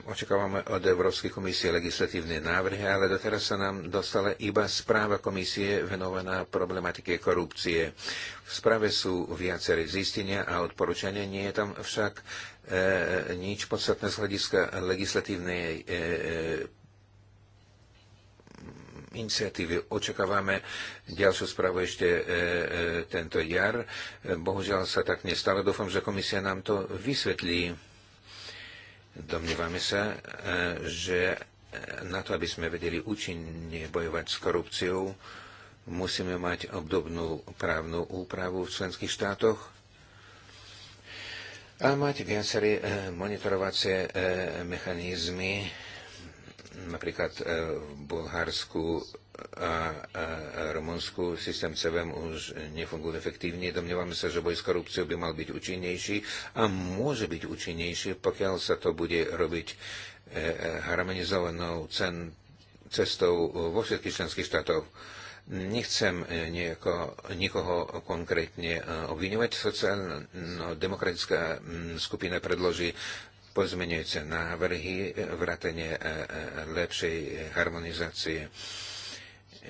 očakávame od Európskej komisie legislatívne návrhy, ale doteraz sa nám dostala iba správa komisie venovaná problematike korupcie. V správe sú viaceré zistenia a odporúčania, nie je tam však e, nič podstatné z hľadiska legislatívnej e, e, iniciatívy. Očakávame ďalšiu správu ešte e, e, tento jar. E, bohužiaľ sa tak nestalo. Dúfam, že komisia nám to vysvetlí Domnievame sa, e, že e, na to, aby sme vedeli účinne bojovať s korupciou, musíme mať obdobnú právnu úpravu v členských štátoch a mať viaceré e, monitorovacie mechanizmy. Napríklad v Bulharsku a Rumunsku systém CVM už nefunguje efektívne. Domnievame sa, že boj s korupciou by mal byť účinnejší a môže byť účinnejší, pokiaľ sa to bude robiť e, e, harmonizovanou cen, cestou vo všetkých členských štátov. Nechcem e, nieko, nikoho konkrétne obviňovať. Sociálno-demokratická mm, skupina predloží pozmeňujúce návrhy, vrátenie lepšej harmonizácie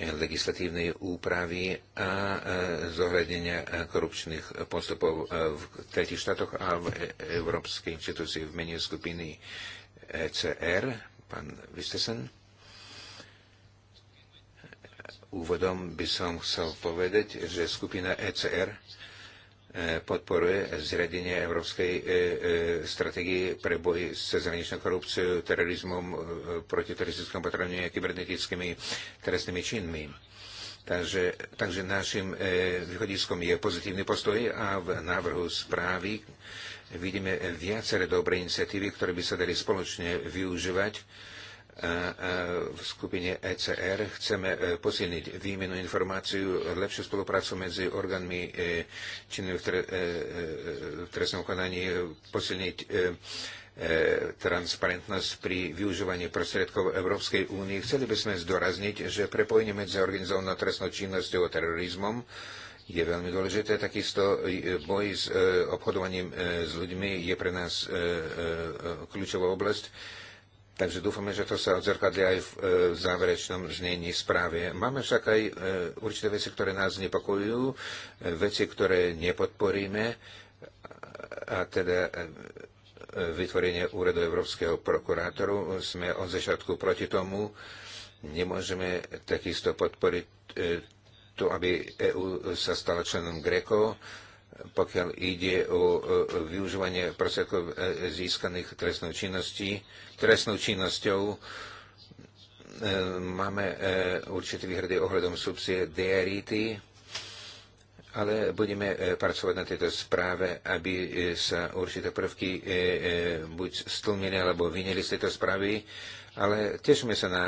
legislatívnej úpravy a e, zohľadnenia e, korupčných postupov e, v tretich štátoch a v Európskej inštitúcii v mene skupiny ECR. Pán Vistesen. Úvodom by som chcel povedať, že skupina ECR E, podporuje zriadenie Európskej e, e, stratégie pre boj s zraničnou korupciou, terorizmom, protiteroristickým opatrením a kybernetickými trestnými činmi. Takže, takže našim východiskom je pozitívny postoj a v návrhu správy vidíme viaceré dobré iniciatívy, ktoré by sa dali spoločne využívať v skupine ECR chceme e, posilniť výmenu informáciu, lepšiu spoluprácu medzi orgánmi e, činnými e, v, trestnom konaní, posilniť transparentnosť pri využívaní prostriedkov Európskej únie. Chceli by sme zdorazniť, že prepojenie medzi organizovanou trestnou činnosťou a terorizmom je veľmi dôležité. Takisto boj s obchodovaním s ľuďmi je pre nás kľúčová oblasť Takže dúfame, že to sa odzrkadli aj v e, záverečnom znení správe. Máme však aj e, určité veci, ktoré nás nepokojujú, e, veci, ktoré nepodporíme, a teda vytvorenie úradu Európskeho prokurátoru. Sme od začiatku proti tomu. Nemôžeme takisto podporiť to, aby EU sa stala členom Greko pokiaľ ide o využívanie prostriedkov e, e, získaných trestnou, činností trestnou činnosťou. E, máme určité výhrady ohľadom subsidiarity, ale budeme pracovať na tejto správe, aby sa určité prvky buď stlmili alebo vynili z tejto správy, ale tešíme sa na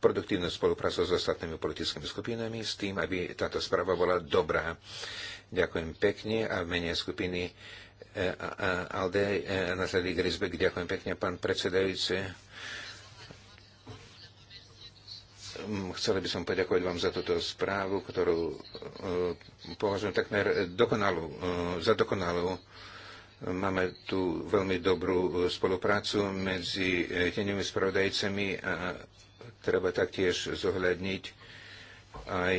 produktívnu spoluprácu s ostatnými politickými skupinami s tým, aby táto správa bola dobrá. Ďakujem pekne a v mene skupiny e, Alde e, Natalí Grisbeck. Ďakujem pekne, pán predsedajúci. Mm, chceli by som poďakovať vám za túto správu, ktorú e, považujem takmer dokonalú, za dokonalú. Máme tu veľmi dobrú spoluprácu medzi tenými spravodajcami a treba taktiež zohľadniť aj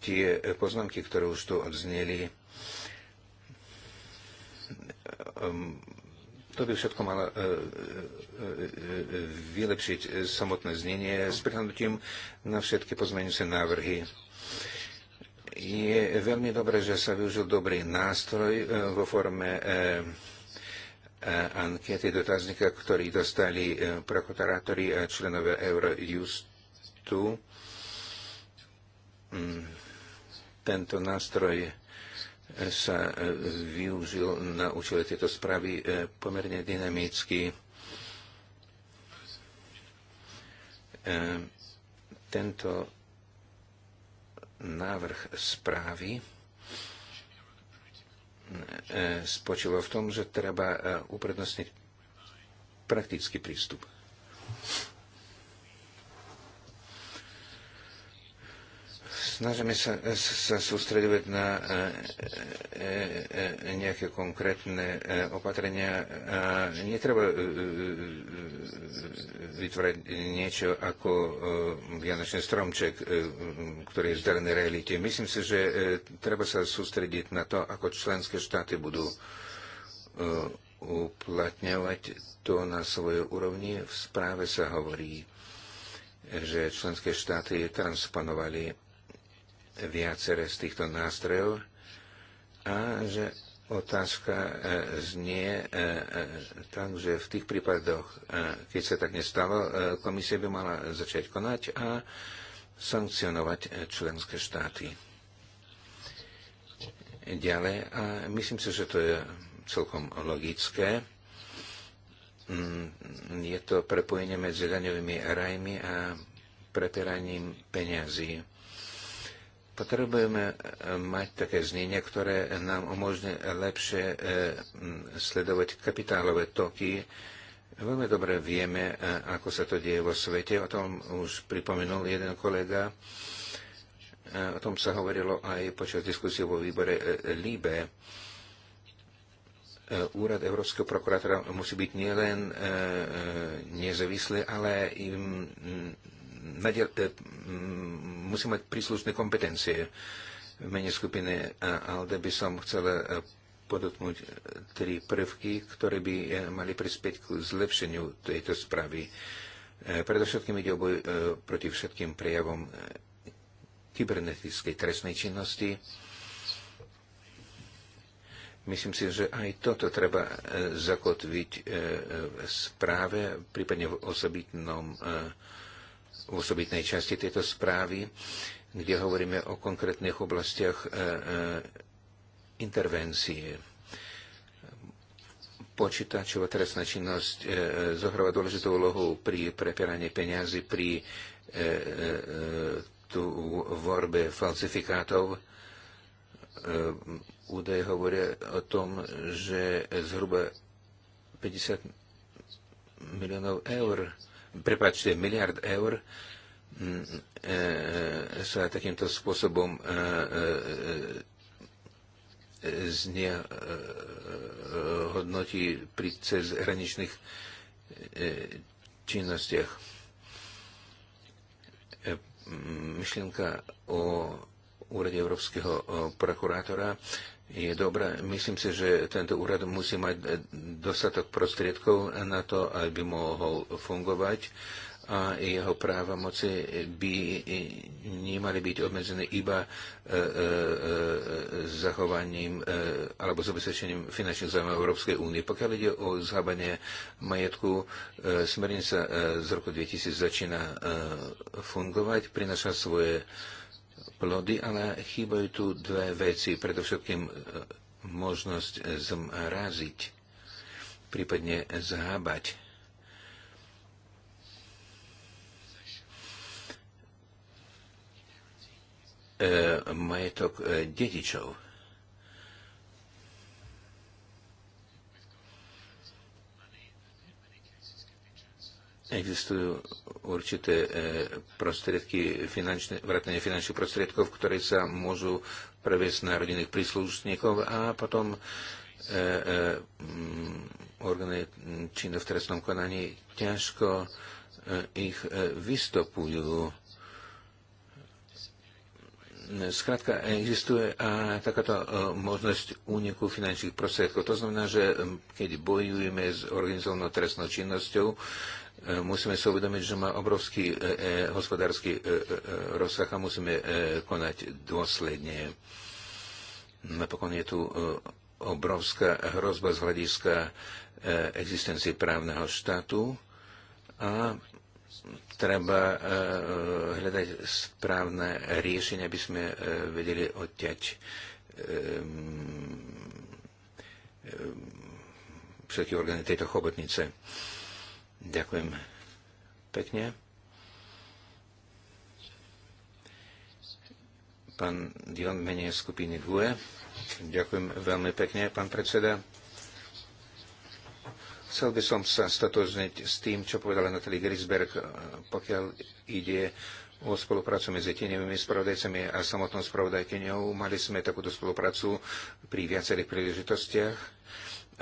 tie poznámky, ktoré už tu odzneli. Um, to by všetko malo uh, uh, vylepšiť samotné znenie s prihľadnutím na všetky pozmeňujúce návrhy. Je veľmi dobré, že sa využil dobrý nástroj uh, vo forme ankety dotazníka, ktorý dostali prokurátori a členové Eurojustu tento nástroj eh, sa eh, využil na účele tejto správy eh, pomerne dynamicky. Tento návrh správy spočíva v tom, že treba uprednostniť praktický prístup. Snažíme sa, sa sústredovať na e, e, e, nejaké konkrétne opatrenia. Netreba vytvárať niečo ako vianočný stromček, ktorý je vzdialený realite. Myslím si, že treba sa sústrediť na to, ako členské štáty budú uplatňovať to na svojej úrovni. V správe sa hovorí, že členské štáty transponovali viacere z týchto nástrojov a že otázka e, znie e, e, tak, že v tých prípadoch, keď sa tak nestalo, komisia by mala začať konať a sankcionovať členské štáty. Ďalej, a myslím si, že to je celkom logické, mm, je to prepojenie medzi daňovými rajmi a preperaním peňazí Potrebujeme e, mať také znenie, ktoré nám umožní lepšie e, sledovať kapitálové toky. Veľmi dobre vieme, e, ako sa to deje vo svete. O tom už pripomenul jeden kolega. O tom sa hovorilo aj počas diskusie vo výbore LIBE. Úrad Európskeho prokurátora musí byť nielen nezávislý, ale im musí mať príslušné kompetencie. V mene skupiny ale by som chcela e, podotknúť e, tri prvky, ktoré by e, mali prispieť k zlepšeniu tejto správy. Predovšetkým ide o boj proti všetkým prejavom kybernetickej trestnej činnosti. Myslím si, že aj toto treba zakotviť v správe, prípadne v osobitnom v osobitnej časti tejto správy, kde hovoríme o konkrétnych oblastiach e, e, intervencie. Počítačová trestná činnosť e, zohráva dôležitú úlohu pri prepieraní peniazy, pri tu vorbe falsifikátov. Údaje hovoria o tom, že zhruba 50 miliónov eur prepáčte, miliard eur mm, e, e, sa takýmto spôsobom e, znehodnotí pri hraničných činnostiach. Myšlienka o úrade Európskeho prokurátora je dobrá. Myslím si, že tento úrad musí mať dostatok prostriedkov na to, aby mohol fungovať a jeho moci by nemali byť obmedzené iba e, e, e, zachovaním alebo zabezpečením finančných zájmov Európskej únie. Pokiaľ ide o zhábanie majetku, smernica z roku 2000 začína fungovať, prináša svoje plody, ale chýbajú tu dve veci. Predovšetkým e, možnosť zmraziť, prípadne zhábať. E, majetok e, dedičov. Existujú určité e, prostriedky, finančné, vrátanie finančných prostriedkov, ktoré sa môžu previesť na rodinných príslušníkov a potom e, e, mm, orgány činné v trestnom konaní ťažko ich vystopujú. Skrátka, existuje a takáto možnosť úniku finančných prostriedkov. To znamená, že keď bojujeme s organizovanou trestnou činnosťou, E, musíme si uvedomiť, že má obrovský e, e, hospodársky rozsah a musíme konať dôsledne. Napokon je tu obrovská hrozba z hľadiska existencie právneho štátu a treba hľadať správne riešenie, aby sme vedeli odťať všetky orgány tejto chobotnice. Ďakujem pekne. Pán Dion, menej skupiny GUE. Ďakujem veľmi pekne, pán predseda. Chcel by som sa statožniť s tým, čo povedala Natalie Grisberg, eh, pokiaľ ide o spoluprácu medzi tenevými spravodajcami a samotnou spravodajkyňou. Mali sme takúto spoluprácu pri viacerých príležitostiach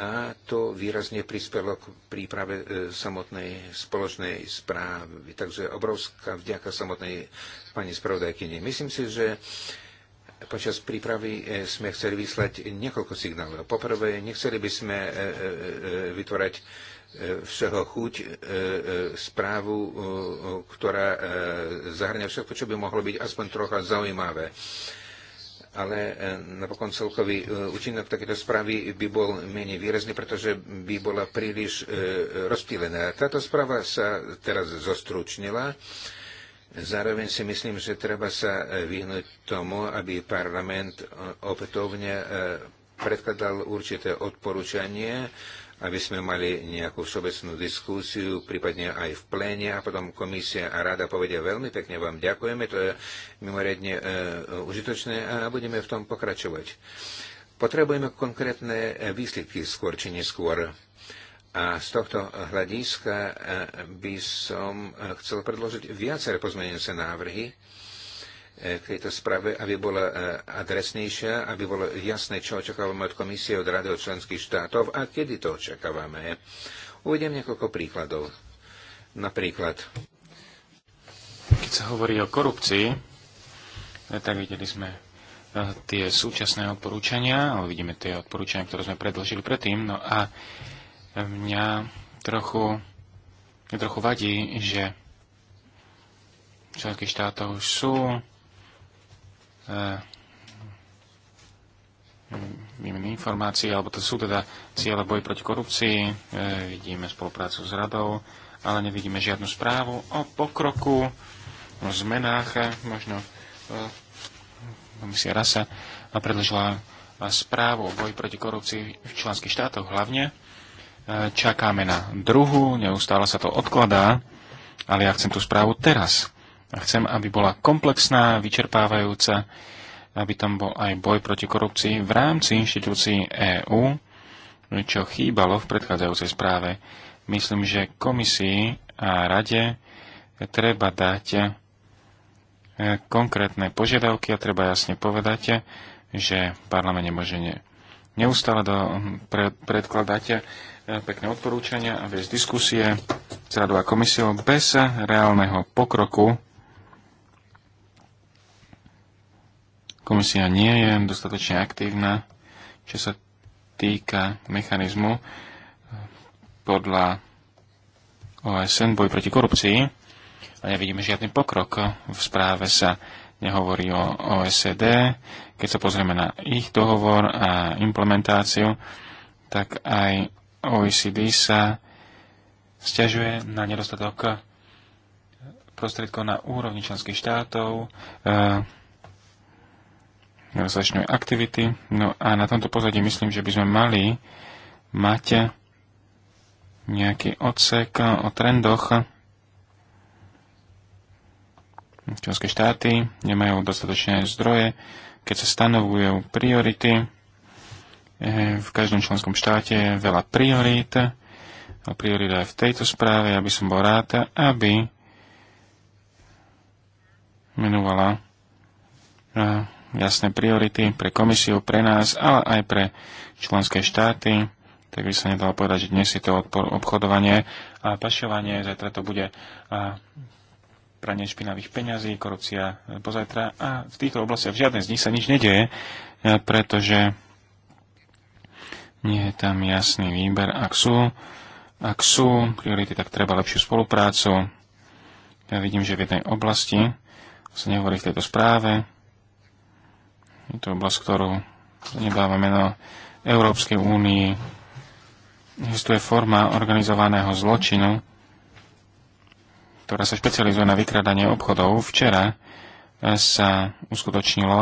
a to výrazne prispelo k príprave e, samotnej spoločnej správy. Takže obrovská vďaka samotnej pani spravodajkyni. Myslím si, že počas prípravy e, sme chceli vyslať niekoľko signálov. Poprvé, nechceli by sme e, vytvorať všeho chuť správu, ktorá zahrňa všetko, čo by mohlo byť aspoň trocha zaujímavé ale e, napokon celkový e, účinok takéto správy by bol menej výrazný, pretože by bola príliš e, rozptýlená. Táto správa sa teraz zostručnila. Zároveň si myslím, že treba sa vyhnúť tomu, aby parlament opätovne predkladal určité odporúčanie aby sme mali nejakú všeobecnú diskusiu, prípadne aj v pléne a potom komisia a rada povedia veľmi pekne vám ďakujeme, to je mimoriadne e, užitočné a budeme v tom pokračovať. Potrebujeme konkrétne e, výsledky skôr či neskôr. A z tohto hľadiska e, by som e, chcel predložiť viaceré pozmenujúce návrhy, E, k tejto správe, aby bola e, adresnejšia, aby bolo jasné, čo očakávame od komisie, od rady, od členských štátov a kedy to očakávame. Uvediem niekoľko príkladov. Napríklad. Keď sa hovorí o korupcii, e, tak videli sme tie súčasné odporúčania, ale vidíme tie odporúčania, ktoré sme predložili predtým. No a mňa trochu, mňa trochu vadí, že členské štáty už sú výmeny eh, informácií, alebo to sú teda cieľe boj proti korupcii, eh, vidíme spoluprácu s radou, ale nevidíme žiadnu správu o pokroku, o zmenách, eh, možno komisia RASA predložila správu o boji proti korupcii v členských štátoch hlavne. Čakáme na druhú, neustále sa to odkladá, ale ja chcem tú správu teraz. Chcem, aby bola komplexná, vyčerpávajúca, aby tam bol aj boj proti korupcii v rámci inštitúcií EÚ, čo chýbalo v predchádzajúcej správe. Myslím, že komisii a rade treba dať eh, konkrétne požiadavky a treba jasne povedať, eh, že parlament nemôže neustále do, pre, predkladať eh, pekné odporúčania a viesť diskusie s radová komisiou bez reálneho pokroku Komisia nie je dostatočne aktívna, čo sa týka mechanizmu eh, podľa OSN boj proti korupcii a nevidíme žiadny pokrok. V správe sa nehovorí o OSD. Keď sa pozrieme na ich dohovor a implementáciu, tak aj OECD sa stiažuje na nedostatok eh, prostriedkov na úrovni členských štátov, eh, rozličné no, aktivity. No a na tomto pozadí myslím, že by sme mali mať nejaký odsek o trendoch. Členské štáty nemajú dostatočné zdroje, keď sa stanovujú priority. V každom členskom štáte je veľa priorít. A priorita aj v tejto správe, aby som bol rád, aby menovala jasné priority pre komisiu, pre nás, ale aj pre členské štáty. Tak by sa nedalo povedať, že dnes je to obchodovanie a pašovanie, zajtra to bude a pranie špinavých peňazí, korupcia pozajtra a v týchto oblastiach v žiadnej z nich sa nič nedieje, pretože nie je tam jasný výber. Ak sú, ak sú priority, tak treba lepšiu spoluprácu. Ja vidím, že v jednej oblasti, sa nehovorí v tejto správe, je to oblasť, ktorú nedáva meno Európskej únii. Existuje forma organizovaného zločinu, ktorá sa špecializuje na vykradanie obchodov. Včera eh, sa uskutočnilo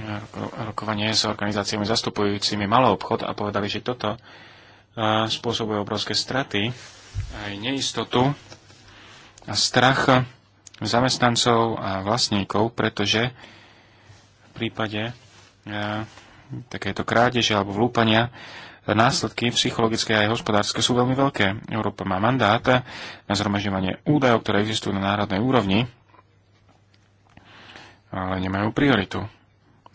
eh, rokovanie s organizáciami zastupujúcimi malý obchod a povedali, že toto eh, spôsobuje obrovské straty aj neistotu a strach zamestnancov a vlastníkov, pretože v prípade e, takéto krádeže alebo vlúpania následky psychologické a aj hospodárske sú veľmi veľké. Európa má mandát na zhromažďovanie údajov, ktoré existujú na národnej úrovni, ale nemajú prioritu.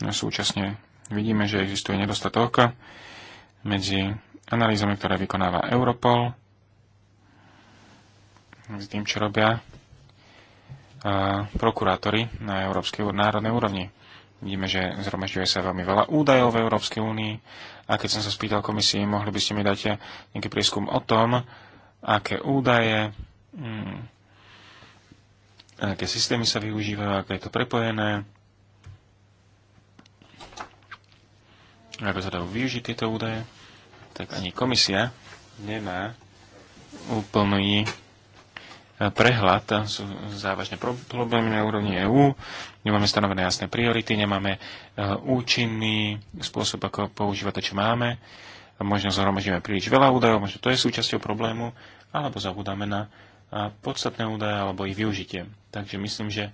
No súčasne vidíme, že existuje nedostatok medzi analýzami, ktoré vykonáva Europol, s tým, čo robia prokurátori na európskej národnej úrovni. Vidíme, že zhromažďuje sa veľmi veľa údajov v Európskej únii a keď som sa spýtal komisii, mohli by ste mi dať nejaký prieskum o tom, aké údaje, hmm, aké systémy sa využívajú, aké je to prepojené, ako sa dajú využiť tieto údaje, tak ani komisia nemá úplný prehľad. Sú závažné problémy na úrovni EÚ, nemáme stanovené jasné priority, nemáme e, účinný spôsob, ako používať to, čo máme. Možno zhromažíme príliš veľa údajov, možno to je súčasťou problému, alebo zabudáme na e, podstatné údaje alebo ich využitie. Takže myslím, že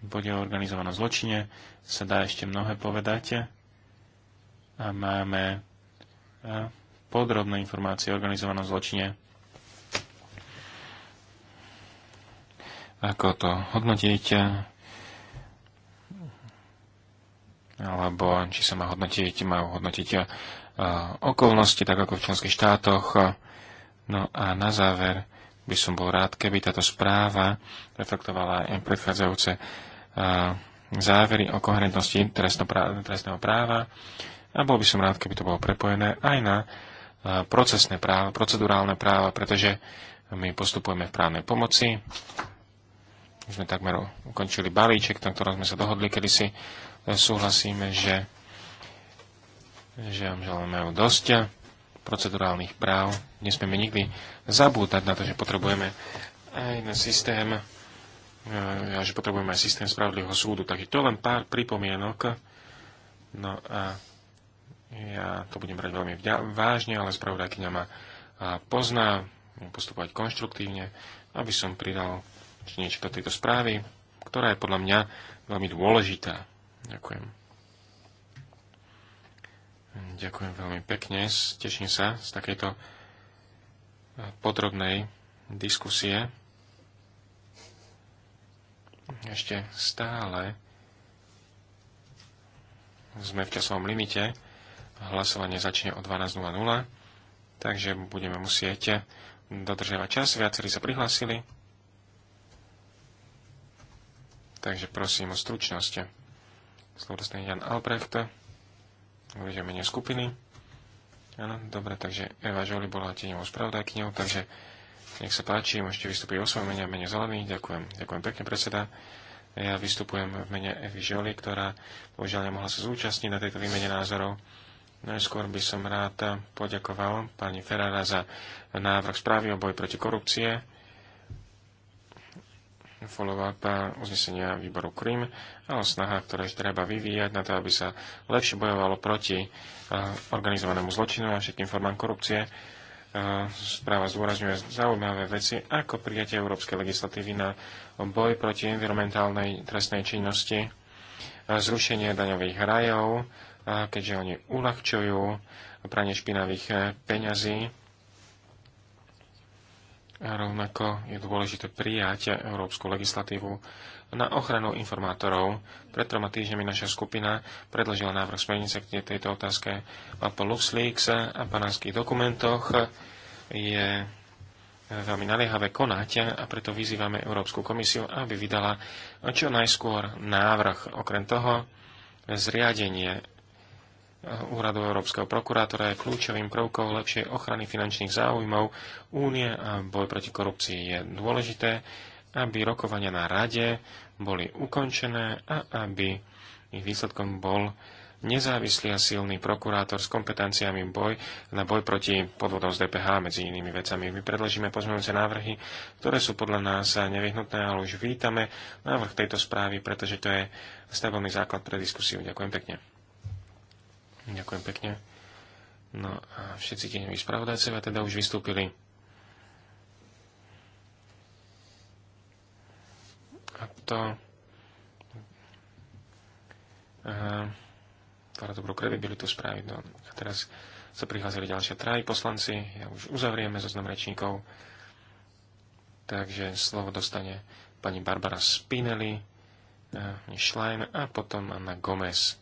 bude organizované zločine sa dá ešte mnohé povedať. A máme e, podrobné informácie o organizovanom zločine ako to hodnotiť, alebo či sa má hodnotiť, majú hodnotiť uh, okolnosti, tak ako v členských štátoch. No a na záver by som bol rád, keby táto správa reflektovala aj predchádzajúce uh, závery o koherentnosti trestného práva a bol by som rád, keby to bolo prepojené aj na uh, procesné práva, procedurálne práva, pretože my postupujeme v právnej pomoci my sme takmer ukončili balíček, na ktorom sme sa dohodli, kedy si e, súhlasíme, že, že želáme majú dosť procedurálnych práv. Nesmieme nikdy zabúdať na to, že potrebujeme aj na systém, e, a že potrebujeme aj systém spravodlivého súdu. Takže to len pár pripomienok. No a ja to budem brať veľmi vážne, ale spravodajkyňa ma e, pozná, postupovať konštruktívne, aby som pridal činečka tejto správy, ktorá je podľa mňa veľmi dôležitá. Ďakujem. Ďakujem veľmi pekne. Teším sa z takejto e, podrobnej diskusie. Ešte stále sme v časovom limite. Hlasovanie začne o 12.00, takže budeme musieť dodržiavať čas. Viacerí sa prihlásili. Takže prosím o stručnosť. Slovo Jan Albrecht, hovoríte menej skupiny. Áno, dobre, takže Eva Žoli bola tieňovou spravodajkňou, takže nech sa páči, môžete vystúpiť o svojom mene a mene zelený, Ďakujem. Ďakujem pekne, predseda. Ja vystupujem v mene Evy Žoli, ktorá bohužiaľ nemohla sa zúčastniť na tejto výmene názorov. Najskôr by som rád poďakoval pani Ferrara za návrh správy o boji proti korupcie follow-up eh, uznesenia výboru Krym a o snahách, ktoré treba vyvíjať na to, aby sa lepšie bojovalo proti eh, organizovanému zločinu a všetkým formám korupcie. Eh, správa zdôrazňuje zaujímavé veci, ako prijatie európskej legislatívy na boj proti environmentálnej trestnej činnosti, zrušenie daňových rajov, keďže oni uľahčujú pranie špinavých peňazí a rovnako je dôležité prijať európsku legislatívu na ochranu informátorov. Pred troma týždňami naša skupina predložila návrh smernice k tejto otázke po LuxLeaks a panánskych dokumentoch. Je veľmi naliehavé konať a preto vyzývame Európsku komisiu, aby vydala čo najskôr návrh. Okrem toho, zriadenie úradu Európskeho prokurátora je kľúčovým prvkom lepšej ochrany finančných záujmov únie a boj proti korupcii je dôležité, aby rokovania na rade boli ukončené a aby ich výsledkom bol nezávislý a silný prokurátor s kompetenciami boj na boj proti podvodom z DPH medzi inými vecami. My predložíme pozmeňujúce návrhy, ktoré sú podľa nás nevyhnutné, ale už vítame návrh tejto správy, pretože to je stabilný základ pre diskusiu. Ďakujem pekne. Ďakujem pekne. No a všetci tieňoví spravodajcovia teda už vystúpili. A to para dobrú kredibilitu spraviť. No a teraz sa prihlásili ďalšie traji poslanci. Ja už uzavrieme zoznam rečníkov. Takže slovo dostane pani Barbara Spinelli, eh, Schlein a potom Anna Gomez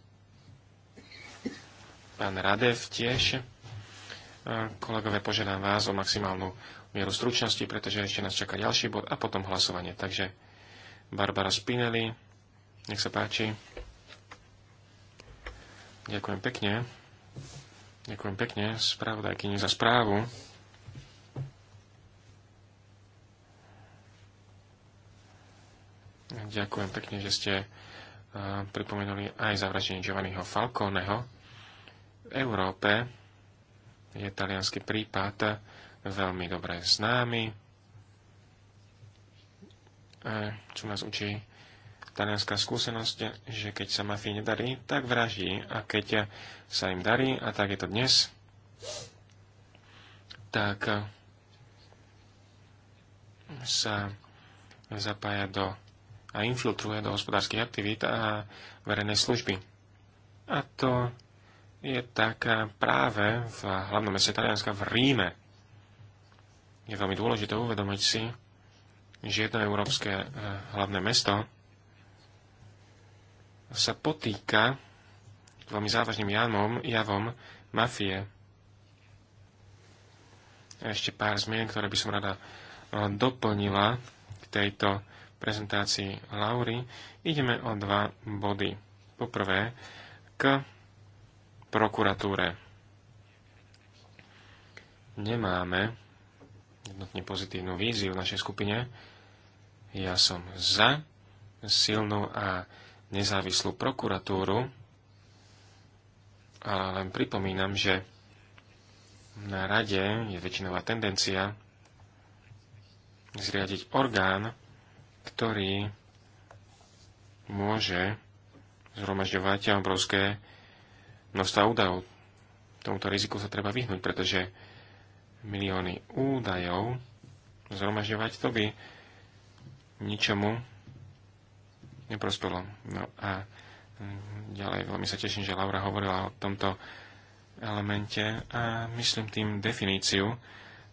pán Radev tiež. E, kolegové, požiadam vás o maximálnu mieru stručnosti, pretože ešte nás čaká ďalší bod a potom hlasovanie. Takže Barbara Spinelli, nech sa páči. Ďakujem pekne. Ďakujem pekne spravodajkyni za správu. Ďakujem pekne, že ste e, pripomenuli aj zavraždenie Giovanniho Falconeho. V Európe je talianský prípad veľmi dobre známy. Čo nás učí talianská skúsenosť, že keď sa mafii nedarí, tak vraží A keď sa im darí, a tak je to dnes, tak sa zapája do a infiltruje do hospodárskych aktivít a verejnej služby. A to je tak eh, práve v hlavnom meste Talianska v Ríme. Je veľmi dôležité uvedomiť si, že jedno európske eh, hlavné mesto sa potýka veľmi závažným javom, javom mafie. A ešte pár zmien, ktoré by som rada eh, doplnila k tejto prezentácii Laury. Ideme o dva body. Poprvé, k prokuratúre. Nemáme jednotne pozitívnu víziu v našej skupine. Ja som za silnú a nezávislú prokuratúru, ale len pripomínam, že na rade je väčšinová tendencia zriadiť orgán, ktorý môže zhromažďovať obrovské množstva údajov. Tomuto riziku sa treba vyhnúť, pretože milióny údajov zhromažďovať to by ničomu neprospelo. No a mm, ďalej veľmi sa teším, že Laura hovorila o tomto elemente a myslím tým definíciu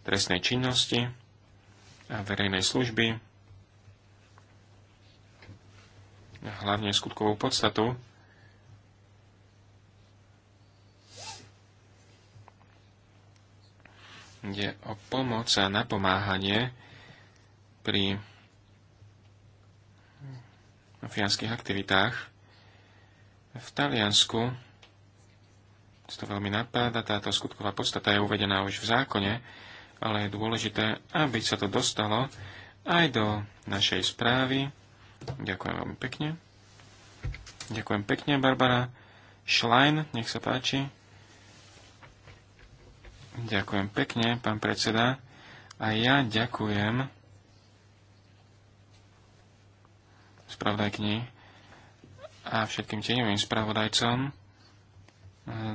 trestnej činnosti a verejnej služby, hlavne skutkovú podstatu Ide o pomoc a napomáhanie pri mafiánskych aktivitách. V Taliansku to veľmi napáda, táto skutková podstata je uvedená už v zákone, ale je dôležité, aby sa to dostalo aj do našej správy. Ďakujem veľmi pekne. Ďakujem pekne, Barbara. Schlein, nech sa páči. Ďakujem pekne, pán predseda. A ja ďakujem spravodajkni a všetkým tieňovým spravodajcom eh,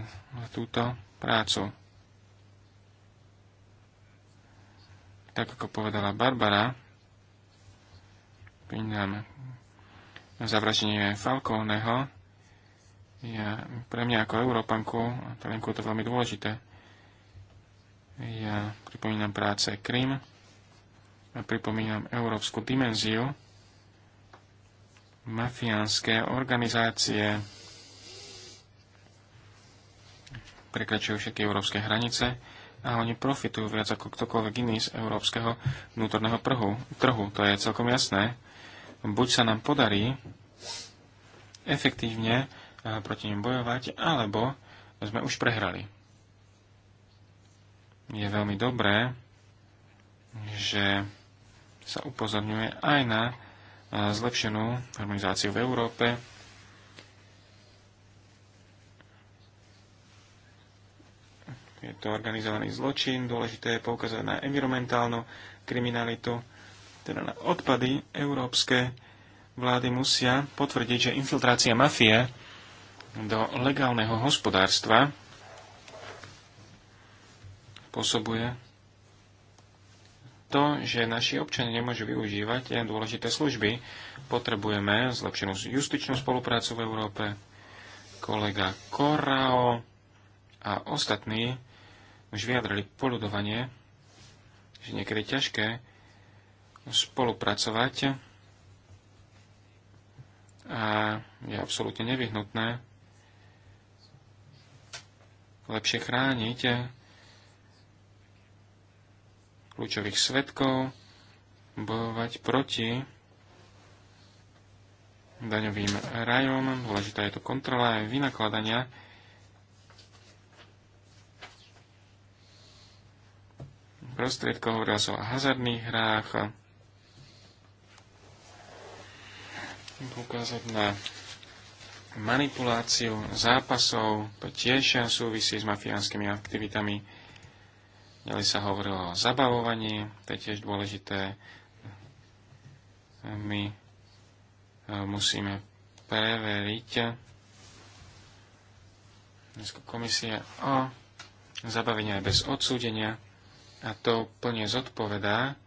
za túto prácu. Tak ako povedala Barbara, pridám zavraženie Falkovného, ja, pre mňa ako Európanku, Talianku je to veľmi dôležité ja pripomínam práce Krym a pripomínam európsku dimenziu mafiánske organizácie prekračujú všetky európske hranice a oni profitujú viac ako ktokoľvek iný z európskeho vnútorného prhu, trhu. To je celkom jasné. Buď sa nám podarí efektívne proti nim bojovať, alebo sme už prehrali je veľmi dobré, že sa upozorňuje aj na e, zlepšenú harmonizáciu v Európe. Je to organizovaný zločin, dôležité je poukázať na environmentálnu kriminalitu, teda na odpady európske vlády musia potvrdiť, že infiltrácia mafie do legálneho hospodárstva spôsobuje to, že naši občania nemôžu využívať dôležité služby. Potrebujeme zlepšenú justičnú spoluprácu v Európe. Kolega Korao a ostatní už vyjadrali poludovanie, že niekedy je ťažké spolupracovať a je absolútne nevyhnutné lepšie chrániť kľúčových svetkov, bojovať proti daňovým rajom. Dôležitá je to kontrola aj vynakladania. prostriedkov, hovorila sa o hazardných hrách, ukázať na manipuláciu zápasov, to tiež súvisí s mafiánskymi aktivitami. Ďalej sa hovorilo o zabavovaní, to je tiež dôležité. My e, musíme preveriť e, komisie o zabavenia aj bez odsúdenia a to plne zodpovedá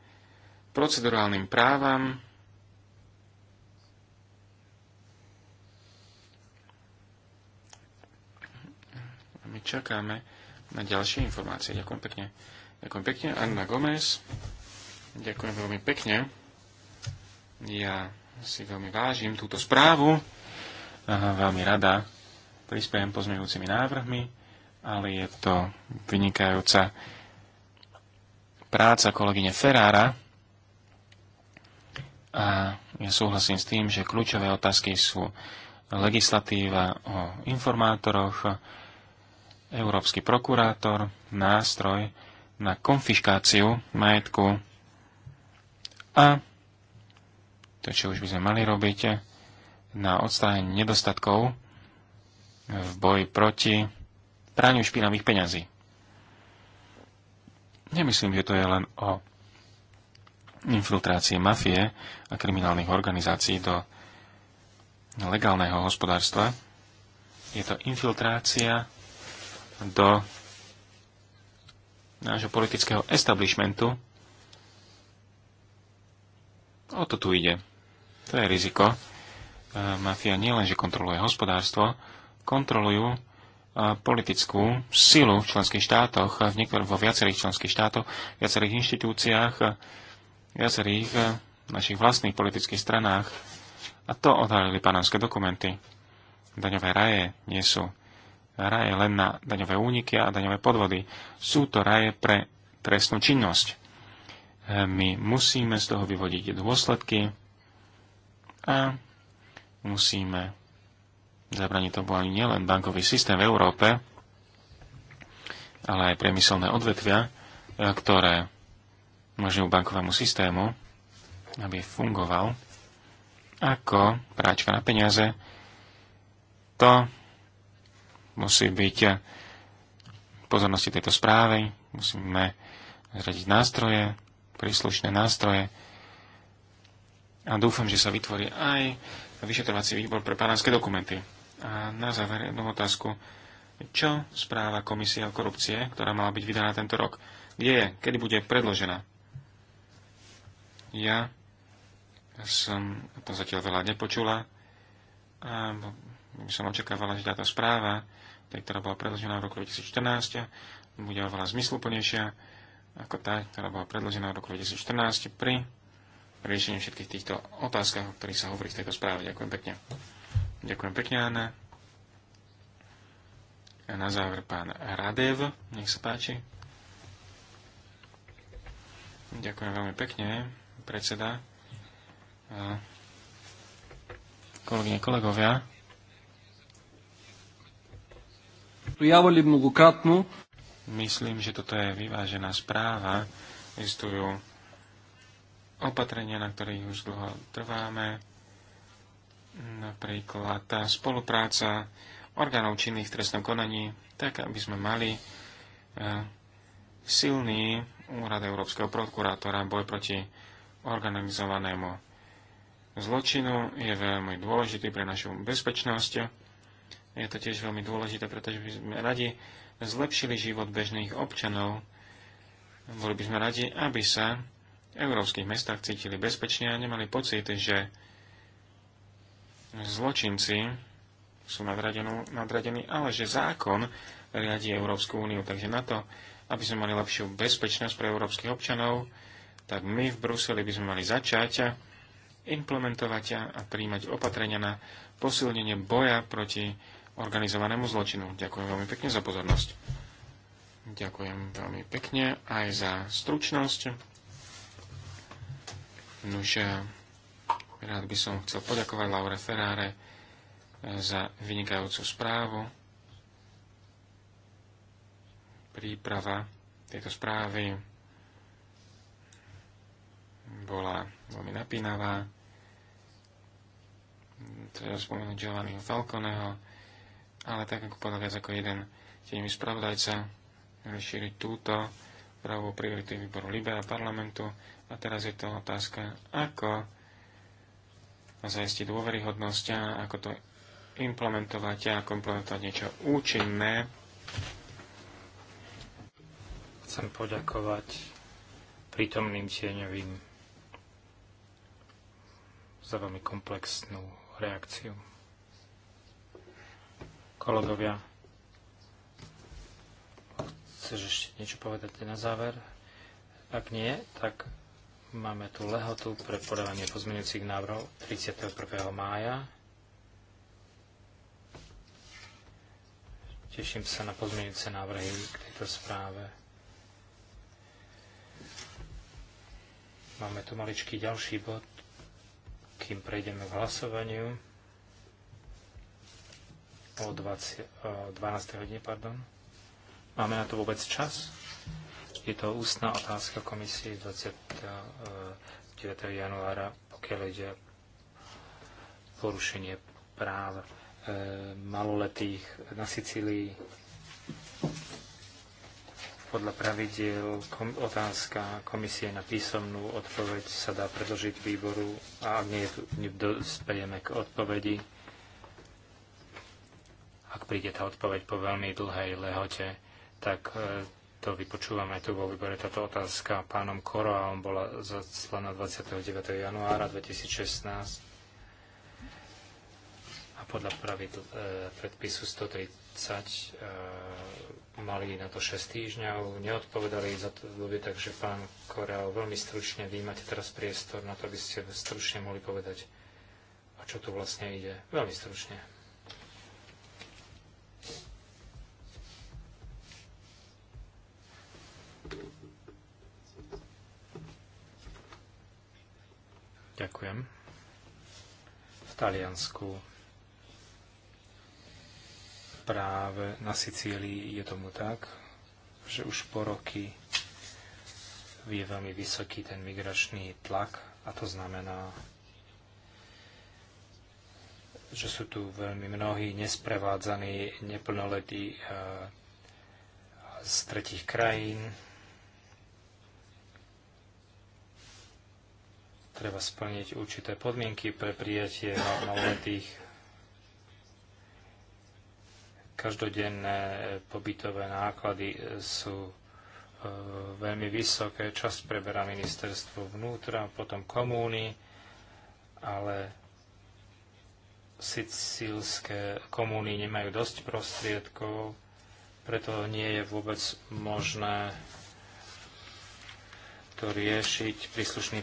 procedurálnym právam my čakáme na ďalšie informácie. Ďakujem pekne. Ďakujem pekne, Anna Gomez. Ďakujem veľmi pekne. Ja si veľmi vážim túto správu. Aha, veľmi rada prispiejem pozmeňujúcimi návrhmi, ale je to vynikajúca práca kolegyne Ferrara. A ja súhlasím s tým, že kľúčové otázky sú legislatíva o informátoroch, európsky prokurátor, nástroj, na konfiškáciu majetku a to, čo už by sme mali robiť, na odstránenie nedostatkov v boji proti praniu špinavých peňazí. Nemyslím, že to je len o infiltrácii mafie a kriminálnych organizácií do legálneho hospodárstva. Je to infiltrácia do nášho politického establishmentu. O to tu ide. To je riziko. E, mafia nielenže kontroluje hospodárstvo, kontrolujú e, politickú silu v členských štátoch, v niektor- vo viacerých členských štátoch, viacerých inštitúciách, viacerých e, našich vlastných politických stranách. A to odhalili panamské dokumenty. Daňové raje nie sú raje len na daňové úniky a daňové podvody. Sú to raje pre trestnú činnosť. E, my musíme z toho vyvodiť dôsledky a musíme zabraniť tomu ani nielen bankový systém v Európe, ale aj priemyselné odvetvia, e, ktoré umožňujú bankovému systému, aby fungoval ako práčka na peniaze, to musí byť pozornosti tejto správy, musíme zradiť nástroje, príslušné nástroje a dúfam, že sa vytvorí aj vyšetrovací výbor pre panánske dokumenty. A na záver jednu otázku. Čo správa Komisie o korupcie, ktorá mala byť vydaná tento rok? Kde je? Kedy bude predložená? Ja som to zatiaľ veľa nepočula a by som očakávala, že táto správa ktorá bola predložená v roku 2014, bude oveľa zmysluplnejšia ako tá, ktorá bola predložená v roku 2014 pri riešení všetkých týchto otázkach, o ktorých sa hovorí v tejto správe. Ďakujem pekne. Ďakujem pekne, Anna. A na záver pán Radev, nech sa páči. Ďakujem veľmi pekne, predseda. A kolegyne, kolegovia, настоявали многократно. Myslím, že toto je vyvážená správa. Existujú opatrenia, na ktorých už dlho trváme. Napríklad tá spolupráca orgánov činných v trestnom konaní, tak aby sme mali e, silný úrad Európskeho prokurátora boj proti organizovanému zločinu je veľmi dôležitý pre našu bezpečnosť je to tiež veľmi dôležité, pretože by sme radi zlepšili život bežných občanov. Boli by sme radi, aby sa v európskych mestách cítili bezpečne a nemali pocit, že zločinci sú nadradení, ale že zákon riadi Európsku úniu. Takže na to, aby sme mali lepšiu bezpečnosť pre európskych občanov, tak my v Bruseli by sme mali začať implementovať a príjmať opatrenia na posilnenie boja proti organizovanému zločinu. Ďakujem veľmi pekne za pozornosť. Ďakujem veľmi pekne aj za stručnosť. Nože, eh, rád by som chcel poďakovať Laure Ferrare eh, za vynikajúcu správu. Príprava tejto správy bola veľmi napínavá. Treba spomenúť Giovanniho Falconeho, ale tak ako povedal viac ako jeden tieňový spravodajca, rozšíriť túto pravú prioritu výboru Libera parlamentu a teraz je to otázka, ako zajistiť dôveryhodnosť a ako to implementovať a ako implementovať niečo účinné. Chcem poďakovať prítomným tieňovým za veľmi komplexnú reakciu. Kolegovia, chceš ešte niečo povedať na záver? Ak nie, tak máme tu lehotu pre podávanie pozmeňujúcich návrhov 31. mája. Teším sa na pozmeňujúce návrhy k tejto správe. Máme tu maličký ďalší bod, kým prejdeme k hlasovaniu o, 20, 12. hodine. Pardon. Máme na to vôbec čas? Je to ústna otázka komisie 29. E, januára, pokiaľ ide porušenie práv e, maloletých na Sicílii. Podľa pravidiel kom, otázka komisie na písomnú odpoveď sa dá predložiť výboru a ak nie, dospejeme k odpovedi ak príde tá odpoveď po veľmi dlhej lehote, tak e, to vypočúvame tu vo výbore. Táto otázka pánom Koro a on bola zaslaná 29. januára 2016 a podľa pravidl e, predpisu 130 e, mali na to 6 týždňov, neodpovedali za to ľudia, takže pán koreo, veľmi stručne, vy máte teraz priestor na to, aby ste stručne mohli povedať, o čo tu vlastne ide. Veľmi stručne. Ďakujem. V Taliansku práve na Sicílii je tomu tak, že už po roky je veľmi vysoký ten migračný tlak a to znamená, že sú tu veľmi mnohí nesprevádzaní neplnoletí eh, z tretich krajín, treba splniť určité podmienky pre prijatie maloletých no, každodenné eh, pobytové náklady eh, sú eh, veľmi vysoké. Časť preberá ministerstvo vnútra, potom komúny, ale sicilské komúny nemajú dosť prostriedkov, preto nie je vôbec možné to riešiť. Príslušný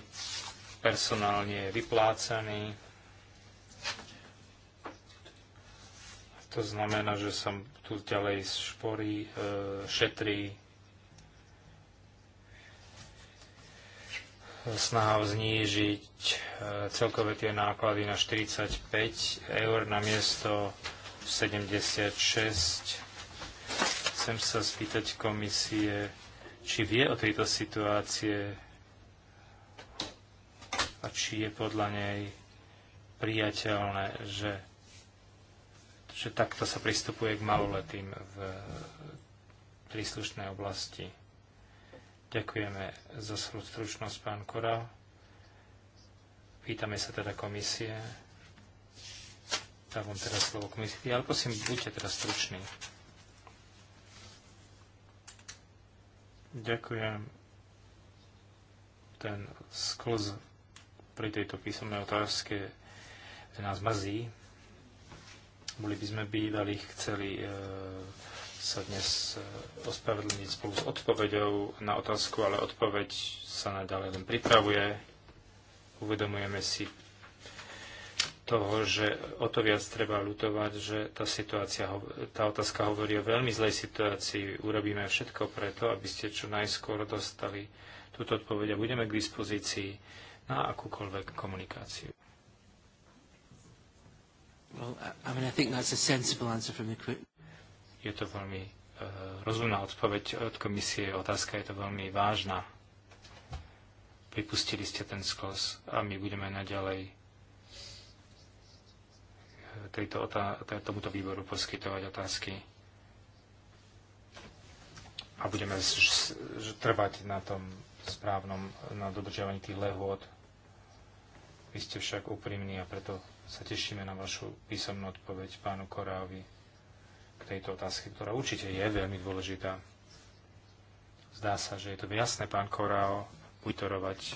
personál nie je vyplácaný. To znamená, že sa tu ďalej šporí, e, šetrí. Snaha znížiť e, celkové tie náklady na 45 eur na miesto 76. Chcem sa spýtať komisie, či vie o tejto situácie a či je podľa nej priateľné, že, že takto sa pristupuje k maloletým v príslušnej oblasti. Ďakujeme za stručnosť, pán Kora. Pýtame sa teda komisie. Dávam teraz slovo komisii, ale prosím, buďte teraz struční. Ďakujem. Ten sklz pri tejto písomnej otázke že nás mrzí. Boli by sme bývali chceli e, sa dnes e, ospravedlniť spolu s odpoveďou na otázku, ale odpoveď sa naďalej len pripravuje. Uvedomujeme si toho, že o to viac treba ľutovať, že tá, situácia, tá otázka hovorí o veľmi zlej situácii. Urobíme všetko preto, aby ste čo najskôr dostali túto odpoveď a budeme k dispozícii na akúkoľvek komunikáciu. Well, I mean, I think that's a sensible answer from the... Je to veľmi uh, rozumná odpoveď od komisie. Otázka je to veľmi vážna. Pripustili ste ten skos a my budeme naďalej eh, tejto, tomuto výboru poskytovať otázky a budeme trvať na tom správnom, na dodržiavaní tých lehôd. Vy ste však úprimní a preto sa tešíme na vašu písomnú odpoveď pánu Korávi k tejto otázke, ktorá určite je veľmi dôležitá. Zdá sa, že je to jasné, pán Koráo, ujtorovať e,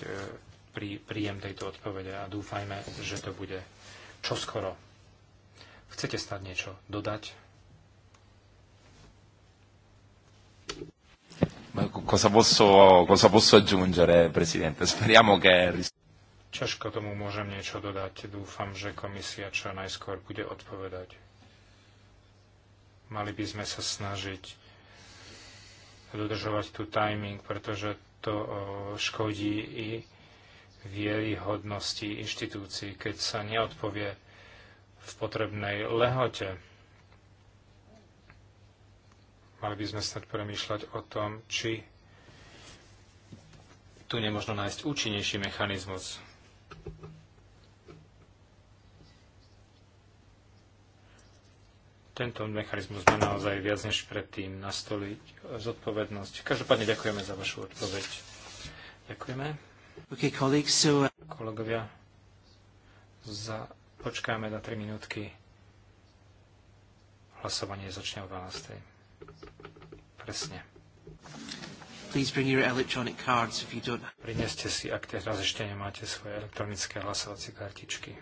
pri príjem tejto odpovede a dúfajme, že to bude čoskoro. Chcete snad niečo dodať? cosa posso, cosa posso aggiungere, Presidente? Speriamo che... Ťažko tomu môžem niečo dodať. Dúfam, že komisia čo najskôr bude odpovedať. Mali by sme sa snažiť dodržovať tu timing, pretože to škodí i hodnosti inštitúcií, keď sa neodpovie v potrebnej lehote. Mali by sme snad premýšľať o tom, či tu nemôžno nájsť účinnejší mechanizmus. Tento mechanizmus má naozaj viac než predtým nastoliť zodpovednosť. Každopádne ďakujeme za vašu odpoveď. Ďakujeme. Okay, so... Uh, Kolegovia, za... počkáme na 3 minútky. Hlasovanie začne o 12. Presne. Please bring your electronic cards if you don't. Prineste si, ak teraz ešte nemáte svoje elektronické hlasovacie kartičky.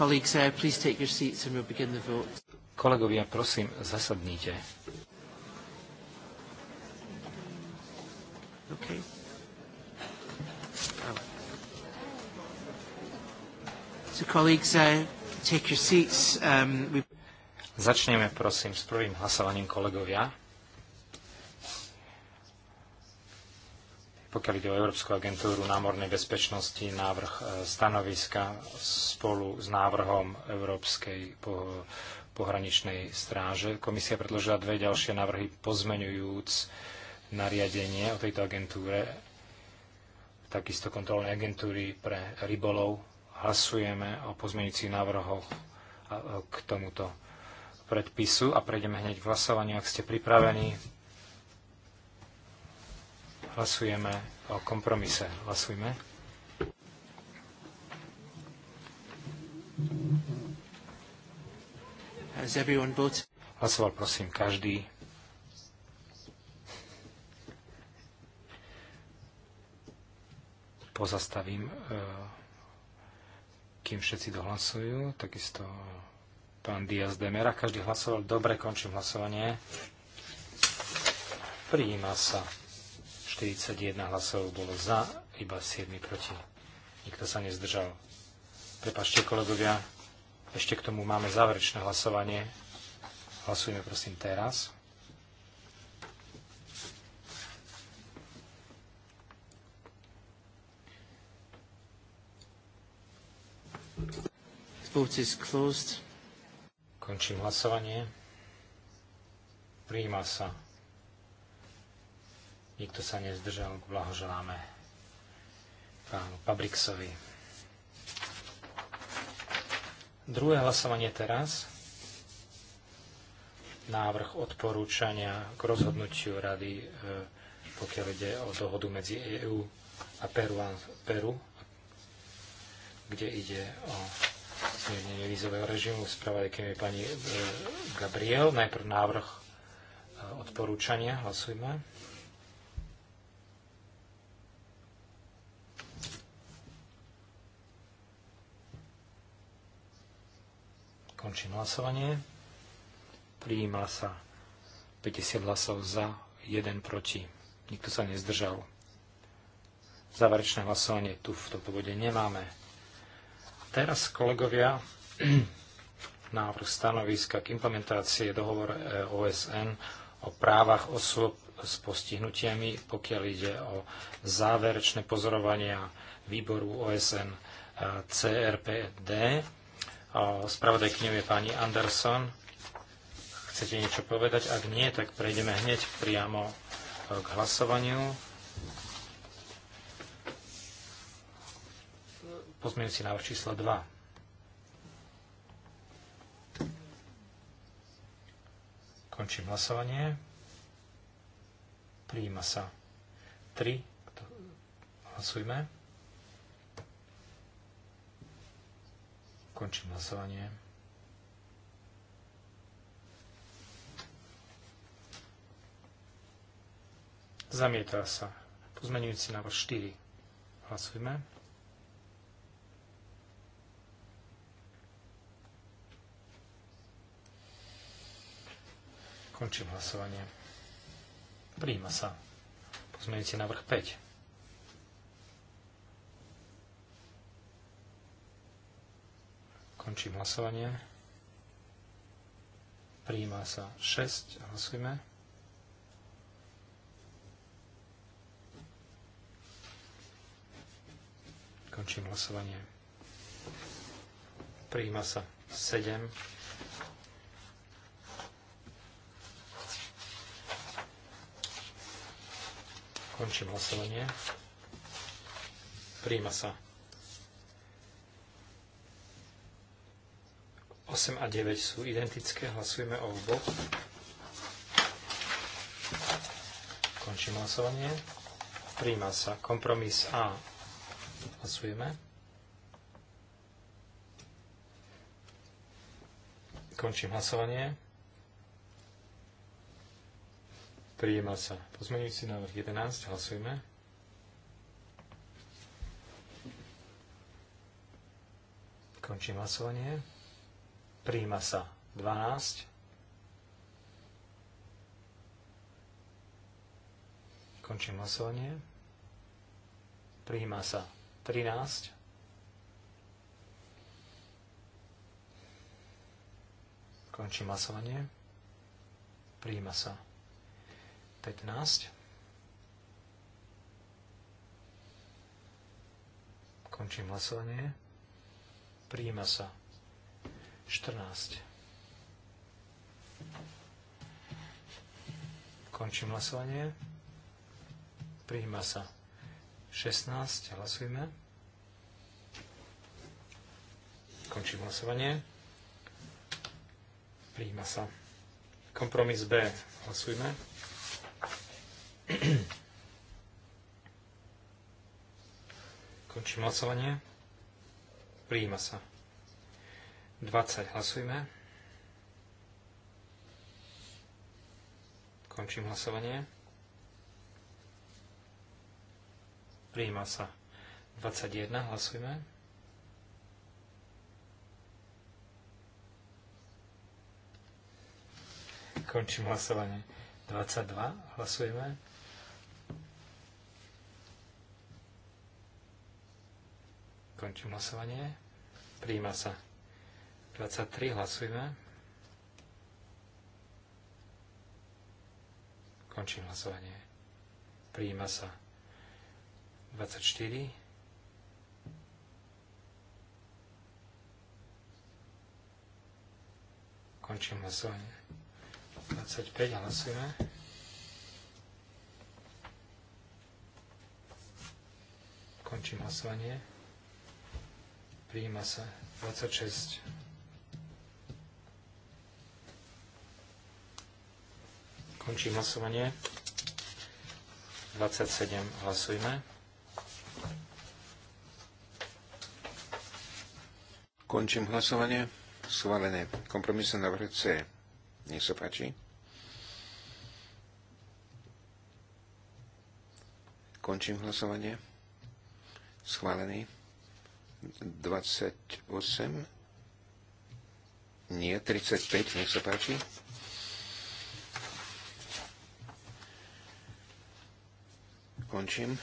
Colleagues, uh, please take your seats and we'll begin the vote. Kolegovia, prosím, zasadnite. Okay. Um, so colleagues, uh, take your seats. Um, we... Začneme prosím s prvým hlasovaním kolegovia. pokiaľ ide o Európsku agentúru námornej bezpečnosti, návrh e, stanoviska spolu s návrhom Európskej pohraničnej stráže. Komisia predložila dve ďalšie návrhy pozmeňujúc nariadenie o tejto agentúre, takisto kontrolnej agentúry pre rybolov. Hlasujeme o pozmeňujúcich návrhoch e, k tomuto predpisu a prejdeme hneď k hlasovaniu, ak ste pripravení. Hlasujeme o kompromise. Hlasujme. Hlasoval prosím každý. Pozastavím, e, kým všetci dohlasujú. Takisto pán Diaz Demera. Každý hlasoval. Dobre, končím hlasovanie. Prijíma sa. 41 hlasov bolo za, iba 7 proti. Nikto sa nezdržal. Prepašte, kolegovia, ešte k tomu máme záverečné hlasovanie. Hlasujeme prosím teraz. Vote is closed. Končím hlasovanie. Prijíma sa. Nikto sa nezdržal. Blahoželáme pánu Pabriksovi. Druhé hlasovanie teraz. Návrh odporúčania k rozhodnutiu rady, e, pokiaľ ide o dohodu medzi EÚ a Peru, a Peru kde ide o zmiernenie vízového režimu. Spravodajkým je pani e, Gabriel. Najprv návrh e, odporúčania. Hlasujme. Končím hlasovanie. Prijíma sa 50 hlasov za, 1 proti. Nikto sa nezdržal. Záverečné hlasovanie tu v tomto bode nemáme. Teraz, kolegovia, (clears throat) návrh stanoviska k implementácii dohovor e, OSN o právach osôb s postihnutiami, pokiaľ ide o záverečné pozorovania výboru OSN e, CRPD. Spravodajkňou je pani Anderson. Chcete niečo povedať? Ak nie, tak prejdeme hneď priamo e, k hlasovaniu. si návrh číslo 2. Končím hlasovanie. Prijíma sa 3. Hlasujme. Končím hlasovanie. Zamieta sa. Pozmenujúci návrh 4. Hlasujme. Končím hlasovanie. Príjima sa. Pozmenujúci návrh 5. Končím hlasovanie. Prijíma sa 6. Hlasujme. Končím hlasovanie. Prijíma sa 7. Končím hlasovanie. Prijíma sa 8 a 9 sú identické, hlasujeme o oboch. Končím hlasovanie. Príjma sa kompromis A. Hlasujeme. Končím hlasovanie. Príjima sa pozmeňujúci návrh 11. Hlasujeme. Končím hlasovanie. Príjma sa 12. Končím hlasovanie. Príjma sa 13. Končím hlasovanie. Príjma sa 15. Končím hlasovanie. Príjma sa 14. Končím hlasovanie. Prijíma sa 16. Hlasujme. Končím hlasovanie. Prijíma sa. Kompromis B. Hlasujme. Končím hlasovanie. Prijíma sa. 20 hlasujme. Končím hlasovanie. Prijíma sa. 21 hlasujme. Končím hlasovanie. 22 hlasujeme. Končím hlasovanie. Prijíma sa. 23 hlasujeme. Končím hlasovanie. Prijíma sa 24. Končím hlasovanie. 25 hlasujeme. Končím hlasovanie. Prijíma sa 26. Končím hlasovanie. 27 hlasujme. Končím hlasovanie. Schválené. Kompromisné na C. Nech sa páči. Končím hlasovanie. Schválený. 28. Nie, 35. Nech sa páči. Končím.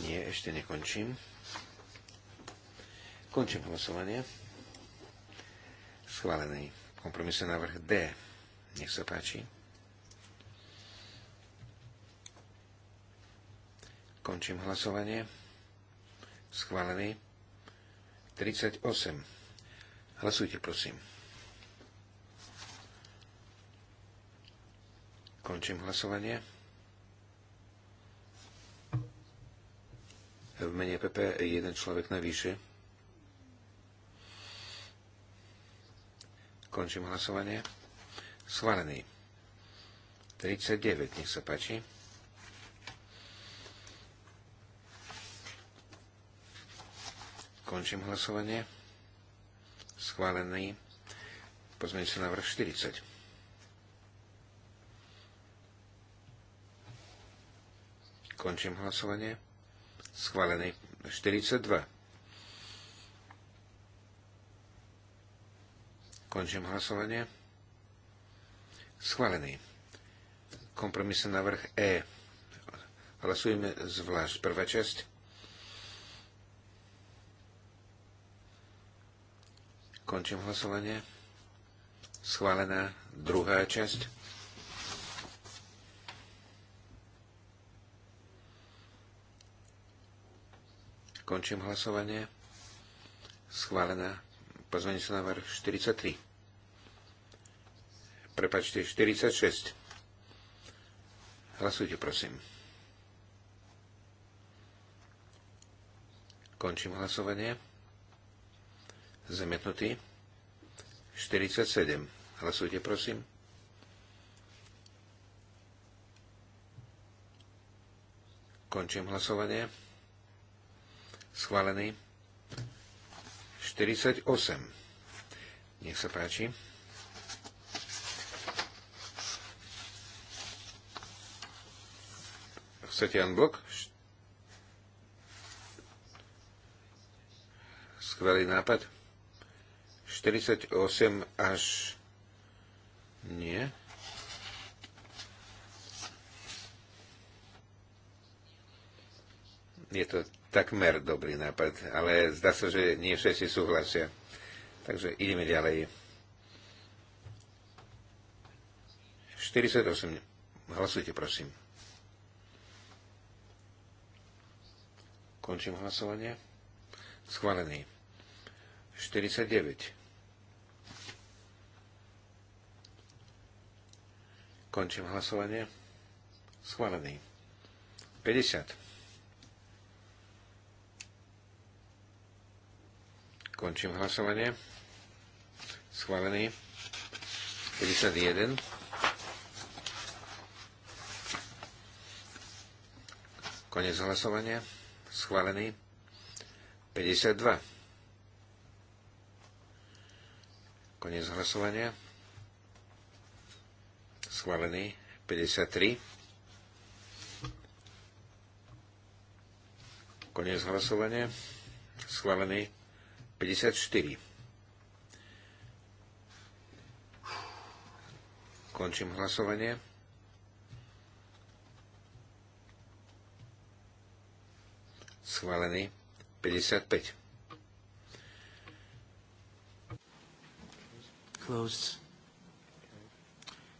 Nie, ešte nekončím. Končím hlasovanie. Schválený kompromisný návrh D. Nech sa páči. Končím hlasovanie. Schválený. 38. Hlasujte, prosím. Končím hlasovanie. V mene PP e jeden človek najvyššie. Končím hlasovanie. Schválený. 39, nech sa páči. Končím hlasovanie. Schválený. Pozmeňte sa na vrch 40. Končím hlasovanie. Schválený 42. Končím hlasovanie. Schválený. Kompromisný návrh E. Hlasujeme zvlášť. Prvá časť. Končím hlasovanie. Schválená druhá časť. Končím hlasovanie. Schválená. sa návrh 43. Prepačte, 46. Hlasujte, prosím. Končím hlasovanie. Zamietnutý. 47. Hlasujte, prosím. Končím hlasovanie. Schválený. 48. Nech sa páči. Chcete unblock? Skvelý nápad. 48 až... Nie. Je to takmer dobrý nápad, ale zdá sa, že nie všetci súhlasia. Takže ideme ďalej. 48. Hlasujte, prosím. Končím hlasovanie. Schválený. 49. Končím hlasovanie. Schválený. 50. Končím hlasovanie. Schválený. 51. Konec hlasovania. Schválený. 52. Konec hlasovania. Schválený. 53. Konec hlasovania. Schválený. 54. Končím hlasovanie. Schválený 55. Closed.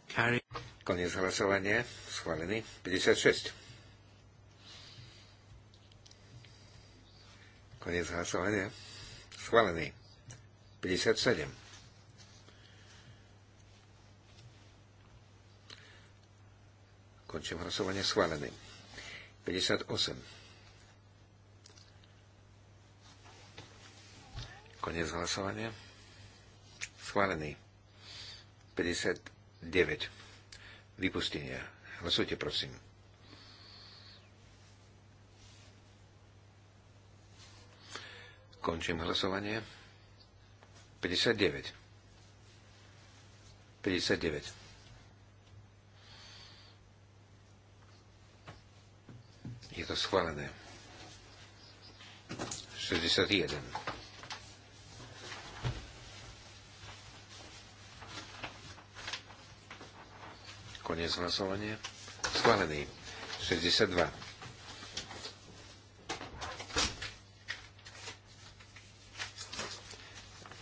Carry. Konec hlasovania. Schválený 56. Koniec hlasovania. Schválený. 57. Končím hlasovanie. Schválený. 58. Konec hlasovania. Schválený. 59. Vypustenia. Hlasujte, prosím. Končím hlasovanie. 59. 59. Je to schválené. 61. Koniec hlasovania. Schválený. 62.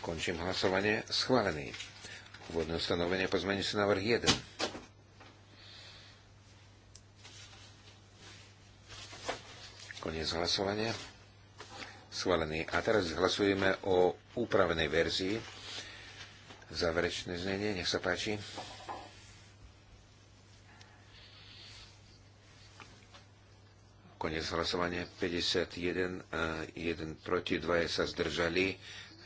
Končím hlasovanie. Schválený. Úvodné ustanovenie sa návrh 1. Koniec hlasovania. Schválený. A teraz hlasujeme o upravenej verzii. Záverečné znenie, nech sa páči. Koniec hlasovania. 51, 1 eh, proti, 2 sa zdržali.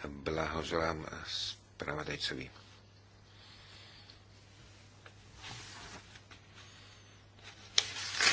Blahoželám spravodajcovi.